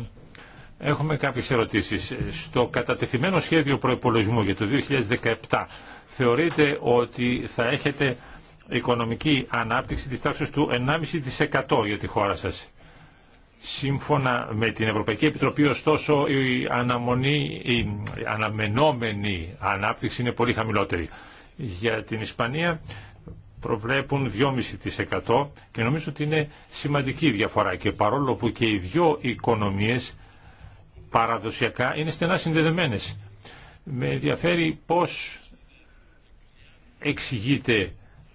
έχουμε κάποιες ερωτήσεις. Στο κατατεθειμένο σχέδιο προϋπολογισμού για το 2017 θεωρείτε ότι θα έχετε οικονομική ανάπτυξη της τάξης του 1,5% για τη χώρα σας. Σύμφωνα με την Ευρωπαϊκή Επιτροπή, ωστόσο, η, αναμονή, αναμενόμενη ανάπτυξη είναι πολύ χαμηλότερη. Για την Ισπανία προβλέπουν 2,5% και νομίζω ότι είναι σημαντική διαφορά και παρόλο που και οι δύο οικονομίες παραδοσιακά είναι στενά συνδεδεμένες. Με ενδιαφέρει πώς εξηγείται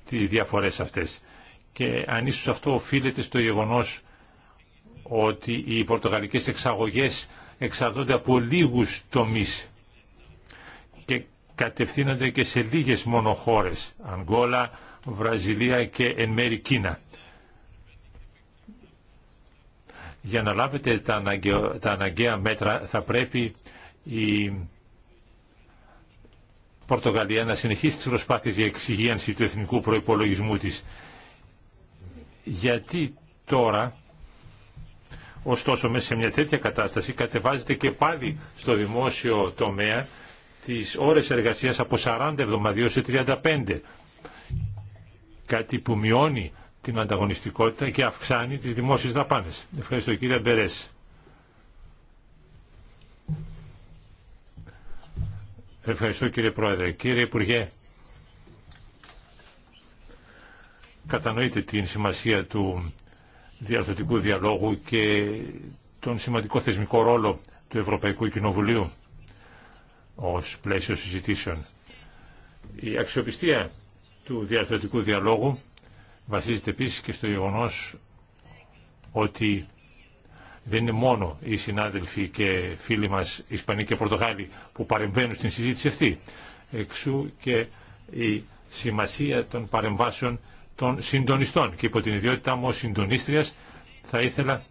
τις διαφορές αυτές και αν ίσως αυτό οφείλεται στο γεγονός ότι οι πορτογαλικές εξαγωγές εξαρτώνται από λίγους τομείς και κατευθύνονται και σε λίγες μόνο χώρες, Αγγόλα, Βραζιλία και εν μέρη Κίνα. Για να λάβετε τα αναγκαία, μέτρα θα πρέπει η Πορτογαλία να συνεχίσει τις προσπάθειες για εξυγίανση του εθνικού προϋπολογισμού της. Γιατί τώρα Ωστόσο, μέσα σε μια τέτοια κατάσταση κατεβάζεται και πάλι στο δημόσιο τομέα τις ώρες εργασίας από 40 εβδομαδίως σε 35. Κάτι που μειώνει την ανταγωνιστικότητα και αυξάνει τις δημόσιες δαπάνες. Ευχαριστώ κύριε Μπερές. Ευχαριστώ κύριε Πρόεδρε. Κύριε Υπουργέ, κατανοείτε την σημασία του διαρθωτικού διαλόγου και τον σημαντικό θεσμικό ρόλο του Ευρωπαϊκού Κοινοβουλίου ως πλαίσιο συζητήσεων. Η αξιοπιστία του διαρθρωτικού διαλόγου βασίζεται επίσης και στο γεγονός ότι δεν είναι μόνο οι συνάδελφοι και φίλοι μας Ισπανοί και Πορτογάλοι που παρεμβαίνουν στην συζήτηση αυτή. Εξού και η σημασία των παρεμβάσεων των συντονιστών και υπό την ιδιότητά μου ως συντονίστριας θα ήθελα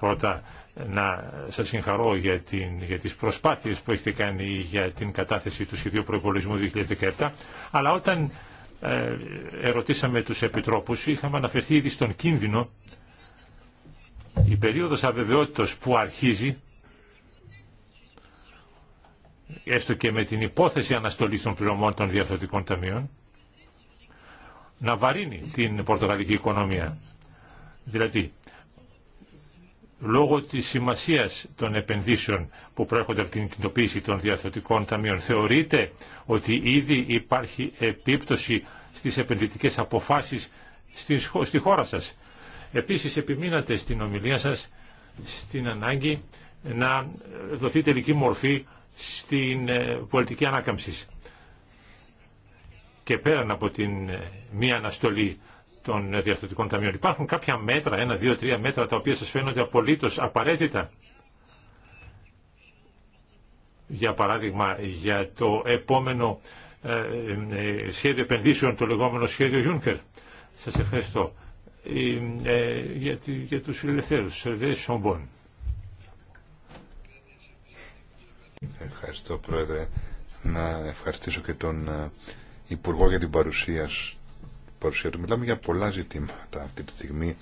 πρώτα να σας συγχαρώ για, την, για τις προσπάθειες που έχετε κάνει για την κατάθεση του σχεδίου προϋπολογισμού 2017 αλλά όταν ε, ερωτήσαμε τους επιτρόπους είχαμε αναφερθεί ήδη στον κίνδυνο η περίοδος αβεβαιότητος που αρχίζει έστω και με την υπόθεση αναστολής των πληρωμών των διαθετικών ταμείων να βαρύνει την πορτογαλική οικονομία. Δηλαδή, λόγω της σημασίας των επενδύσεων που προέρχονται από την κινητοποίηση των διαθετικών ταμείων, θεωρείτε ότι ήδη υπάρχει επίπτωση στις επενδυτικές αποφάσεις στη χώρα σας. Επίσης, επιμείνατε στην ομιλία σας στην ανάγκη να δοθεί τελική μορφή στην ε, πολιτική ανάκαμψη και πέραν από την ε, μία αναστολή των διαρθρωτικών ταμείων. Υπάρχουν κάποια μέτρα, ένα, δύο, τρία μέτρα, τα οποία σας φαίνονται απολύτως απαραίτητα. Για παράδειγμα, για το επόμενο ε, ε, σχέδιο επενδύσεων, το λεγόμενο σχέδιο Juncker. Σας ευχαριστώ. για, για τους φιλελευθέρους, Σομπον. Ευχαριστώ, Πρόεδρε. Να ευχαριστήσω και τον Υπουργό για την παρουσία, παρουσία του. Μιλάμε για πολλά ζητήματα αυτή τη στιγμή.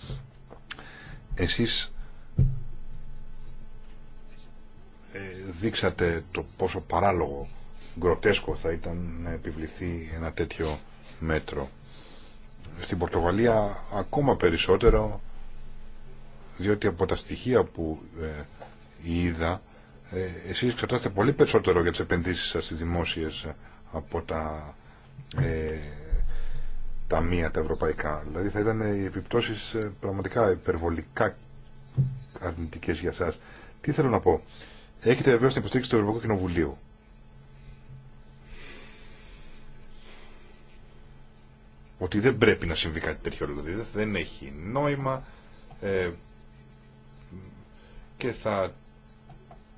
Εσείς ε, δείξατε το πόσο παράλογο, γκροτέσκο θα ήταν να επιβληθεί ένα τέτοιο μέτρο. Στην Πορτογαλία ακόμα περισσότερο, διότι από τα στοιχεία που ε, είδα, ε, εσείς εξετάσετε πολύ περισσότερο για τις επενδύσεις σας στις δημόσιες ε, από τα ε, τα μία τα ευρωπαϊκά. Δηλαδή θα ήταν οι επιπτώσεις ε, πραγματικά υπερβολικά αρνητικές για σας. Τι θέλω να πω. Έχετε βεβαίως στην υποστήριξη του Ευρωπαϊκού Κοινοβουλίου. Ότι δεν πρέπει να συμβεί κάτι τέτοιο. Δηλαδή δεν έχει νόημα ε, και θα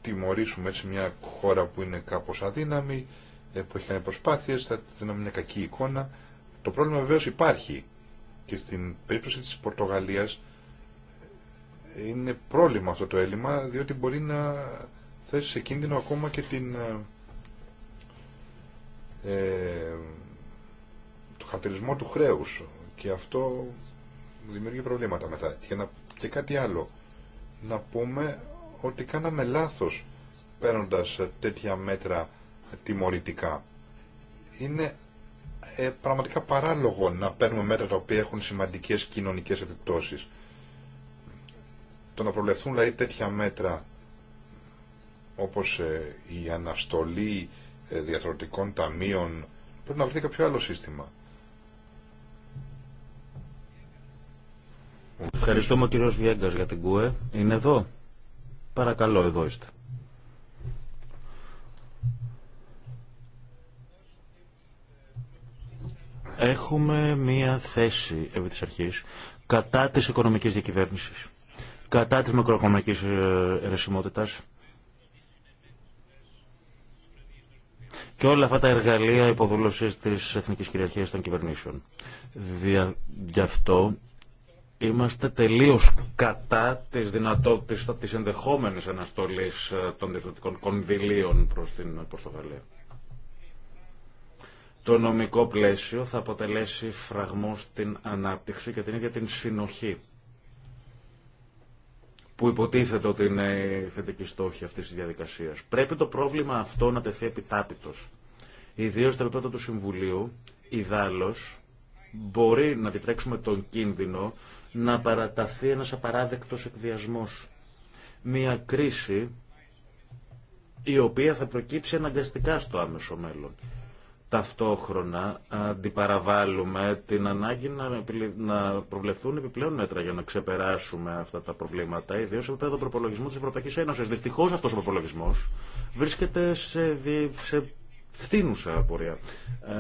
τιμωρήσουμε έτσι μια χώρα που είναι κάπως αδύναμη που κάνει προσπάθειες, θα την μια κακή εικόνα. Το πρόβλημα βεβαίω υπάρχει και στην περίπτωση της Πορτογαλίας είναι πρόβλημα αυτό το έλλειμμα διότι μπορεί να θέσει σε κίνδυνο ακόμα και την ε, ε το χατηρισμό του χρέους και αυτό δημιουργεί προβλήματα μετά. Και, και κάτι άλλο, να πούμε ότι κάναμε λάθος παίρνοντας τέτοια μέτρα τιμωρητικά. Είναι ε, πραγματικά παράλογο να παίρνουμε μέτρα τα οποία έχουν σημαντικές κοινωνικές επιπτώσεις. Το να προβλεφθούν δηλαδή τέτοια μέτρα όπως ε, η αναστολή ε, ταμείων πρέπει να βρεθεί κάποιο άλλο σύστημα. Ευχαριστούμε ο κύριος Βιέγκας για την ΚΟΕ. Είναι εδώ. Παρακαλώ, εδώ είστε. Έχουμε μία θέση επί της αρχής κατά της οικονομικής διακυβέρνησης, κατά της μικροοικονομικής ερεσιμότητας και όλα αυτά τα εργαλεία υποδούλωσης της εθνικής κυριαρχίας των κυβερνήσεων. Δια, γι' αυτό είμαστε τελείως κατά της δυνατότητας της ενδεχόμενης αναστολής ε, των διευθυντικών κονδυλίων προς την Πορτογαλία. Το νομικό πλαίσιο θα αποτελέσει φραγμό στην ανάπτυξη και την ίδια την συνοχή που υποτίθεται ότι είναι η θετική στόχη αυτής της διαδικασίας. Πρέπει το πρόβλημα αυτό να τεθεί επιτάπητος. Ιδίως στο επίπεδο του Συμβουλίου, ιδάλλως, μπορεί να αντιτρέξουμε τον κίνδυνο να παραταθεί ένας απαράδεκτος εκβιασμός. Μια κρίση η οποία θα προκύψει αναγκαστικά στο άμεσο μέλλον. Ταυτόχρονα αντιπαραβάλλουμε την ανάγκη να προβλεφθούν επιπλέον μέτρα για να ξεπεράσουμε αυτά τα προβλήματα, ιδίω σε επίπεδο προπολογισμού τη Ευρωπαϊκή Ένωση. Δυστυχώ αυτό ο προπολογισμό βρίσκεται σε φθήνουσα απορία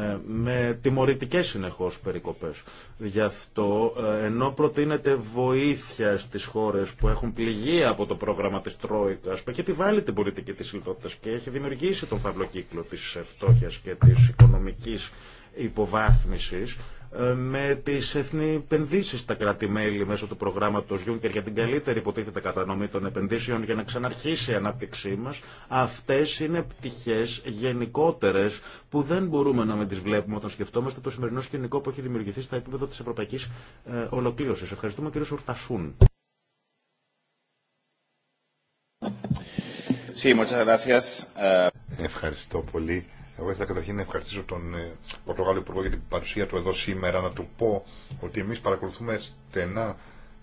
ε, με τιμωρητικές συνεχώς περικοπές. Γι' αυτό, ε, ενώ προτείνεται βοήθεια στις χώρες που έχουν πληγεί από το πρόγραμμα της Τρόικας, που έχει επιβάλει την πολιτική της λιτότητας και έχει δημιουργήσει τον φαυλοκύκλο της φτώχεια και της οικονομικής υποβάθμισης, ε, με τι εθνεί επενδύσει στα κράτη-μέλη μέσω του προγράμματο Juncker για την καλύτερη υποτίθεται κατανομή των επενδύσεων για να ξαναρχίσει η ανάπτυξή μα, αυτέ είναι πτυχέ γενικότερε που δεν μπορούμε να με τι βλέπουμε όταν σκεφτόμαστε το σημερινό σκηνικό που έχει δημιουργηθεί στα επίπεδα τη ευρωπαϊκή ε, ολοκλήρωση. Ευχαριστούμε κύριο Σουρτασούν. Ε, Ευχαριστώ πολύ. Εγώ ήθελα καταρχήν να ευχαριστήσω τον ε, Πορτογάλο Υπουργό για την παρουσία του εδώ σήμερα, να του πω ότι εμεί παρακολουθούμε στενά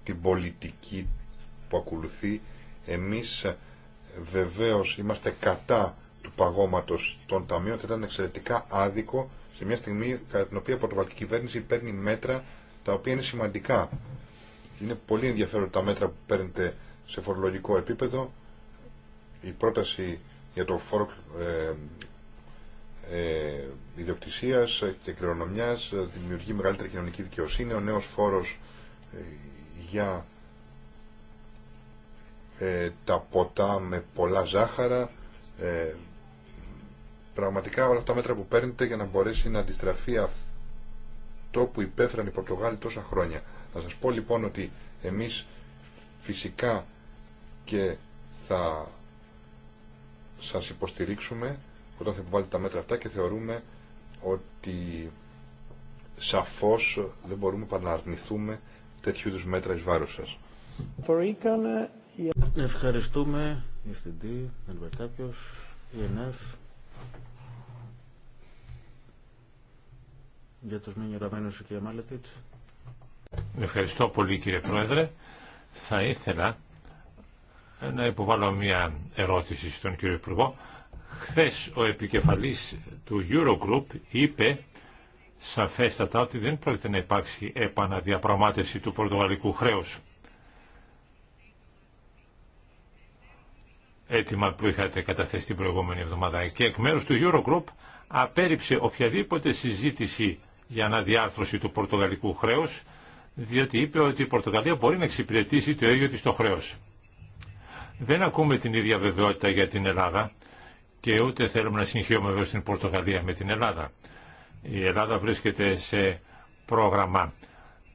την πολιτική που ακολουθεί. Εμείς ε, βεβαίω είμαστε κατά του παγώματος των ταμείων. Θα ήταν εξαιρετικά άδικο σε μια στιγμή κατά την οποία η Πορτογαλική κυβέρνηση παίρνει μέτρα τα οποία είναι σημαντικά. Είναι πολύ ενδιαφέροντα τα μέτρα που παίρνετε σε φορολογικό επίπεδο. Η πρόταση για το φόρο ε, και κληρονομιά δημιουργεί μεγαλύτερη κοινωνική δικαιοσύνη. Ο νέος φόρος ε, για ε, τα ποτά με πολλά ζάχαρα. Ε, πραγματικά όλα αυτά τα μέτρα που παίρνετε για να μπορέσει να αντιστραφεί αυτό που υπέφεραν οι Πορτογάλοι τόσα χρόνια. Να σας πω λοιπόν ότι εμείς φυσικά και θα σας υποστηρίξουμε όταν θα υποβάλλετε τα μέτρα αυτά και θεωρούμε ότι σαφώς δεν μπορούμε παρά να αρνηθούμε τέτοιου είδους μέτρα εις βάρος σας. Ευχαριστούμε, Διευθυντή, δεν για τους μη γεραμένους κ. Μάλετιτς. Ευχαριστώ πολύ κύριε Πρόεδρε. Θα ήθελα να υποβάλω μια ερώτηση στον κύριο Υπουργό Χθες ο επικεφαλής του Eurogroup είπε σαφέστατα ότι δεν πρόκειται να υπάρξει επαναδιαπραγμάτευση του πορτογαλικού χρέους. Έτοιμα που είχατε καταθέσει την προηγούμενη εβδομάδα και εκ μέρους του Eurogroup απέρριψε οποιαδήποτε συζήτηση για αναδιάρθρωση του πορτογαλικού χρέους διότι είπε ότι η Πορτογαλία μπορεί να εξυπηρετήσει το ίδιο της το χρέος. Δεν ακούμε την ίδια βεβαιότητα για την Ελλάδα και ούτε θέλουμε να συγχύουμε εδώ στην Πορτογαλία με την Ελλάδα. Η Ελλάδα βρίσκεται σε πρόγραμμα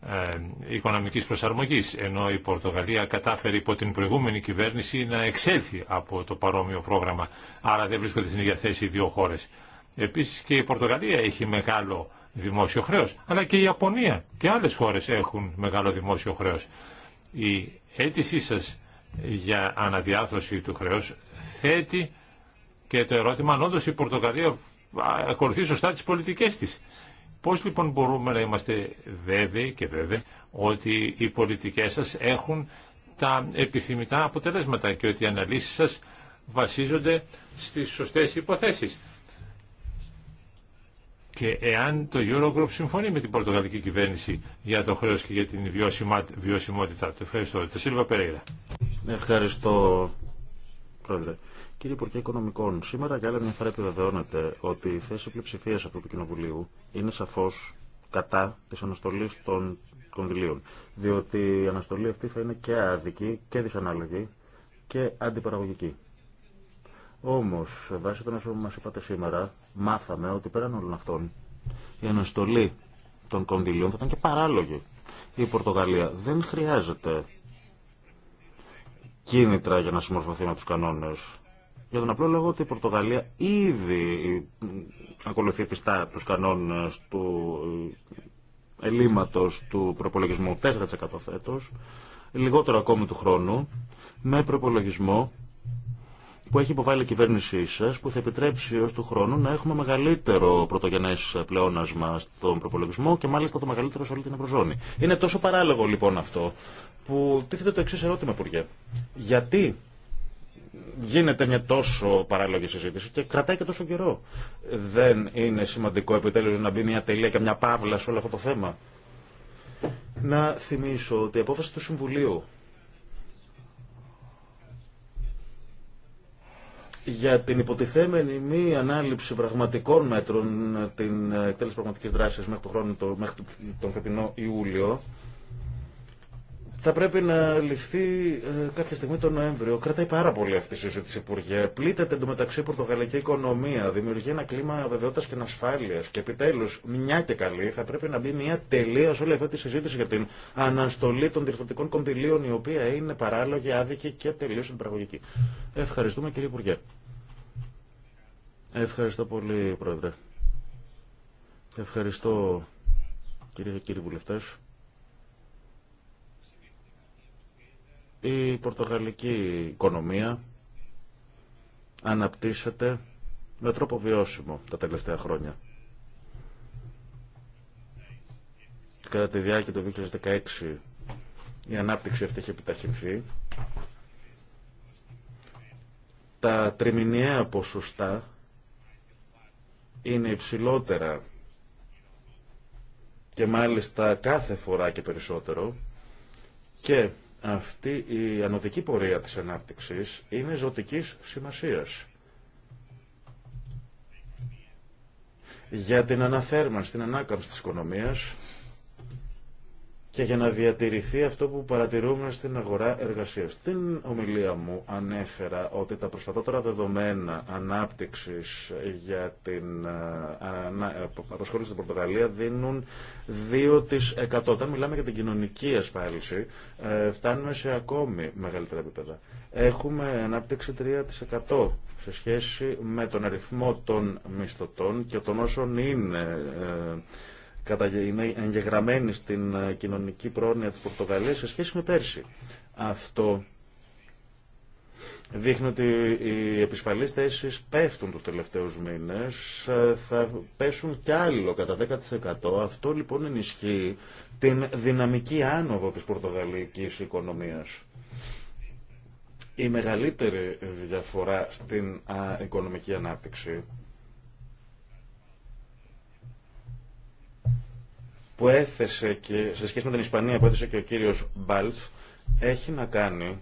ε, οικονομικής προσαρμογής, ενώ η Πορτογαλία κατάφερε υπό την προηγούμενη κυβέρνηση να εξέλθει από το παρόμοιο πρόγραμμα, άρα δεν βρίσκονται στην ίδια θέση οι δύο χώρες. Επίσης και η Πορτογαλία έχει μεγάλο δημόσιο χρέος, αλλά και η Ιαπωνία και άλλες χώρες έχουν μεγάλο δημόσιο χρέος. Η αίτησή σας για αναδιάθρωση του χρέους θέτει και το ερώτημα αν όντω η Πορτογαλία ακολουθεί σωστά τις πολιτικές τη. Πώς λοιπόν μπορούμε να είμαστε βέβαιοι και βέβαιοι ότι οι πολιτικές σας έχουν τα επιθυμητά αποτελέσματα και ότι οι αναλύσει σας βασίζονται στις σωστές υποθέσεις. Και εάν το Eurogroup συμφωνεί με την Πορτογαλική κυβέρνηση για το χρέο και για την βιωσιμότητά του. Ευχαριστώ. Τα Σίλβα Περέιρα. Ευχαριστώ, Πρόεδρε. Κύριε Υπουργέ Οικονομικών, σήμερα για άλλη μια φορά επιβεβαιώνεται ότι η θέση πλειοψηφία αυτού του Κοινοβουλίου είναι σαφώ κατά τη αναστολή των κονδυλίων. Διότι η αναστολή αυτή θα είναι και άδικη και δυσανάλογη και αντιπαραγωγική. Όμω, βάσει των όσων μα είπατε σήμερα, μάθαμε ότι πέραν όλων αυτών η αναστολή των κονδυλίων θα ήταν και παράλογη. Η Πορτογαλία δεν χρειάζεται κίνητρα για να συμμορφωθεί με του κανόνε. Για τον απλό λόγο ότι η Πορτογαλία ήδη ακολουθεί πιστά τους κανόνες του ελλείμματος του προπολογισμού 4% φέτος, λιγότερο ακόμη του χρόνου, με προπολογισμό που έχει υποβάλει η κυβέρνησή σα, που θα επιτρέψει ω του χρόνου να έχουμε μεγαλύτερο πρωτογενέ πλεόνασμα στον προπολογισμό και μάλιστα το μεγαλύτερο σε όλη την Ευρωζώνη. Είναι τόσο παράλογο λοιπόν αυτό, που τίθεται το εξή ερώτημα, Υπουργέ. Γιατί γίνεται μια τόσο παράλογη συζήτηση και κρατάει και τόσο καιρό. Δεν είναι σημαντικό επιτέλους να μπει μια τελεία και μια παύλα σε όλο αυτό το θέμα. Να θυμίσω ότι η απόφαση του Συμβουλίου για την υποτιθέμενη μη ανάληψη πραγματικών μέτρων την ε, εκτέλεση πραγματικής δράσης μέχρι, το χρόνο, το, μέχρι τον φετινό Ιούλιο θα πρέπει να ληφθεί ε, κάποια στιγμή τον Νοέμβριο. Κρατάει πάρα πολύ αυτή η συζήτηση, Υπουργέ. Πλήττεται εντωμεταξύ η πορτογαλική οικονομία, δημιουργεί ένα κλίμα βεβαιότητα και ανασφάλεια. Και επιτέλου, μια και καλή, θα πρέπει να μπει μια τελεία σε όλη αυτή τη συζήτηση για την αναστολή των διευθυντικών κονδυλίων, η οποία είναι παράλογη, άδικη και τελείω αντιπραγωγική. Ευχαριστούμε, κύριε Υπουργέ. Ευχαριστώ πολύ, Πρόεδρε. Ευχαριστώ, κύριε και κύριοι Η πορτογαλική οικονομία αναπτύσσεται με τρόπο βιώσιμο τα τελευταία χρόνια. Κατά τη διάρκεια του 2016 η ανάπτυξη αυτή έχει επιταχυνθεί. Τα τριμηνιαία ποσοστά είναι υψηλότερα και μάλιστα κάθε φορά και περισσότερο και αυτή η ανωδική πορεία της ανάπτυξης είναι ζωτικής σημασίας. Για την αναθέρμανση, την ανάκαμψη της οικονομίας και για να διατηρηθεί αυτό που παρατηρούμε στην αγορά εργασία. Στην ομιλία μου ανέφερα ότι τα προσφατότερα δεδομένα ανάπτυξη για την ε, ε, απασχόληση στην Πορτογαλία δίνουν 2%. Όταν μιλάμε για την κοινωνική ασφάλιση, ε, φτάνουμε σε ακόμη μεγαλύτερα επίπεδα. Έχουμε ανάπτυξη 3% σε σχέση με τον αριθμό των μισθωτών και των όσων είναι είναι εγγεγραμμένη στην ε, κοινωνική πρόνοια της Πορτογαλίας σε σχέση με πέρσι. Αυτό δείχνει ότι οι επισφαλείς θέσει πέφτουν τους τελευταίους μήνες, ε, θα πέσουν κι άλλο κατά 10%. Αυτό λοιπόν ενισχύει την δυναμική άνοδο της πορτογαλικής οικονομίας. Η μεγαλύτερη διαφορά στην οικονομική ανάπτυξη που έθεσε και σε σχέση με την Ισπανία που έθεσε και ο κύριος Μπάλτς έχει να κάνει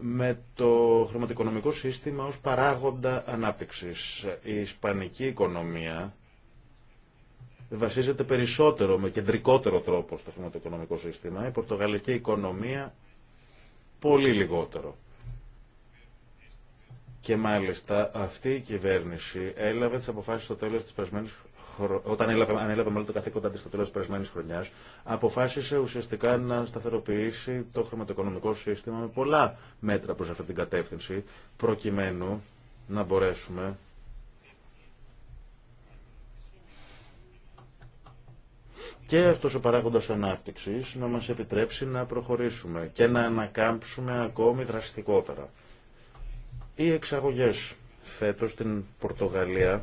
με το χρηματοοικονομικό σύστημα ως παράγοντα ανάπτυξης. Η ισπανική οικονομία βασίζεται περισσότερο με κεντρικότερο τρόπο στο χρηματοοικονομικό σύστημα. Η πορτογαλική οικονομία πολύ λιγότερο. Και μάλιστα αυτή η κυβέρνηση έλαβε τις αποφάσεις στο τέλος της περασμένης όταν έλαβε, ανέλαβε μάλλον το καθήκοντα τη στο τέλο τη περασμένη χρονιά, αποφάσισε ουσιαστικά να σταθεροποιήσει το χρηματοοικονομικό σύστημα με πολλά μέτρα προ αυτή την κατεύθυνση, προκειμένου να μπορέσουμε και αυτός ο παράγοντας ανάπτυξης να μας επιτρέψει να προχωρήσουμε και να ανακάμψουμε ακόμη δραστικότερα. Οι εξαγωγέ φέτο στην Πορτογαλία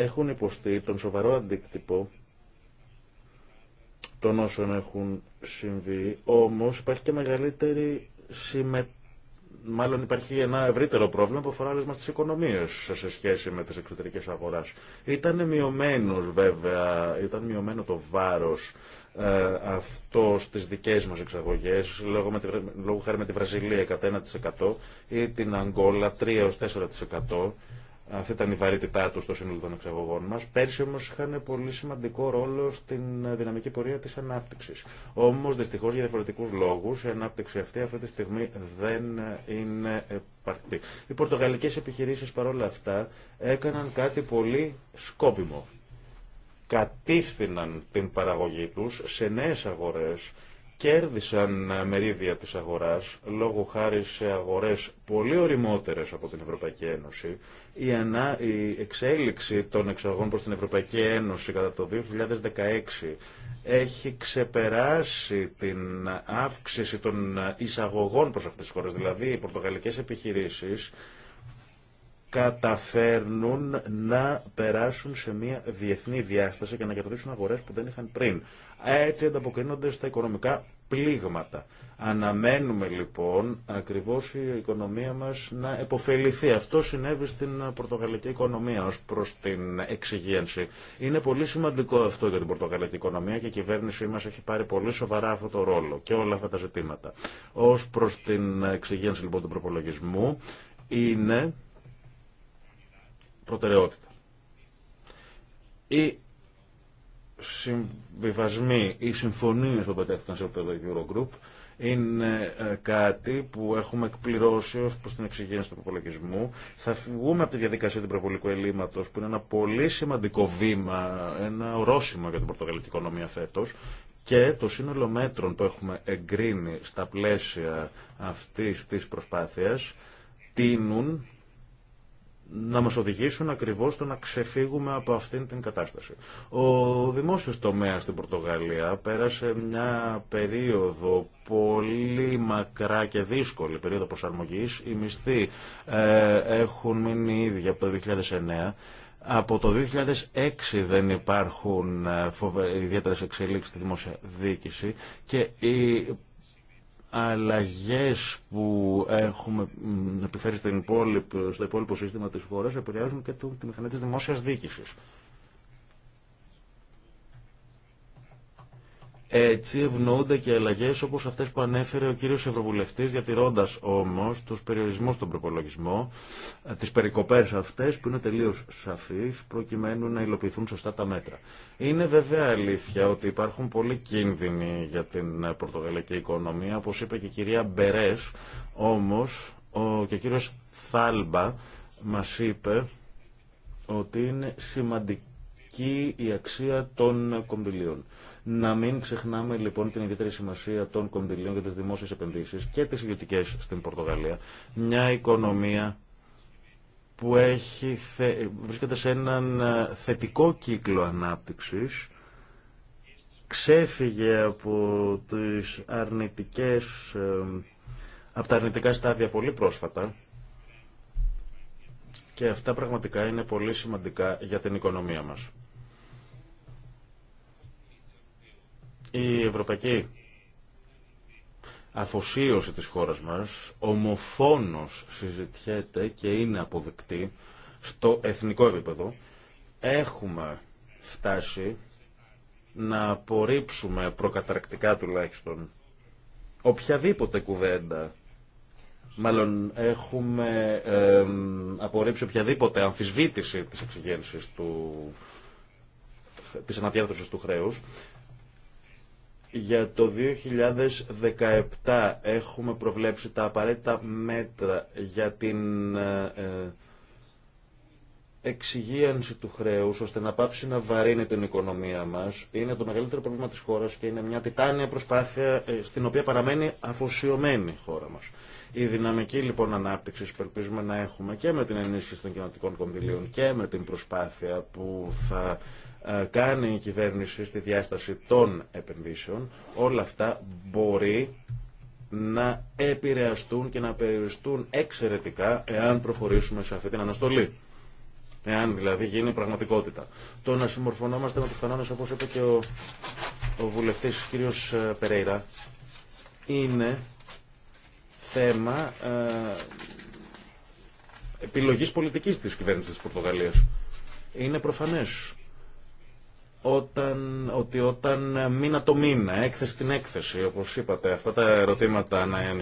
έχουν υποστεί τον σοβαρό αντίκτυπο των όσων έχουν συμβεί, όμως υπάρχει και μεγαλύτερη συμμετοχή μάλλον υπάρχει ένα ευρύτερο πρόβλημα που αφορά όλες μας τις οικονομίε σε σχέση με τις εξωτερικές αγορά. Ήταν μειωμένο βέβαια, ήταν μειωμένο το βάρος ε, αυτό στις δικές μας εξαγωγές, λόγω, με τη, λόγω χάρη με τη Βραζιλία κατά 1% ή την Αγγόλα 3-4%. Αυτή ήταν η βαρύτητά του στο σύνολο των εξαγωγών μα. Πέρσι όμω είχαν πολύ σημαντικό ρόλο στην δυναμική πορεία τη ανάπτυξη. Όμω δυστυχώ για διαφορετικού λόγου η ανάπτυξη αυτή αυτή τη στιγμή δεν είναι επαρκή. Οι πορτογαλικέ επιχειρήσει παρόλα αυτά έκαναν κάτι πολύ σκόπιμο. Κατήφθηναν την παραγωγή του σε νέε αγορέ κέρδισαν ε, μερίδια της αγοράς λόγω χάρη σε αγορές πολύ οριμότερες από την Ευρωπαϊκή Ένωση. Η, ανά, η εξέλιξη των εξαγών προς την Ευρωπαϊκή Ένωση κατά το 2016 έχει ξεπεράσει την αύξηση των εισαγωγών προς αυτές τις χώρες. Δηλαδή οι πορτογαλικές επιχειρήσεις καταφέρνουν να περάσουν σε μια διεθνή διάσταση και να κερδίσουν αγορές που δεν είχαν πριν. Έτσι ανταποκρίνονται στα οικονομικά πλήγματα. Αναμένουμε λοιπόν ακριβώς η οικονομία μας να επωφεληθεί. Αυτό συνέβη στην πορτογαλική οικονομία ως προς την εξυγίανση. Είναι πολύ σημαντικό αυτό για την πορτογαλική οικονομία και η κυβέρνησή μας έχει πάρει πολύ σοβαρά αυτό το ρόλο και όλα αυτά τα ζητήματα. Ως προς την εξυγίανση λοιπόν του προπολογισμού είναι προτεραιότητα. Οι συμβιβασμοί, οι συμφωνίε που πετέχθηκαν σε το Eurogroup είναι ε, κάτι που έχουμε εκπληρώσει ω προ την εξηγένεια του υπολογισμού. Θα φυγούμε από τη διαδικασία του προβολικού ελλείμματο, που είναι ένα πολύ σημαντικό βήμα, ένα ορόσημο για την πορτογαλική οικονομία φέτο. Και το σύνολο μέτρων που έχουμε εγκρίνει στα πλαίσια αυτής της προσπάθειας τίνουν να μας οδηγήσουν ακριβώς στο να ξεφύγουμε από αυτήν την κατάσταση. Ο δημόσιος τομέας στην Πορτογαλία πέρασε μια περίοδο πολύ μακρά και δύσκολη, περίοδο προσαρμογής. Οι μισθοί ε, έχουν μείνει ίδιοι από το 2009. Από το 2006 δεν υπάρχουν ε, ιδιαίτερες εξελίξεις στη δημόσια και η αλλαγές που έχουμε επιφέρει στο υπόλοιπο σύστημα της χώρας επηρεάζουν και τη μηχανή της δημόσιας διοίκησης. Έτσι ευνοούνται και αλλαγέ όπω αυτέ που ανέφερε ο κύριο Ευρωβουλευτή, διατηρώντα όμω του περιορισμού στον προπολογισμό, ε, τι περικοπέ αυτέ που είναι τελείω σαφεί, προκειμένου να υλοποιηθούν σωστά τα μέτρα. Είναι βέβαια αλήθεια ότι υπάρχουν πολλοί κίνδυνοι για την ε, πορτογαλική οικονομία, όπω είπε και η κυρία Μπερέ, όμω ο και ο κύριο Θάλμπα μα είπε ότι είναι σημαντική η αξία των κονδυλίων. Να μην ξεχνάμε λοιπόν την ιδιαίτερη σημασία των κονδυλίων για τι δημόσιε επενδύσει και τι ιδιωτικέ στην Πορτογαλία. Μια οικονομία που έχει, βρίσκεται σε έναν ε, θετικό κύκλο ανάπτυξης, ξέφυγε από, τις αρνητικές, ε, από τα αρνητικά στάδια πολύ πρόσφατα και αυτά πραγματικά είναι πολύ σημαντικά για την οικονομία μας. Η ευρωπαϊκή αφοσίωση της χώρας μας ομοφόνος συζητιέται και είναι αποδεκτή στο εθνικό επίπεδο. Έχουμε φτάσει να απορρίψουμε προκαταρκτικά τουλάχιστον οποιαδήποτε κουβέντα Μάλλον έχουμε ε, απορρίψει οποιαδήποτε αμφισβήτηση της εξηγένσης του, της αναδιάρθρωσης του χρέους για το 2017 έχουμε προβλέψει τα απαραίτητα μέτρα για την ε, ε, εξυγίανση του χρέους ώστε να πάψει να βαρύνει την οικονομία μας. Είναι το μεγαλύτερο πρόβλημα της χώρας και είναι μια τιτάνια προσπάθεια ε, στην οποία παραμένει αφοσιωμένη η χώρα μας. Η δυναμική λοιπόν ανάπτυξη που ελπίζουμε να έχουμε και με την ενίσχυση των κοινωνικών κονδυλίων και με την προσπάθεια που θα ε, κάνει η κυβέρνηση στη διάσταση των επενδύσεων, όλα αυτά μπορεί να επηρεαστούν και να περιοριστούν εξαιρετικά εάν προχωρήσουμε σε αυτή την αναστολή. Εάν δηλαδή γίνει πραγματικότητα. Το να συμμορφωνόμαστε με τους κανόνες όπως είπε και ο, ο βουλευτής κύριος ε, Περέιρα είναι θέμα ε, επιλογής πολιτικής της κυβέρνησης της Πορτογαλίας. Είναι προφανές όταν, ότι όταν ε, μήνα το μήνα, έκθεση την έκθεση, όπως είπατε, αυτά τα ερωτήματα να,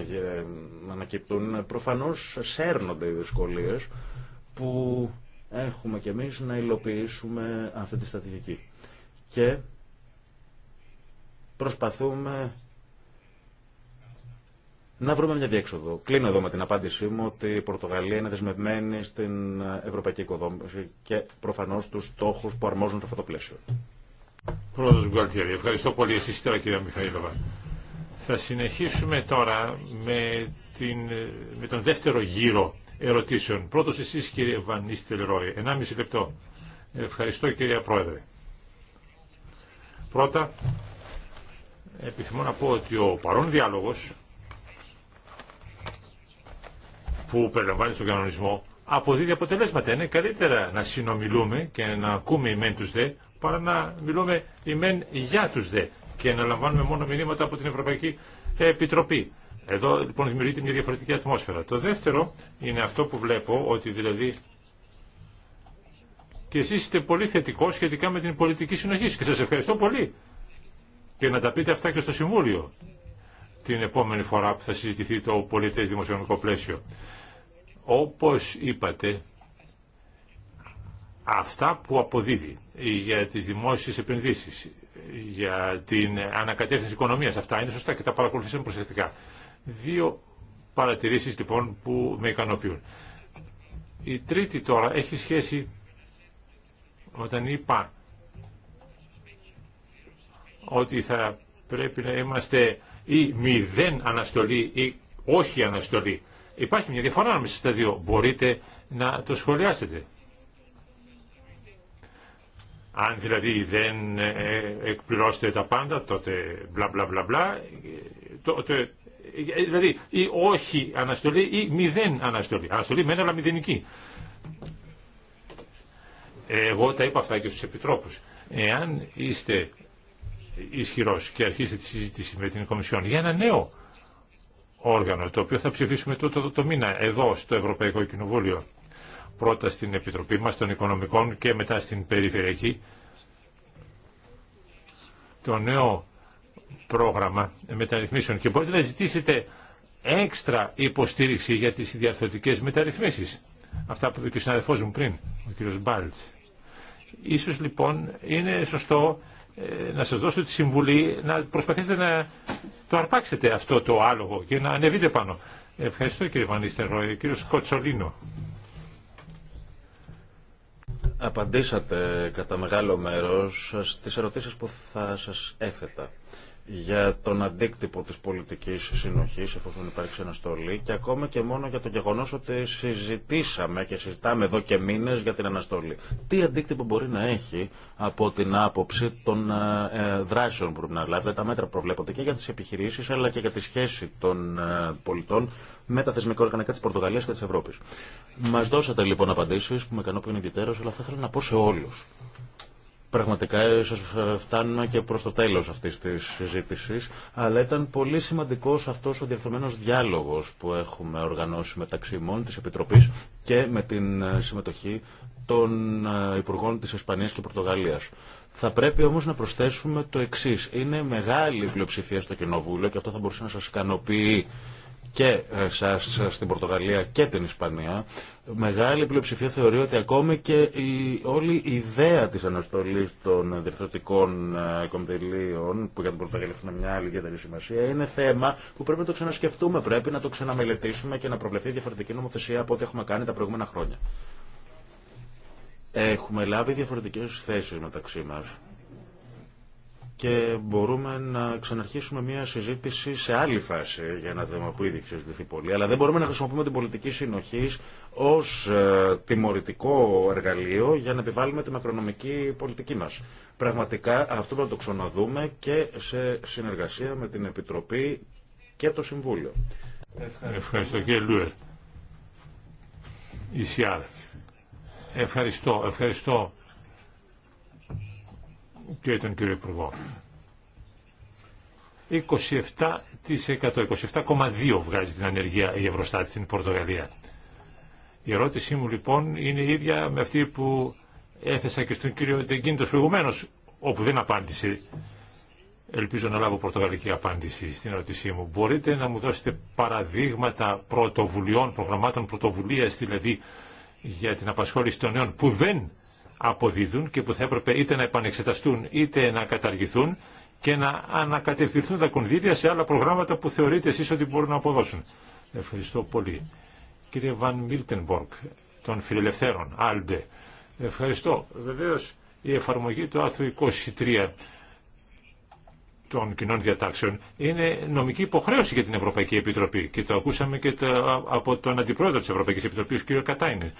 να ανακύπτουν, προφανώς σέρνονται οι δυσκολίες που έχουμε κι εμείς να υλοποιήσουμε αυτή τη στρατηγική. Και προσπαθούμε να βρούμε μια διέξοδο. Κλείνω εδώ με την απάντησή μου ότι η Πορτογαλία είναι δεσμευμένη στην ευρωπαϊκή οικοδόμηση και προφανώς του στόχους που αρμόζουν σε αυτό το πλαίσιο. Πρόεδρος Γκουαλτιέρη, ευχαριστώ πολύ εσείς τώρα κυρία Μιχαήλωβα. Θα συνεχίσουμε τώρα με, την, με τον δεύτερο γύρο ερωτήσεων. Πρώτος εσείς κύριε Βανίστελ Ρόι, 1,5 λεπτό. Ευχαριστώ κυρία Πρόεδρε. Πρώτα, επιθυμώ να πω ότι ο παρόν διάλογος που περιλαμβάνει στον κανονισμό αποδίδει αποτελέσματα. Είναι καλύτερα να συνομιλούμε και να ακούμε οι μεν δε παρά να μιλούμε ημέν για τους δε και να λαμβάνουμε μόνο μηνύματα από την Ευρωπαϊκή Επιτροπή. Εδώ λοιπόν δημιουργείται μια διαφορετική ατμόσφαιρα. Το δεύτερο είναι αυτό που βλέπω, ότι δηλαδή και εσείς είστε πολύ θετικό σχετικά με την πολιτική συνοχή και σας ευχαριστώ πολύ. Και να τα πείτε αυτά και στο Συμβούλιο την επόμενη φορά που θα συζητηθεί το πολιτές δημοσιονομικό πλαίσιο. Όπως είπατε, αυτά που αποδίδει για τις δημόσιες επενδύσεις, για την ανακατεύθυνση οικονομίας. Αυτά είναι σωστά και τα παρακολουθήσαμε προσεκτικά. Δύο παρατηρήσεις λοιπόν που με ικανοποιούν. Η τρίτη τώρα έχει σχέση όταν είπα ότι θα πρέπει να είμαστε ή μηδέν αναστολή ή όχι αναστολή. Υπάρχει μια διαφορά ανάμεσα στα δύο. Μπορείτε να το σχολιάσετε. Αν δηλαδή δεν ε, ε, εκπληρώσετε τα πάντα, τότε μπλα μπλα μπλα μπλα. Ε, τότε, δηλαδή ή όχι αναστολή ή μηδέν αναστολή. Αναστολή με ένα αλλά μηδενική. Εγώ τα είπα αυτά και στους επιτρόπους. Εάν είστε ισχυρός και αρχίσετε τη συζήτηση με την Κομισιόν για ένα νέο όργανο, το οποίο θα ψηφίσουμε τότε το, το, το μήνα εδώ στο Ευρωπαϊκό Κοινοβούλιο, πρώτα στην Επιτροπή μας των Οικονομικών και μετά στην Περιφερειακή το νέο πρόγραμμα μεταρρυθμίσεων και μπορείτε να ζητήσετε έξτρα υποστήριξη για τις διαρθρωτικές μεταρρυθμίσεις. Αυτά που είπε και ο συναδελφός μου πριν, ο κύριος Μπάλτς. Ίσως λοιπόν είναι σωστό ε, να σας δώσω τη συμβουλή να προσπαθείτε να το αρπάξετε αυτό το άλογο και να ανεβείτε πάνω. Ευχαριστώ κύριε Βανίστερο, κύριος Κοτσολίνο. Απαντήσατε κατά μεγάλο μέρος στις ερωτήσεις που θα σας έθετα για τον αντίκτυπο της πολιτικής συνοχής εφόσον υπάρξει αναστολή και ακόμα και μόνο για το γεγονός ότι συζητήσαμε και συζητάμε εδώ και μήνες για την αναστολή. Τι αντίκτυπο μπορεί να έχει από την άποψη των ε, ε, δράσεων που πρέπει να λάβετε, τα μέτρα που προβλέπονται και για τις επιχειρήσεις αλλά και για τη σχέση των ε, πολιτών με τα θεσμικά οργανικά της Πορτογαλίας και της Ευρώπης. Μας δώσατε λοιπόν απαντήσεις που με είναι ιδιαίτερως αλλά θα ήθελα να πω σε όλους Πραγματικά ίσως ε, φτάνουμε και προς το τέλος αυτής της συζήτησης, αλλά ήταν πολύ σημαντικός αυτός ο διαρθρωμένος διάλογος που έχουμε οργανώσει μεταξύ μόνη της Επιτροπής και με την ε, συμμετοχή των ε, Υπουργών της Ισπανίας και Πορτογαλίας. Θα πρέπει όμως να προσθέσουμε το εξής. Είναι μεγάλη πλειοψηφία στο Κοινοβούλιο και αυτό θα μπορούσε να σας ικανοποιεί και εσά στην Πορτογαλία και την Ισπανία, μεγάλη πλειοψηφία θεωρεί ότι ακόμη και η, όλη η ιδέα τη αναστολή των διευθυντικών ε, κομιτελίων, που για την Πορτογαλία έχουν μια άλλη ιδιαίτερη σημασία, είναι θέμα που πρέπει να το ξανασκεφτούμε. Πρέπει να το ξαναμελετήσουμε και να προβλεφθεί διαφορετική νομοθεσία από ό,τι έχουμε κάνει τα προηγούμενα χρόνια. Έχουμε λάβει διαφορετικές θέσεις μεταξύ μας και μπορούμε να ξαναρχίσουμε μια συζήτηση σε άλλη φάση για ένα θέμα που ήδη συζητηθεί πολύ. Αλλά δεν μπορούμε να χρησιμοποιούμε την πολιτική συνοχή ω ε, τιμωρητικό εργαλείο για να επιβάλλουμε τη μακρονομική πολιτική μα. Πραγματικά αυτό πρέπει να το ξαναδούμε και σε συνεργασία με την Επιτροπή και το Συμβούλιο. Ευχαριστώ, κύριε Λούερ. Ευχαριστώ. Ευχαριστώ και τον κύριο Υπουργό. 27%, 27,2% βγάζει την ανεργία η Ευρωστάτη στην Πορτογαλία. Η ερώτησή μου λοιπόν είναι η ίδια με αυτή που έθεσα και στον κύριο Τεγκίνητος προηγουμένω, όπου δεν απάντησε. Ελπίζω να λάβω πορτογαλική απάντηση στην ερώτησή μου. Μπορείτε να μου δώσετε παραδείγματα πρωτοβουλειών, προγραμμάτων πρωτοβουλίας δηλαδή για την απασχόληση των νέων που δεν αποδίδουν και που θα έπρεπε είτε να επανεξεταστούν είτε να καταργηθούν και να ανακατευθυνθούν τα κονδύλια σε άλλα προγράμματα που θεωρείτε εσείς ότι μπορούν να αποδώσουν. Ευχαριστώ πολύ. Κύριε Βαν Μίλτενμπορκ των Φιλελευθέρων, Άλντε. Ευχαριστώ. Βεβαίω, η εφαρμογή του άρθρου 23 των κοινών διατάξεων είναι νομική υποχρέωση για την Ευρωπαϊκή Επιτροπή και το ακούσαμε και από τον Αντιπρόεδρο της Ευρωπαϊκής Επιτροπής, κύριο Κατάινε.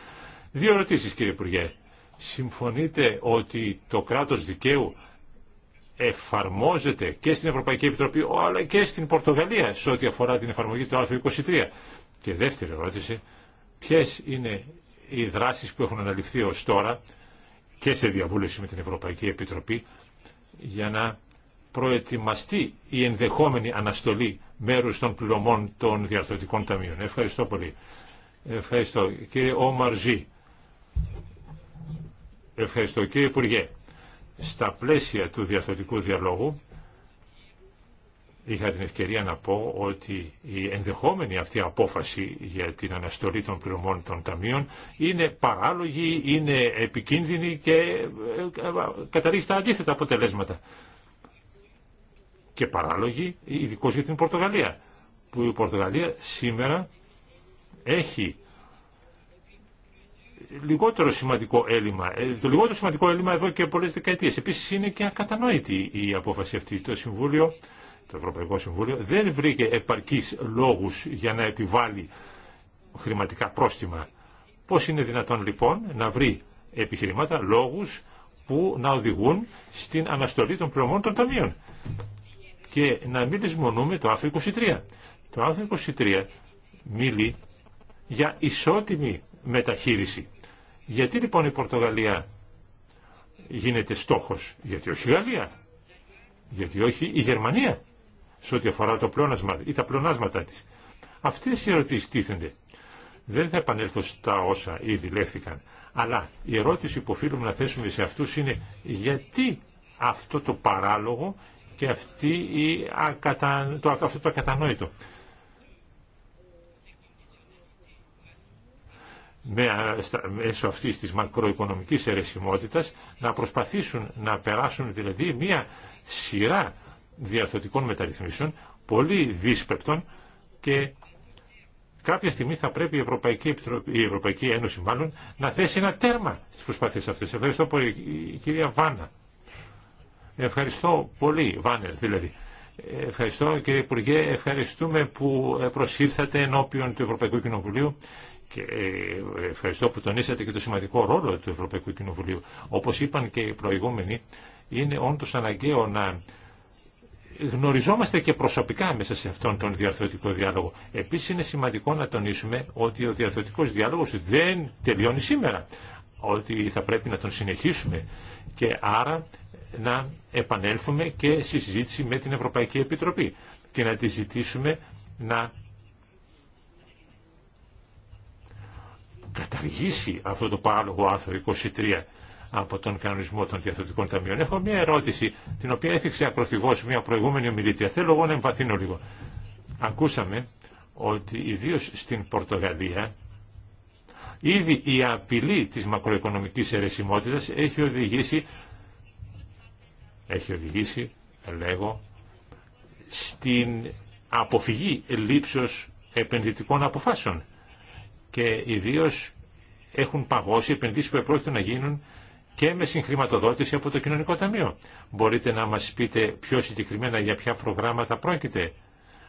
Δύο ερωτήσεις κύριε Υπουργέ συμφωνείτε ότι το κράτος δικαίου εφαρμόζεται και στην Ευρωπαϊκή Επιτροπή αλλά και στην Πορτογαλία σε ό,τι αφορά την εφαρμογή του άρθρου 23. Και δεύτερη ερώτηση, ποιες είναι οι δράσεις που έχουν αναλυφθεί ως τώρα και σε διαβούλευση με την Ευρωπαϊκή Επιτροπή για να προετοιμαστεί η ενδεχόμενη αναστολή μέρους των πληρωμών των διαρθρωτικών ταμείων. Ευχαριστώ πολύ. Ευχαριστώ. Κύριε Ομαρζή, Ευχαριστώ κύριε Υπουργέ. Στα πλαίσια του διαθετικού διαλόγου είχα την ευκαιρία να πω ότι η ενδεχόμενη αυτή απόφαση για την αναστολή των πληρωμών των ταμείων είναι παράλογη, είναι επικίνδυνη και ε, καταλήγει τα αντίθετα αποτελέσματα. Και παράλογη, ειδικώ για την Πορτογαλία, που η Πορτογαλία σήμερα έχει λιγότερο σημαντικό έλλειμμα. Ε, το λιγότερο σημαντικό έλλειμμα εδώ και πολλές δεκαετίες. Επίσης είναι και ακατανόητη η απόφαση αυτή. Το Συμβούλιο, το Ευρωπαϊκό Συμβούλιο, δεν βρήκε επαρκείς λόγους για να επιβάλλει χρηματικά πρόστιμα. Πώς είναι δυνατόν λοιπόν να βρει επιχειρημάτα, λόγους που να οδηγούν στην αναστολή των πληρωμών των ταμείων. Και να μην λησμονούμε το άρθρο 23. Το άρθρο 23 μίλει για ισότιμη μεταχείριση. Γιατί λοιπόν η Πορτογαλία γίνεται στόχος, γιατί όχι η Γαλλία, γιατί όχι η Γερμανία, σε ό,τι αφορά το ή τα πλεονάσματα της. Αυτές οι ερωτήσεις τίθενται. Δεν θα επανέλθω στα όσα ήδη λέχθηκαν, αλλά η ερώτηση που οφείλουμε να θέσουμε σε αυτούς είναι γιατί αυτό το παράλογο και αυτή η αυτό το ακατανόητο. μέσω αυτής της μακροοικονομικής αιρεσιμότητας να προσπαθήσουν να περάσουν δηλαδή μια σειρά διαρθωτικών μεταρρυθμίσεων πολύ δύσπεπτων και κάποια στιγμή θα πρέπει η Ευρωπαϊκή, η Ευρωπαϊκή Ένωση μάλλον να θέσει ένα τέρμα στις προσπάθειες αυτές. Ευχαριστώ πολύ κυρία Βάνα. Ευχαριστώ πολύ Βάνερ δηλαδή. Ευχαριστώ κύριε Υπουργέ, ευχαριστούμε που προσήλθατε ενώπιον του Ευρωπαϊκού Κοινοβουλίου και ε, ευχαριστώ που τονίσατε και το σημαντικό ρόλο του Ευρωπαϊκού Κοινοβουλίου. Όπως είπαν και οι προηγούμενοι, είναι όντως αναγκαίο να γνωριζόμαστε και προσωπικά μέσα σε αυτόν τον διαρθρωτικό διάλογο. Επίσης είναι σημαντικό να τονίσουμε ότι ο διαρθρωτικός διάλογος δεν τελειώνει σήμερα. Ότι θα πρέπει να τον συνεχίσουμε και άρα να επανέλθουμε και στη συζήτηση με την Ευρωπαϊκή Επιτροπή και να τη ζητήσουμε να καταργήσει αυτό το παράλογο άρθρο 23 από τον κανονισμό των διαθετικών ταμείων. Έχω μια ερώτηση, την οποία έφυξε ακροθυγός μια προηγούμενη ομιλήτρια. Θέλω εγώ να εμβαθύνω λίγο. Ακούσαμε ότι ιδίω στην Πορτογαλία ήδη η απειλή της μακροοικονομικής αιρεσιμότητας έχει οδηγήσει, έχει οδηγήσει, λέγω, στην αποφυγή λήψος επενδυτικών αποφάσεων και ιδίω έχουν παγώσει επενδύσει που επρόκειτο να γίνουν και με συγχρηματοδότηση από το Κοινωνικό Ταμείο. Μπορείτε να μα πείτε πιο συγκεκριμένα για ποια προγράμματα πρόκειται.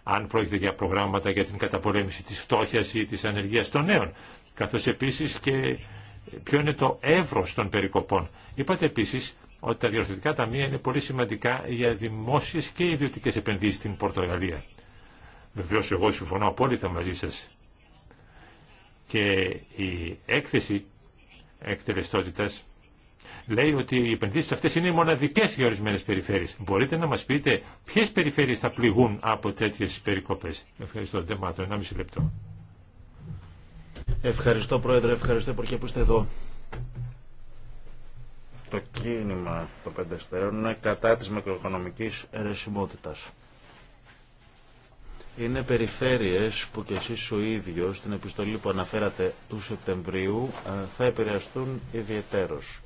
Αν πρόκειται για προγράμματα για την καταπολέμηση τη φτώχεια ή τη ανεργία των νέων. καθώ επίση και ποιο είναι το εύρο των περικοπών. Είπατε επίση ότι τα διορθωτικά ταμεία είναι πολύ σημαντικά για δημόσιε και ιδιωτικέ επενδύσει στην Πορτογαλία. Βεβαίω εγώ συμφωνώ απόλυτα μαζί σα και η έκθεση εκτελεστότητας λέει ότι οι επενδύσεις αυτές είναι μοναδικές για ορισμένες περιφέρειες. Μπορείτε να μας πείτε ποιες περιφέρειες θα πληγούν από τέτοιες περικοπές. Ευχαριστώ. μάθω, ένα μισή λεπτό. Ευχαριστώ Πρόεδρε, ευχαριστώ Υπουργέ που είστε εδώ. Το κίνημα των πεντεστέρων είναι κατά της μικροοικονομικής ερεσιμότητας είναι περιφέρειες που κι εσείς ο ίδιος στην επιστολή που αναφέρατε του Σεπτεμβρίου ε, θα επηρεαστούν ιδιαιτέρως.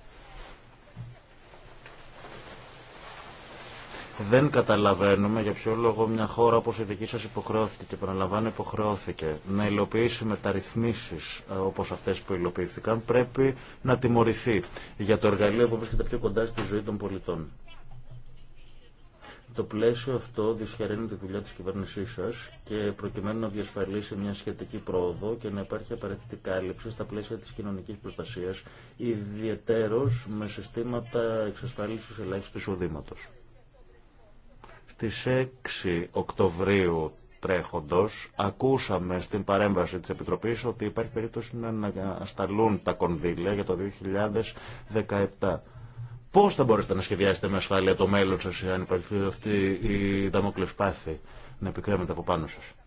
Δεν καταλαβαίνουμε για ποιο λόγο μια χώρα όπως η δική σας υποχρεώθηκε και επαναλαμβάνω υποχρεώθηκε να υλοποιήσει μεταρρυθμίσεις ε, όπως αυτές που υλοποιήθηκαν πρέπει να τιμωρηθεί για το εργαλείο που βρίσκεται πιο κοντά στη ζωή των πολιτών. Το πλαίσιο αυτό δυσχεραίνει τη δουλειά της κυβέρνησής σας και προκειμένου να διασφαλίσει μια σχετική πρόοδο και να υπάρχει απαραίτητη κάλυψη στα πλαίσια της κοινωνικής προστασίας, ιδιαιτέρως με συστήματα εξασφάλισης ελάχιστου εισοδήματος. Στις 6 Οκτωβρίου τρέχοντος ακούσαμε στην παρέμβαση της Επιτροπής ότι υπάρχει περίπτωση να ανασταλούν τα κονδύλια για το 2017. Πώ θα μπορέσετε να σχεδιάσετε με ασφάλεια το μέλλον σα, αν υπάρχει αυτή η πάθη να επικρέμεται από πάνω σα.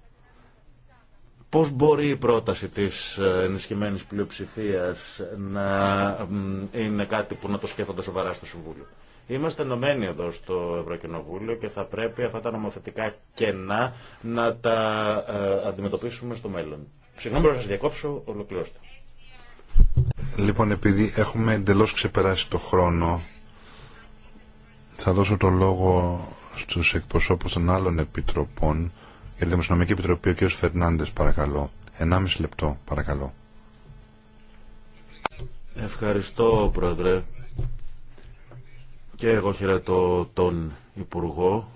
Πώ μπορεί η πρόταση τη ε, ενισχυμένη πλειοψηφία να είναι κάτι που να το σκέφτονται σοβαρά στο Συμβούλιο. Είμαστε ενωμένοι εδώ στο Ευρωκοινοβούλιο και θα πρέπει αυτά τα νομοθετικά κενά να τα ε, αντιμετωπίσουμε στο μέλλον. Συγγνώμη να σα διακόψω, ολοκληρώστε. Λοιπόν, επειδή έχουμε εντελώς ξεπεράσει το χρόνο, θα δώσω το λόγο στους εκπροσώπους των άλλων επιτροπών για τη Δημοσιονομική Επιτροπή, ο κ. Φερνάντες, παρακαλώ. 1,5 λεπτό, παρακαλώ. Ευχαριστώ, Πρόεδρε. Και εγώ χαιρετώ τον Υπουργό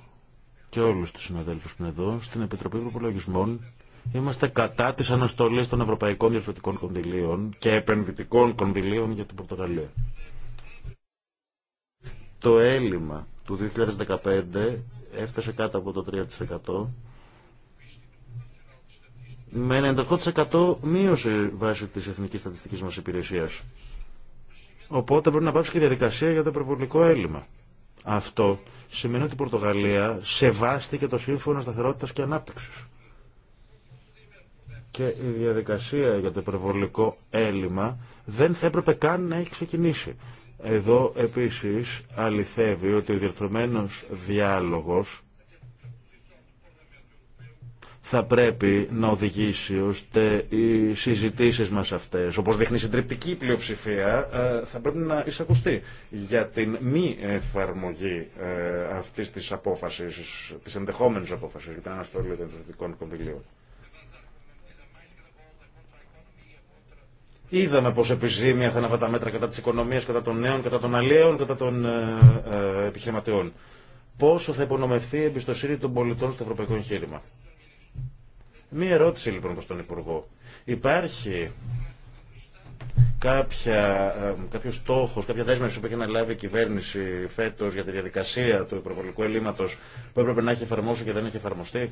και όλους τους συναδέλφους που είναι εδώ στην Επιτροπή Προπολογισμών Είμαστε κατά τη αναστολή των Ευρωπαϊκών Διευθυντικών Κονδυλίων και Επενδυτικών Κονδυλίων για την Πορτογαλία. Το έλλειμμα του 2015 έφτασε κάτω από το 3% με 98% μείωση βάσει της Εθνικής Στατιστικής μας Υπηρεσίας. Οπότε πρέπει να πάψει και η διαδικασία για το προβολικό έλλειμμα. Αυτό σημαίνει ότι η Πορτογαλία σεβάστηκε το Σύμφωνο Σταθερότητας και Ανάπτυξης και η διαδικασία για το υπερβολικό έλλειμμα δεν θα έπρεπε καν να έχει ξεκινήσει. Εδώ επίσης αληθεύει ότι ο διερθωμένος διάλογος θα πρέπει να οδηγήσει ώστε οι συζητήσεις μας αυτές, όπως δείχνει η συντριπτική πλειοψηφία, ε, θα πρέπει να εισακουστεί για την μη εφαρμογή ε, αυτής της απόφασης, της ενδεχόμενης απόφασης για την αναστολή των διευθυντικών κονδυλίων. Είδαμε πώ επιζήμια θα είναι αυτά τα μέτρα κατά τη οικονομία, κατά των νέων, κατά των αλλαίων, κατά των ε, ε, επιχειρηματιών. Πόσο θα υπονομευθεί η εμπιστοσύνη των πολιτών στο ευρωπαϊκό εγχείρημα. Μία ερώτηση λοιπόν προ τον Υπουργό. Υπάρχει κάποια, ε, κάποιο στόχο, κάποια δέσμευση που έχει αναλάβει η κυβέρνηση φέτο για τη διαδικασία του υπερβολικού ελλείμματο που έπρεπε να έχει εφαρμόσει και δεν έχει εφαρμοστεί.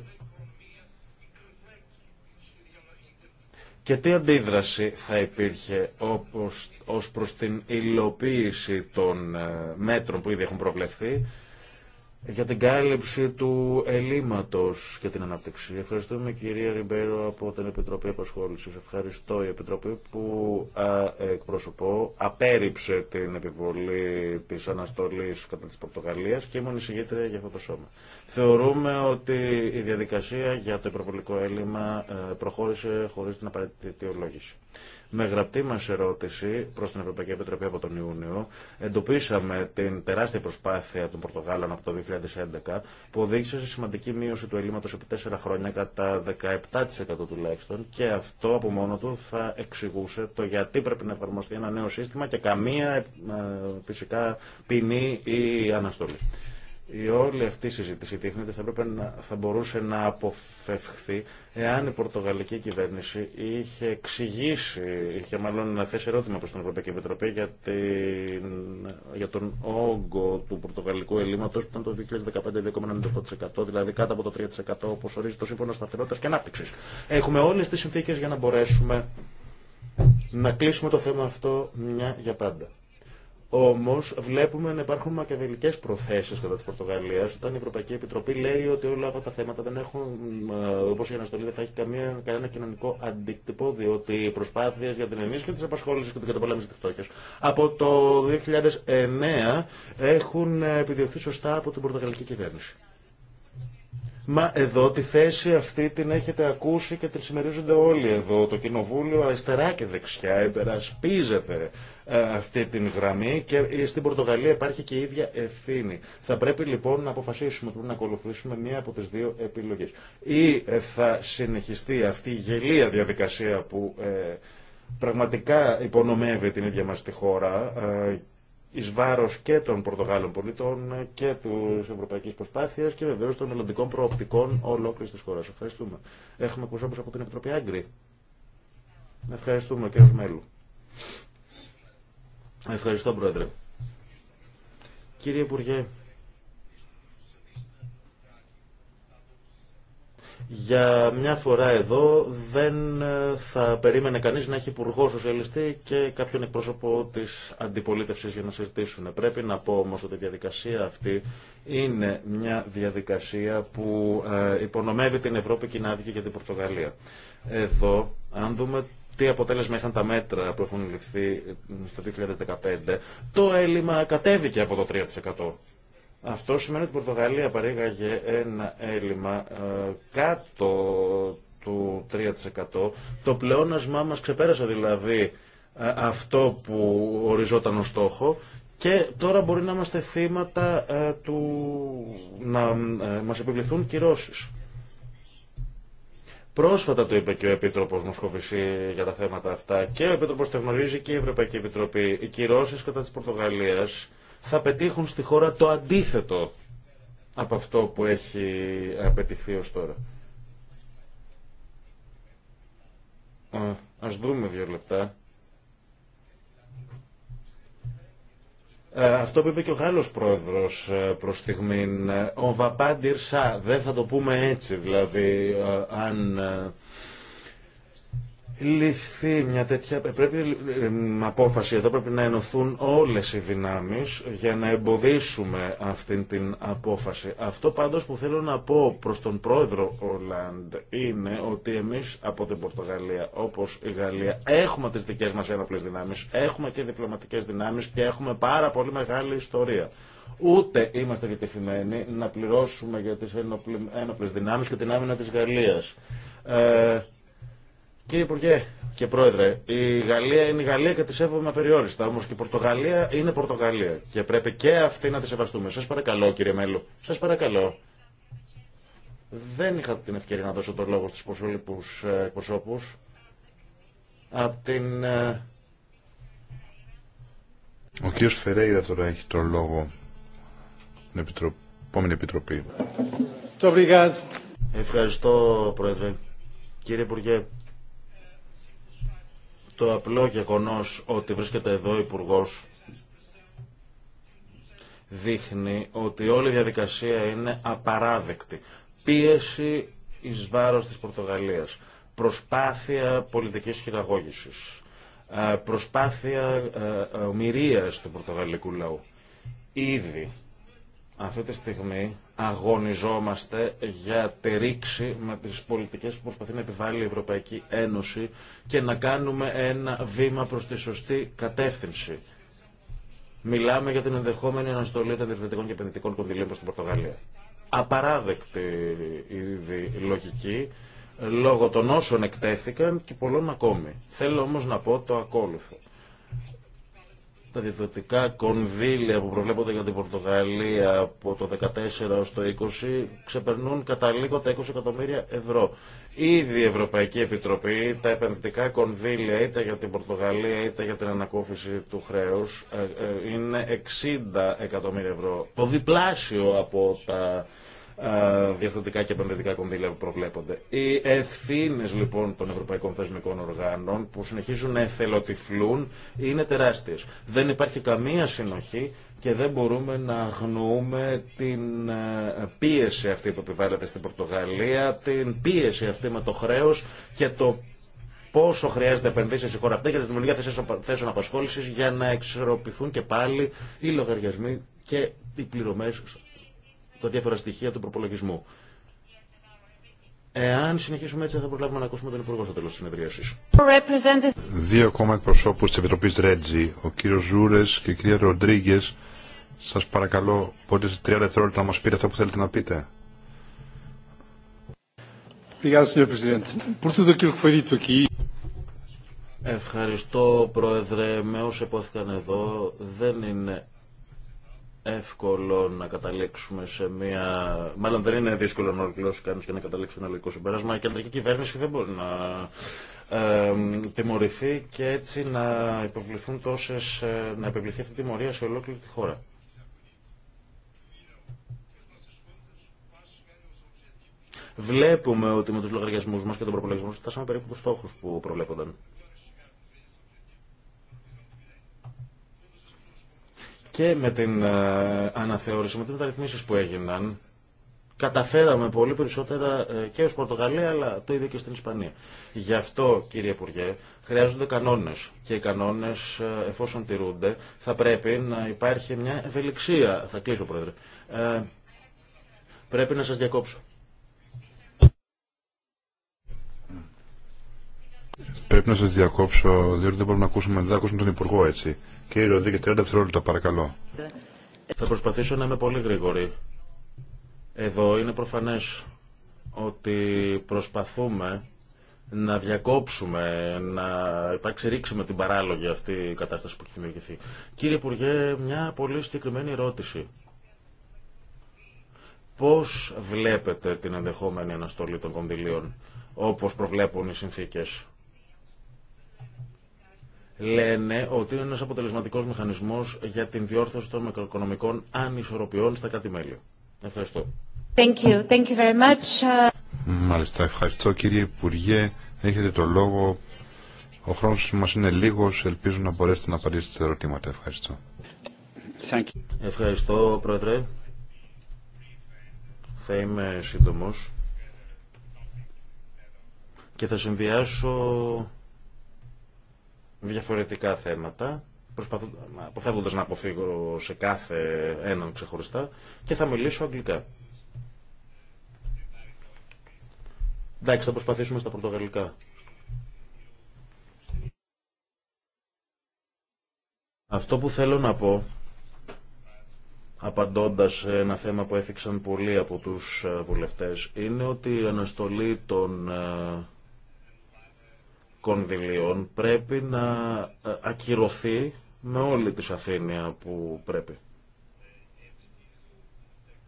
Και τι αντίδραση θα υπήρχε όπως, ως προς την υλοποίηση των ε, μέτρων που ήδη έχουν προβλεφθεί για την κάλυψη του ελλείμματος και την ανάπτυξη. Ευχαριστούμε κυρία Ριμπέρο από την Επιτροπή Επασχόλησης. Ευχαριστώ η Επιτροπή που α, εκπροσωπώ απέρριψε την επιβολή της αναστολής κατά της Πορτογαλίας και ήμουν εισηγήτρια για αυτό το σώμα. Θεωρούμε ότι η διαδικασία για το υπερβολικό έλλειμμα ε, προχώρησε χωρίς την απαραίτητη αιτιολόγηση. Με γραπτή μα ερώτηση προ την Ευρωπαϊκή Επιτροπή από τον Ιούνιο, εντοπίσαμε την τεράστια προσπάθεια των Πορτογάλων από το 2011, που οδήγησε σε σημαντική μείωση του ελλείμματο επί 4 χρόνια κατά 17% τουλάχιστον, και αυτό από μόνο του θα εξηγούσε το γιατί πρέπει να εφαρμοστεί ένα νέο σύστημα και καμία ε, φυσικά ποινή ή αναστολή. Η όλη αυτή η συζήτηση τίχνεται θα, να, θα μπορούσε να αποφευχθεί εάν η πορτογαλική κυβέρνηση είχε εξηγήσει, είχε μάλλον να θέσει ερώτημα προς την Ευρωπαϊκή Επιτροπή για, την, για τον όγκο του πορτογαλικού ελλείμματος που ήταν το 2015 δηλαδή κάτω από το 3% όπως ορίζει το Σύμφωνο Σταθερότητας και Ανάπτυξης. Έχουμε όλες τις συνθήκες για να μπορέσουμε να κλείσουμε το θέμα αυτό μια για πάντα. Όμω βλέπουμε να υπάρχουν μακεδελικέ προθέσει κατά τη Πορτογαλία, όταν η Ευρωπαϊκή Επιτροπή λέει ότι όλα αυτά τα θέματα δεν έχουν, ε, όπω η αναστολή δεν θα έχει καμία, κανένα κοινωνικό αντίκτυπο, διότι οι προσπάθειε για την ενίσχυση τι απασχόλησει και την καταπολέμηση τη φτώχεια από το 2009 έχουν ε, επιδιωθεί σωστά από την Πορτογαλική κυβέρνηση. Μα εδώ τη θέση αυτή την έχετε ακούσει και τη συμμερίζονται όλοι εδώ. Το Κοινοβούλιο αριστερά και δεξιά υπερασπίζεται ε, αυτή την γραμμή και στην Πορτογαλία υπάρχει και η ίδια ευθύνη. Θα πρέπει λοιπόν να αποφασίσουμε ότι να ακολουθήσουμε μία από τις δύο επιλογές. Ή ε, θα συνεχιστεί αυτή η γελία διαδικασία που ε, πραγματικά υπονομεύει την ίδια μας τη χώρα εις βάρος και των Πορτογάλων πολιτών και της ευρωπαϊκής προσπάθειας και βεβαίως των μελλοντικών προοπτικών ολόκληρης της χώρας. Ευχαριστούμε. Έχουμε εκπροσώπους από την Επιτροπή Άγκρη. Ευχαριστούμε ως Μέλου. Ευχαριστώ Πρόεδρε. Κύριε Υπουργέ, Για μια φορά εδώ δεν ε, θα περίμενε κανείς να έχει υπουργό σοσιαλιστή και κάποιον εκπρόσωπο της αντιπολίτευσης για να συζητήσουν. Πρέπει να πω όμω ότι η διαδικασία αυτή είναι μια διαδικασία που ε, υπονομεύει την Ευρώπη και είναι για την Πορτογαλία. Εδώ, αν δούμε τι αποτέλεσμα είχαν τα μέτρα που έχουν ληφθεί στο 2015, το έλλειμμα κατέβηκε από το 3%. Αυτό σημαίνει ότι η Πορτογαλία παρήγαγε ένα έλλειμμα ε, κάτω του 3%. Το πλεόνασμά μας ξεπέρασε δηλαδή ε, αυτό που οριζόταν ως στόχο και τώρα μπορεί να είμαστε θύματα ε, του να μας επιβληθούν κυρώσεις. Πρόσφατα το είπε και ο Επίτροπος Μοσχοβησή για τα θέματα αυτά και ο Επίτροπος το και η Ευρωπαϊκή Επιτροπή. Οι κυρώσεις κατά της Πορτογαλίας θα πετύχουν στη χώρα το αντίθετο από αυτό που έχει απαιτηθεί ως τώρα. Α, ας δούμε δύο λεπτά. Ε, αυτό που είπε και ο Γάλλος πρόεδρος ε, προς στιγμήν, ε, ο Βαπάντιρ δεν θα το πούμε έτσι δηλαδή, αν ληφθεί μια τέτοια πρέπει, ε, απόφαση. Εδώ πρέπει να ενωθούν όλες οι δυνάμεις για να εμποδίσουμε αυτήν την απόφαση. Αυτό πάντως που θέλω να πω προς τον πρόεδρο Ολάντ είναι ότι εμείς από την Πορτογαλία όπως η Γαλλία έχουμε τις δικές μας ένοπλες δυνάμεις, έχουμε και διπλωματικές δυνάμεις και έχουμε πάρα πολύ μεγάλη ιστορία ούτε είμαστε διατεθειμένοι να πληρώσουμε για τις ένοπλες δυνάμεις και την άμυνα της Γαλλίας. Ε, Κύριε Υπουργέ και Πρόεδρε, η Γαλλία είναι η Γαλλία και τη σέβομαι απεριόριστα. Όμω και η Πορτογαλία είναι Πορτογαλία. Και πρέπει και αυτή να τη σεβαστούμε. Σα παρακαλώ, κύριε Μέλου. Σα παρακαλώ. Δεν είχα την ευκαιρία να δώσω το λόγο στου προσωπικού. Ε, εκπροσώπου. Από την. Ε, Ο κύριο Φερέιρα τώρα έχει το λόγο. Την επιτροπή. Ευχαριστώ, Πρόεδρε. Κύριε Υπουργέ, το απλό γεγονός ότι βρίσκεται εδώ ο Υπουργός δείχνει ότι όλη η διαδικασία είναι απαράδεκτη. Πίεση εις βάρος της Πορτογαλίας, προσπάθεια πολιτικής χειραγώγησης, ε, προσπάθεια ε, ε, ομοιρίας του πορτογαλικού λαού. Ήδη αυτή τη στιγμή αγωνιζόμαστε για τη ρήξη με τις πολιτικές που προσπαθεί να επιβάλλει η Ευρωπαϊκή Ένωση και να κάνουμε ένα βήμα προς τη σωστή κατεύθυνση. Μιλάμε για την ενδεχόμενη αναστολή των διευθυντικών και επενδυτικών κονδυλίων προς την Πορτογαλία. Απαράδεκτη ήδη λογική, λόγω των όσων εκτέθηκαν και πολλών ακόμη. Θέλω όμως να πω το ακόλουθο τα διδοτικά κονδύλια που προβλέπονται για την Πορτογαλία από το 14 έως το 20 ξεπερνούν κατά λίγο τα 20 εκατομμύρια ευρώ. Ήδη η Ευρωπαϊκή Επιτροπή τα επενδυτικά κονδύλια είτε για την Πορτογαλία είτε για την ανακόφηση του χρέους ε, ε, είναι 60 εκατομμύρια ευρώ. Το διπλάσιο από τα ε, διαστατικά και επενδυτικά κονδύλια που προβλέπονται. Οι ευθύνε λοιπόν των ευρωπαϊκών θεσμικών οργάνων που συνεχίζουν να εθελοτυφλούν είναι τεράστιε. Δεν υπάρχει καμία συνοχή και δεν μπορούμε να αγνοούμε την ε, πίεση αυτή που επιβάλλεται στην Πορτογαλία, την πίεση αυτή με το χρέο και το πόσο χρειάζεται επενδύσει η χώρα αυτή για τη δημιουργία θέσεων απασχόληση για να εξορροπηθούν και πάλι οι λογαριασμοί και οι πληρωμέ τα διάφορα στοιχεία του προπολογισμού. Εάν συνεχίσουμε έτσι, θα προλάβουμε να ακούσουμε τον Υπουργό στο τέλο τη συνεδρίαση. Δύο ακόμα εκπροσώπου τη Επιτροπή Ρέτζη, ο κύριο Ζούρε και η κυρία Ροντρίγκε. Σα παρακαλώ, μπορείτε σε τρία δευτερόλεπτα να μα πείτε αυτό που θέλετε να πείτε. Ευχαριστώ, Πρόεδρε. Με όσοι υπόθηκαν εδώ δεν είναι εύκολο να καταλήξουμε σε μια. Μάλλον δεν είναι δύσκολο να ολοκληρώσει κανεί και να καταλήξει ένα λογικό συμπέρασμα. Η κεντρική κυβέρνηση δεν μπορεί να ε, τιμωρηθεί και έτσι να υποβληθούν τόσες, ε, να επιβληθεί αυτή η τιμωρία σε ολόκληρη τη χώρα. Βλέπουμε ότι με τους λογαριασμούς μας και τον προπολογισμό φτάσαμε περίπου τους στόχους που προβλέπονταν. και με την ε, αναθεώρηση, με τις μεταρρυθμίσεις που έγιναν, καταφέραμε πολύ περισσότερα ε, και ως Πορτογαλία, αλλά το ίδιο και στην Ισπανία. Γι' αυτό, κύριε Υπουργέ, χρειάζονται κανόνες. Και οι κανόνες, ε, εφόσον τηρούνται, θα πρέπει να υπάρχει μια ευελιξία. Θα κλείσω, Πρόεδρε. Ε, πρέπει να σας διακόψω. Πρέπει να σας διακόψω, διότι δεν μπορούμε να ακούσουμε, δεν ακούσουμε τον Υπουργό έτσι. Κύριε Ροντρίγκε, 30 δευτερόλεπτα παρακαλώ. Θα προσπαθήσω να είμαι πολύ γρήγορη. Εδώ είναι προφανές ότι προσπαθούμε να διακόψουμε, να υπάρξει ρήξη με την παράλογη αυτή η κατάσταση που έχει δημιουργηθεί. Κύριε Υπουργέ, μια πολύ συγκεκριμένη ερώτηση. Πώς βλέπετε την ενδεχόμενη αναστολή των κονδυλίων, όπως προβλέπουν οι συνθήκες λένε ότι είναι ένας αποτελεσματικός μηχανισμός για την διόρθωση των μικροοικονομικών ανισορροπιών στα κράτη-μέλη. Ευχαριστώ. Thank you. Thank you very much. Μάλιστα, ευχαριστώ κύριε Υπουργέ. Έχετε το λόγο. Ο χρόνος μας είναι λίγος. Ελπίζω να μπορέσετε να απαντήσετε τα ερωτήματα. Ευχαριστώ. Thank you. Ευχαριστώ, Πρόεδρε. Θα είμαι σύντομος και θα συνδυάσω διαφορετικά θέματα, προσπαθώντας να αποφύγω σε κάθε έναν ξεχωριστά και θα μιλήσω αγγλικά. Εντάξει, θα προσπαθήσουμε στα πορτογαλικά. Αυτό που θέλω να πω, απαντώντας σε ένα θέμα που έθιξαν πολλοί από τους ε, βουλευτές, είναι ότι η αναστολή των ε, κονδυλίων πρέπει να ε, ακυρωθεί με όλη τη σαφήνεια που πρέπει.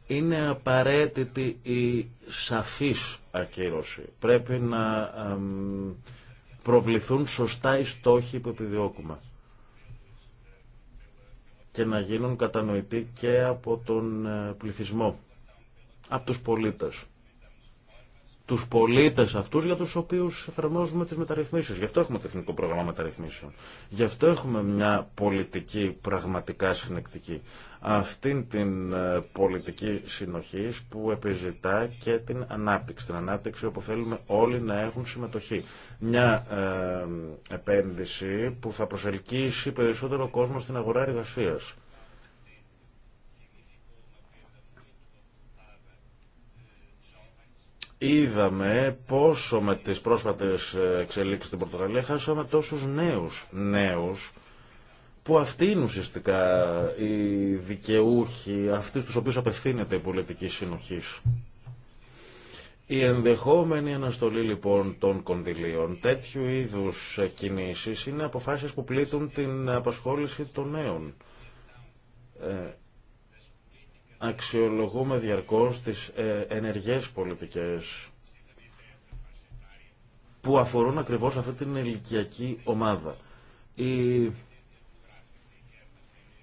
Είναι απαραίτητη η σαφής ακύρωση. Πρέπει να προβληθούν σωστά οι στόχοι που επιδιώκουμε και να γίνουν κατανοητοί και από τον ε, πληθυσμό, από τους πολίτες τους πολίτες αυτούς για τους οποίους εφαρμόζουμε τις μεταρρυθμίσεις. Γι' αυτό έχουμε το Εθνικό Πρόγραμμα Μεταρρυθμίσεων. Γι' αυτό έχουμε μια πολιτική πραγματικά συνεκτική. Αυτήν την ε, πολιτική συνοχής που επιζητά και την ανάπτυξη. Την ανάπτυξη όπου θέλουμε όλοι να έχουν συμμετοχή. Μια ε, επένδυση που θα προσελκύσει περισσότερο κόσμο στην αγορά εργασίας είδαμε πόσο με τις πρόσφατες εξελίξεις στην Πορτογαλία χάσαμε τόσους νέους νέους που αυτοί είναι ουσιαστικά οι δικαιούχοι, αυτοί στους οποίους απευθύνεται η πολιτική συνοχή. Η ενδεχόμενη αναστολή λοιπόν των κονδυλίων τέτοιου είδους κινήσεις είναι αποφάσεις που πλήττουν την απασχόληση των νέων. Ε, αξιολογούμε διαρκώς τις ε, ενεργές πολιτικές που αφορούν ακριβώς αυτή την ηλικιακή ομάδα. Η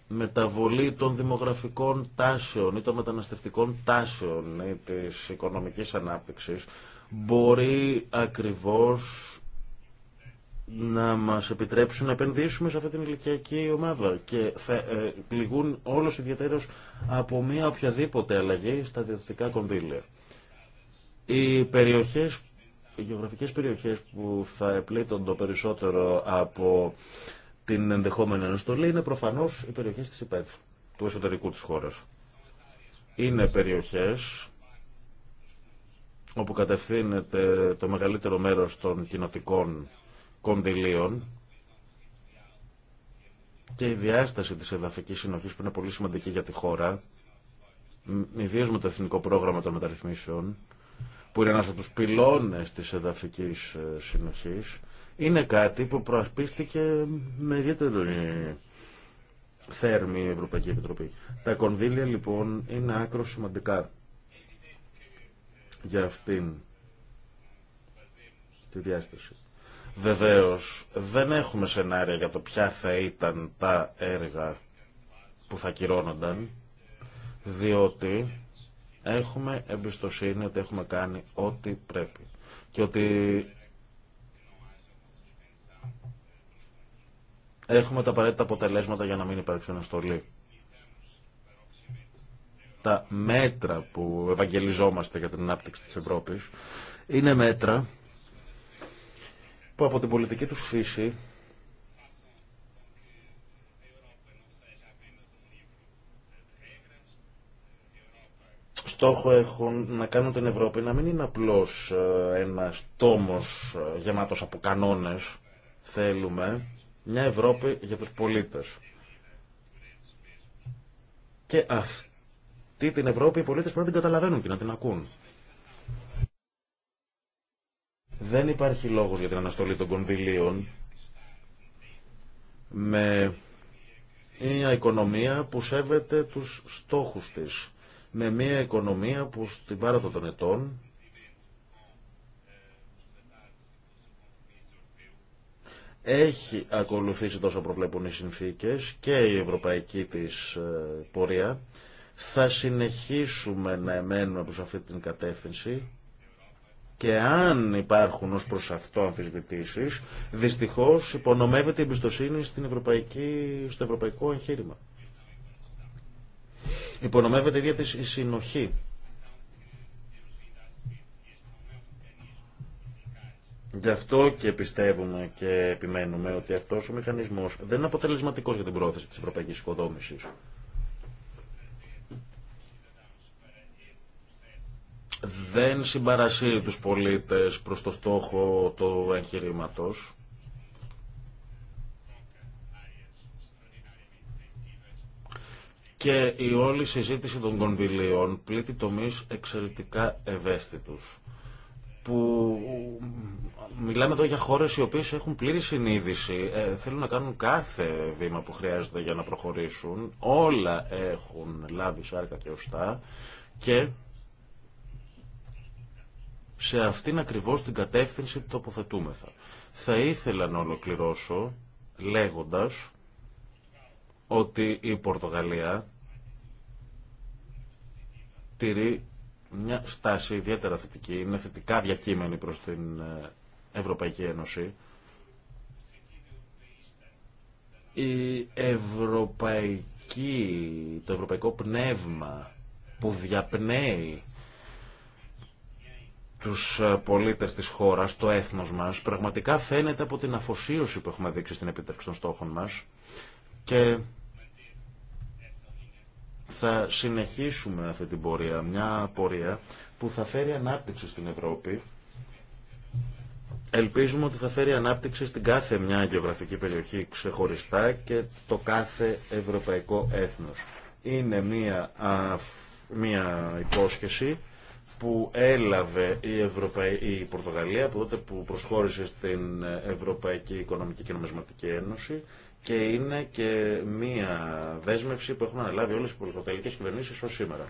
μεταβολή των δημογραφικών τάσεων ή των μεταναστευτικών τάσεων ή της οικονομικής ανάπτυξης μπορεί ακριβώς να μας επιτρέψουν να επενδύσουμε σε αυτή την ηλικιακή ομάδα και θα ε, πληγούν όλος ιδιαίτερος από μια οποιαδήποτε αλλαγή στα διαδικτικά κονδύλια. Οι περιοχές, οι γεωγραφικές περιοχές που θα επλήττουν το περισσότερο από την ενδεχόμενη αναστολή είναι προφανώς οι περιοχές της ΥΠΕΔ, του εσωτερικού της χώρας. Είναι περιοχές όπου κατευθύνεται το μεγαλύτερο μέρος των κοινοτικών κονδυλίων και η διάσταση της εδαφικής συνοχής που είναι πολύ σημαντική για τη χώρα, ιδίως με το Εθνικό Πρόγραμμα των Μεταρρυθμίσεων, που είναι ένας από τους πυλώνες της εδαφικής ε, συνοχής, είναι κάτι που προασπίστηκε με ιδιαίτερη θέρμη η Ευρωπαϊκή Επιτροπή. Τα κονδύλια λοιπόν είναι άκρο σημαντικά για αυτήν τη διάσταση. Βεβαίω, δεν έχουμε σενάρια για το ποια θα ήταν τα έργα που θα κυρώνονταν, διότι έχουμε εμπιστοσύνη ότι έχουμε κάνει ό,τι πρέπει και ότι έχουμε τα απαραίτητα αποτελέσματα για να μην υπάρξει αναστολή. Τα μέτρα που ευαγγελιζόμαστε για την ανάπτυξη της Ευρώπης είναι μέτρα που από την πολιτική τους φύση στόχο έχουν να κάνουν την Ευρώπη να μην είναι απλώς ε, ένας τόμος ε, γεμάτος από κανόνες. Θέλουμε μια Ευρώπη για τους πολίτες. Και αυτή την Ευρώπη οι πολίτες πρέπει να την καταλαβαίνουν και να την ακούν. Δεν υπάρχει λόγος για την αναστολή των κονδυλίων με μια οικονομία που σέβεται τους στόχους της. Με μια οικονομία που στην πάρα των ετών έχει ακολουθήσει τόσο προβλέπουν οι συνθήκες και η ευρωπαϊκή της ε, πορεία. Θα συνεχίσουμε να εμένουμε προς αυτή την κατεύθυνση και αν υπάρχουν ως προς αυτό αμφισβητήσεις, δυστυχώς υπονομεύεται η εμπιστοσύνη στην ευρωπαϊκή, στο ευρωπαϊκό εγχείρημα. Υπονομεύεται ίδια της η συνοχή. Γι' αυτό και πιστεύουμε και επιμένουμε ότι αυτός ο μηχανισμός δεν είναι αποτελεσματικός για την πρόθεση της ευρωπαϊκής οικοδόμησης. δεν συμπαρασύρει τους πολίτες προς το στόχο του εγχειρήματο. Και η όλη συζήτηση των κονδυλίων πλήττει τομείς εξαιρετικά ευαίσθητους που μιλάμε εδώ για χώρες οι οποίες έχουν πλήρη συνείδηση, ε, θέλουν να κάνουν κάθε βήμα που χρειάζεται για να προχωρήσουν, όλα έχουν λάβει σάρκα και οστά και σε αυτήν ακριβώς την κατεύθυνση που τοποθετούμεθα. Θα ήθελα να ολοκληρώσω λέγοντας ότι η Πορτογαλία τηρεί μια στάση ιδιαίτερα θετική, είναι θετικά διακείμενη προς την ε, Ευρωπαϊκή Ένωση. Η ευρωπαϊκή, το ευρωπαϊκό πνεύμα που διαπνέει τους ε, πολίτες της χώρας, το έθνος μας, πραγματικά φαίνεται από την αφοσίωση που έχουμε δείξει στην επίτευξη των στόχων μας και θα συνεχίσουμε αυτή την πορεία, μια πορεία που θα φέρει ανάπτυξη στην Ευρώπη. Ελπίζουμε ότι θα φέρει ανάπτυξη στην κάθε μια γεωγραφική περιοχή ξεχωριστά και το κάθε ευρωπαϊκό έθνος. Είναι μια, μια υπόσχεση που έλαβε η, Ευρωπαϊ... η Πορτογαλία από τότε που προσχώρησε στην Ευρωπαϊκή Οικονομική και Νομισματική Ένωση και είναι και μία δέσμευση που έχουν αναλάβει όλες οι πορτογαλικές κυβερνήσεις ως σήμερα.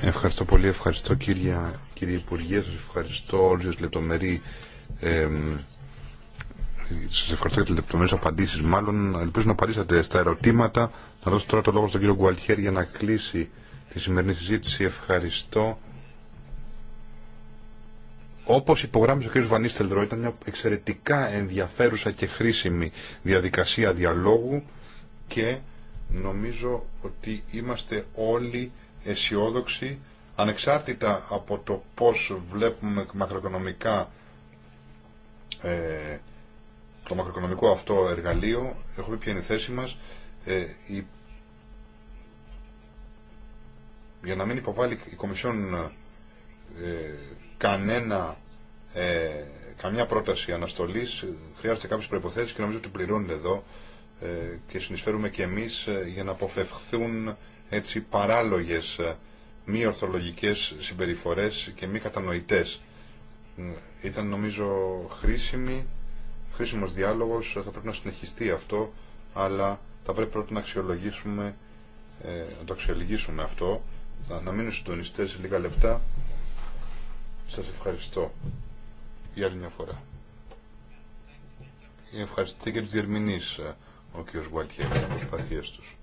Ευχαριστώ πολύ, ευχαριστώ κύρια, κύριε Υπουργέ, σας ευχαριστώ όλες τις λεπτομερεί ε, ευχαριστώ για τις λεπτομερείς απαντήσεις μάλλον, ελπίζω να απαντήσατε στα ερωτήματα να δώσω τώρα το λόγο στον κύριο Γκουαλτιέρη για να κλείσει τη σημερινή συζήτηση. Ευχαριστώ όπως υπογράμμισε ο κ. Βανίστελρο, ήταν μια εξαιρετικά ενδιαφέρουσα και χρήσιμη διαδικασία διαλόγου και νομίζω ότι είμαστε όλοι αισιόδοξοι ανεξάρτητα από το πώς βλέπουμε μακροοικονομικά ε, το μακροοικονομικό αυτό εργαλείο, έχουμε ποια είναι η θέση μας, ε, για να μην υποβάλει η Κομισιόν ε, κανένα, ε, καμιά πρόταση αναστολής, χρειάζεται κάποιες προϋποθέσεις και νομίζω ότι πληρώνουν εδώ ε, και συνεισφέρουμε και εμείς ε, για να αποφευχθούν έτσι παράλογες, ε, μη ορθολογικές συμπεριφορές και μη κατανοητές. Ήταν νομίζω χρήσιμη, χρήσιμος διάλογος, θα πρέπει να συνεχιστεί αυτό, αλλά θα πρέπει πρώτα να αξιολογήσουμε, να το αξιολογήσουμε αυτό, να, να μείνουν συντονιστές λίγα λεπτά. Σας ευχαριστώ για άλλη μια φορά. Ευχαριστώ και τις διερμηνείς ε, ο κ. Γουαλτιέρη για τις προσπαθίες τους.